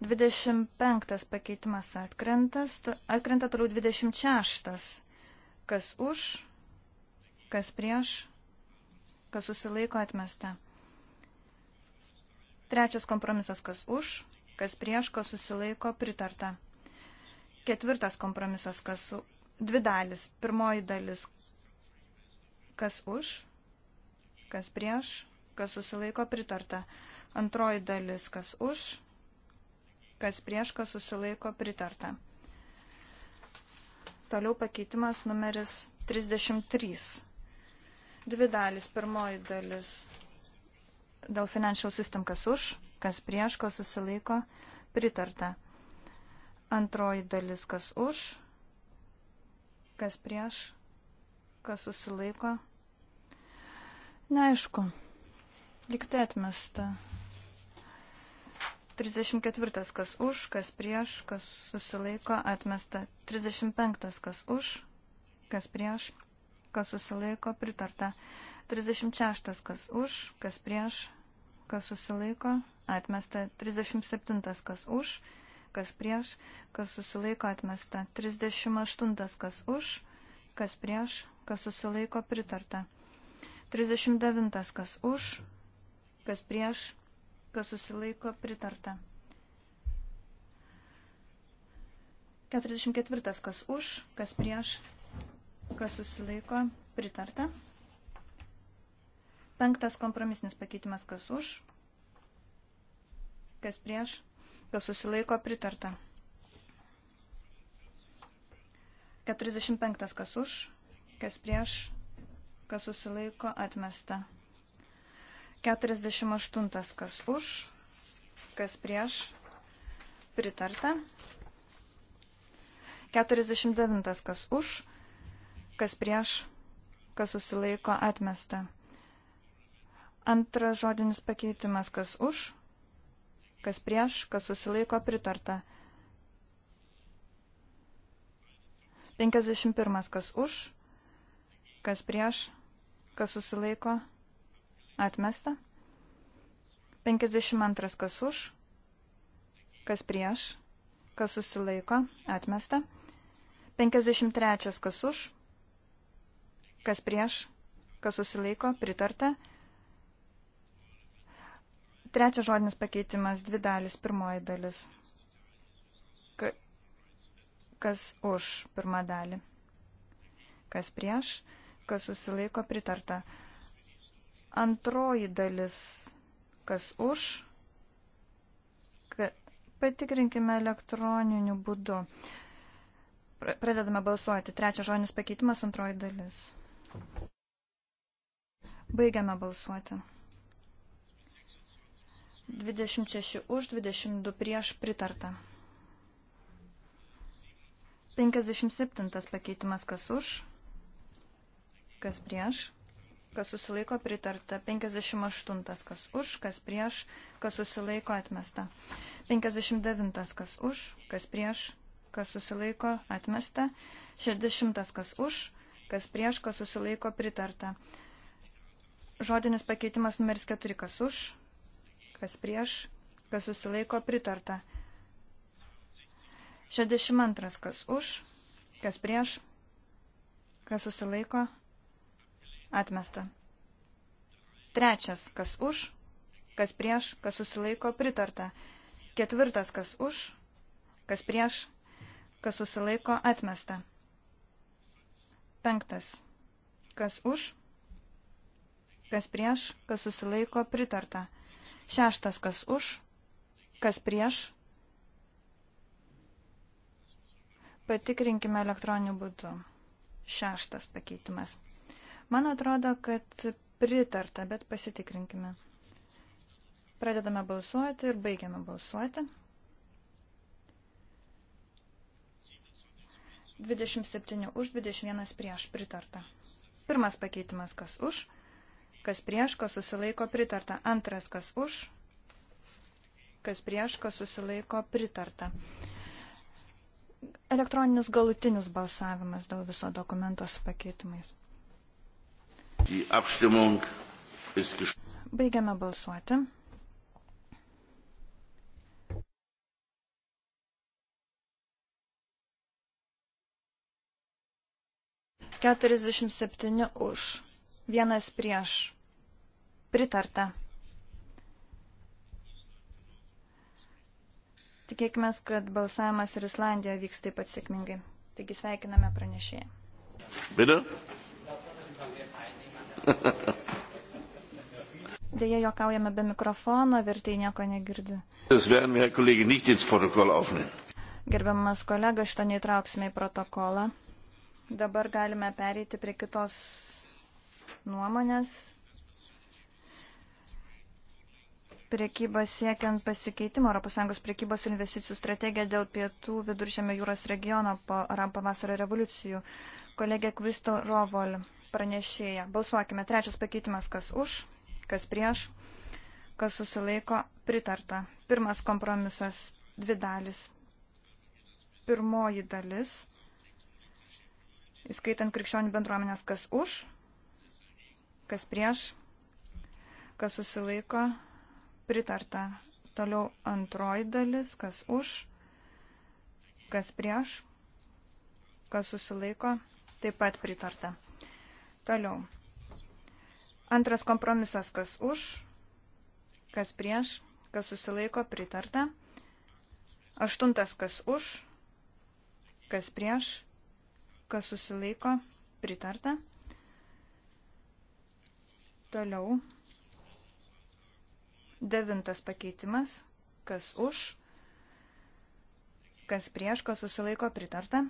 25 pakeitimas atkrentas, atkrenta toliau 26. Kas už, kas prieš, kas susilaiko atmesta. Trečias kompromisas, kas už, kas prieš, kas susilaiko pritarta. Ketvirtas kompromisas, kas su... Dvi dalis. Pirmoji dalis, kas už, kas prieš, kas susilaiko pritarta. Antroji dalis, kas už, kas prieš, kas susilaiko pritarta. Toliau pakeitimas numeris 33. Dvi dalis. Pirmoji dalis dėl financial system, kas už, kas prieš, kas susilaiko pritarta. Antroji dalis, kas už, kas prieš, kas susilaiko. Neaišku, liktai atmesta. 34. Kas už, kas prieš, kas susilaiko, atmesta. 35. Kas už, kas prieš, kas susilaiko, pritarta. 36. Kas už, kas prieš, kas susilaiko, atmesta. 37. Kas už, kas prieš, kas susilaiko, atmesta. 38. Kas už, kas prieš, kas susilaiko, pritarta. 39. Kas už, kas prieš, kas susilaiko pritarta. 44. Kas už, kas prieš, kas susilaiko pritarta. Penktas kompromisinis pakeitimas kas už, kas prieš, kas susilaiko pritarta. 45. Kas už, kas prieš, kas susilaiko atmesta. 48. Kas už, kas prieš, pritarta. 49. Kas už, kas prieš, kas susilaiko, atmesta. Antras žodinis pakeitimas, kas už, kas prieš, kas susilaiko, pritarta. 51. Kas už, kas prieš, kas susilaiko, pritarta Atmesta. 52 kas už, kas prieš, kas susilaiko, atmesta. 53 kas už, kas prieš, kas susilaiko, pritarta. Trečias žodinis pakeitimas, dvi dalis, pirmoji dalis. Ka, kas už pirmą dalį, kas prieš, kas susilaiko, pritarta. Antroji dalis, kas už, patikrinkime elektroniniu būdu. Pradedame balsuoti. Trečias žodinis pakeitimas, antroji dalis. Baigiame balsuoti. 26 už, 22 prieš pritarta. 57 pakeitimas kas už, kas prieš, kas susilaiko pritarta, 58 kas už, kas prieš, kas susilaiko atmesta, 59 kas už, kas prieš, kas susilaiko atmesta, 60 kas už, kas prieš, kas susilaiko pritarta. Žodinis pakeitimas numeris 4 kas už, kas prieš, kas susilaiko pritarta. 62 kas už, kas prieš, kas susilaiko atmesta Atmesta. Trečias, kas už, kas prieš, kas susilaiko, pritarta. Ketvirtas, kas už, kas prieš, kas susilaiko, atmesta. Penktas, kas už, kas prieš, kas susilaiko, pritarta. Šeštas, kas už, kas prieš. Patikrinkime elektroniniu būdu. Šeštas pakeitimas. Man atrodo, kad pritarta, bet pasitikrinkime. Pradedame balsuoti ir baigiame balsuoti. 27 už, 21 prieš pritarta. Pirmas pakeitimas, kas už, kas prieš, kas susilaiko pritarta. Antras, kas už, kas prieš, kas susilaiko pritarta. Elektroninis galutinis balsavimas dėl viso dokumento su pakeitimais. Baigiame balsuoti. Keturiasdešimt septyni už, vienas prieš. Pritarta. Tikėkime, kad balsavimas ir Islandijoje vyks taip pat sėkmingai. Taigi sveikiname pranešėją. Bitte? Deja, jokaujame be mikrofono, vertai nieko negirdi. Gerbiamas kolega, šitą neįtrauksime į protokolą. Dabar galime pereiti prie kitos nuomonės. Priekyba siekiant pasikeitimo ES priekybos investicijų strategija dėl pietų viduržėmio jūros regiono po Rampo vasario revoliucijų. Kolegė Kvisto Rovol pranešėja. Balsuokime. Trečias pakeitimas, kas už, kas prieš, kas susilaiko, pritarta. Pirmas kompromisas, dvi dalis. Pirmoji dalis, įskaitant krikščionių bendruomenės, kas už, kas prieš, kas susilaiko, pritarta. Toliau antroji dalis, kas už, kas prieš, kas susilaiko, taip pat pritarta. Toliau. Antras kompromisas, kas už, kas prieš, kas susilaiko, pritarta. Aštuntas, kas už, kas prieš, kas susilaiko, pritarta. Toliau. Devintas pakeitimas, kas už, kas prieš, kas susilaiko, pritarta.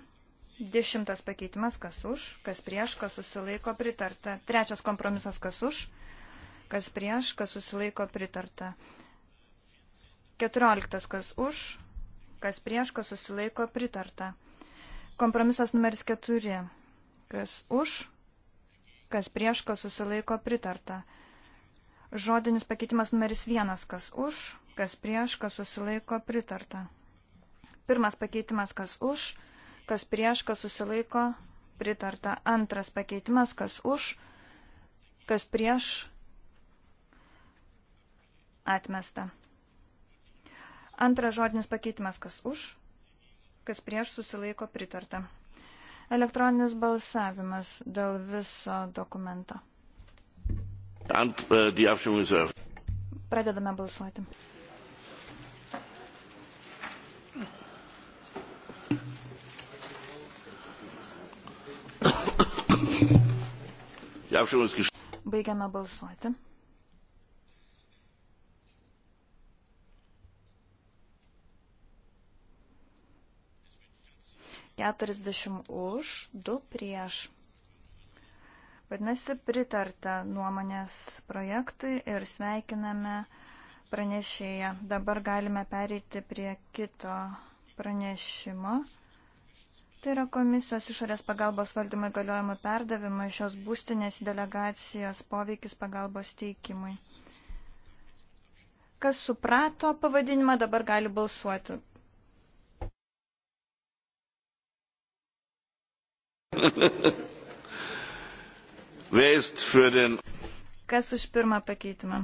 Dešimtas pakeitimas, kas už, kas prieš, kas susilaiko pritarta. Trečias kompromisas, kas už, kas prieš, kas susilaiko pritarta. Keturioliktas, kas už, kas prieš, kas susilaiko pritarta. Kompromisas numeris keturi, kas už, kas prieš, kas susilaiko pritarta. Žodinis pakeitimas numeris vienas, kas už, kas prieš, kas susilaiko pritarta. Pirmas pakeitimas, kas už, kas prieš, kas susilaiko, pritarta. Antras pakeitimas, kas už, kas prieš, atmesta. Antras žodinis pakeitimas, kas už, kas prieš, susilaiko, pritarta. Elektroninis balsavimas dėl viso dokumento. Uh, Pradedame balsuoti. Baigiame balsuoti. Keturiasdešimt už, du prieš. Vadinasi, pritarta nuomonės projektui ir sveikiname pranešėją. Dabar galime pereiti prie kito pranešimo. Tai yra komisijos išorės pagalbos valdymo įgaliojimo perdavimą šios būstinės delegacijos poveikis pagalbos teikimui. Kas suprato pavadinimą, dabar gali balsuoti. Kas už pirmą pakeitimą?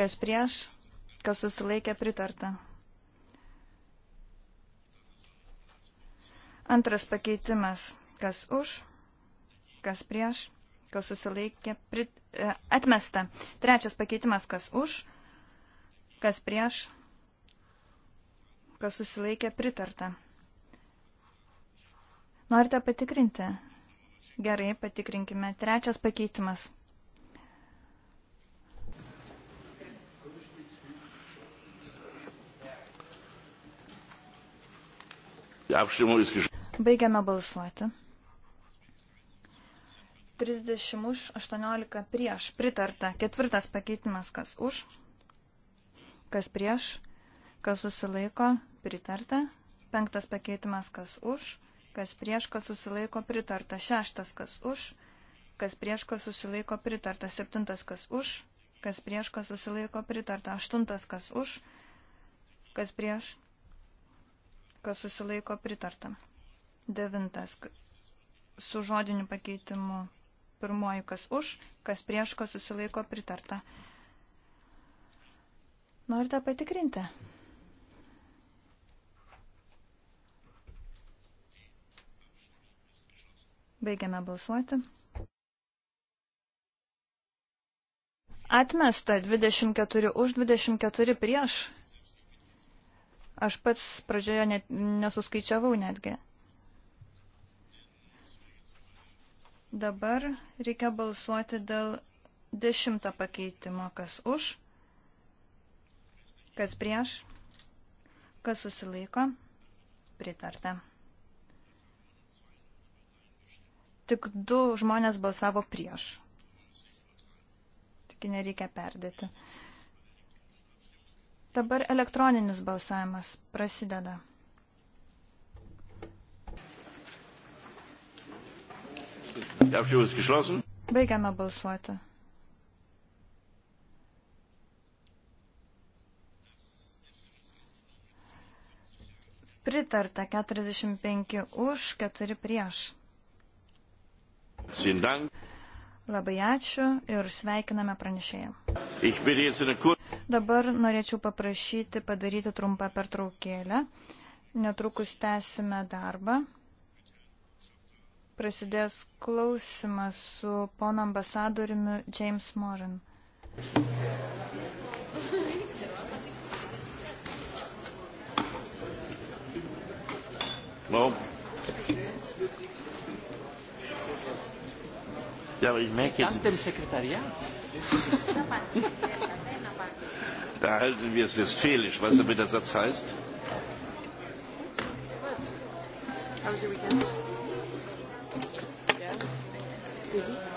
Kas prieš? Kas susilaikė pritarta? Antras pakeitimas, kas už, kas prieš, kas susilaikė, prit, e, atmesta. Trečias pakeitimas, kas už, kas prieš, kas susilaikė, pritarta. Norite patikrinti? Gerai, patikrinkime. Trečias pakeitimas. Die Abstimmung ist geschlossen. Baigiame balsuoti. 30 už, 18 prieš. Pritarta. Ketvirtas pakeitimas, kas už, kas prieš, kas susilaiko, pritarta. Penktas pakeitimas, kas už, kas prieš, kas susilaiko, pritarta. Šeštas, kas už, kas prieš, kas susilaiko, pritarta. Septintas, kas už, kas prieš, kas susilaiko, pritarta. Aštuntas, kas už, kas prieš, kas susilaiko, pritarta. Devintas su žodiniu pakeitimu. Pirmoji, kas už, kas prieš, kas susilaiko pritarta. Norite patikrinti? Baigiame balsuoti. Atmesta 24 už 24 prieš. Aš pats pradžioje net, nesuskaičiavau netgi. Dabar reikia balsuoti dėl dešimto pakeitimo. Kas už, kas prieš, kas susilaiko, pritarta. Tik du žmonės balsavo prieš. Tik nereikia perdėti. Dabar elektroninis balsavimas prasideda. Baigiame balsuoti. Pritarta 45 už, 4 prieš. Labai ačiū ir sveikiname pranešėją. Dabar norėčiau paprašyti padaryti trumpą pertraukėlę. Netrukus tęsime darbą prasidės klausimas su pono ambasadoriumi James Moran. No. Ja, aber ich merke jetzt. Dank dem Sekretariat. da halten wir es westfälisch. Weißt du, wie der Satz heißt? How was your weekend? ir mhm.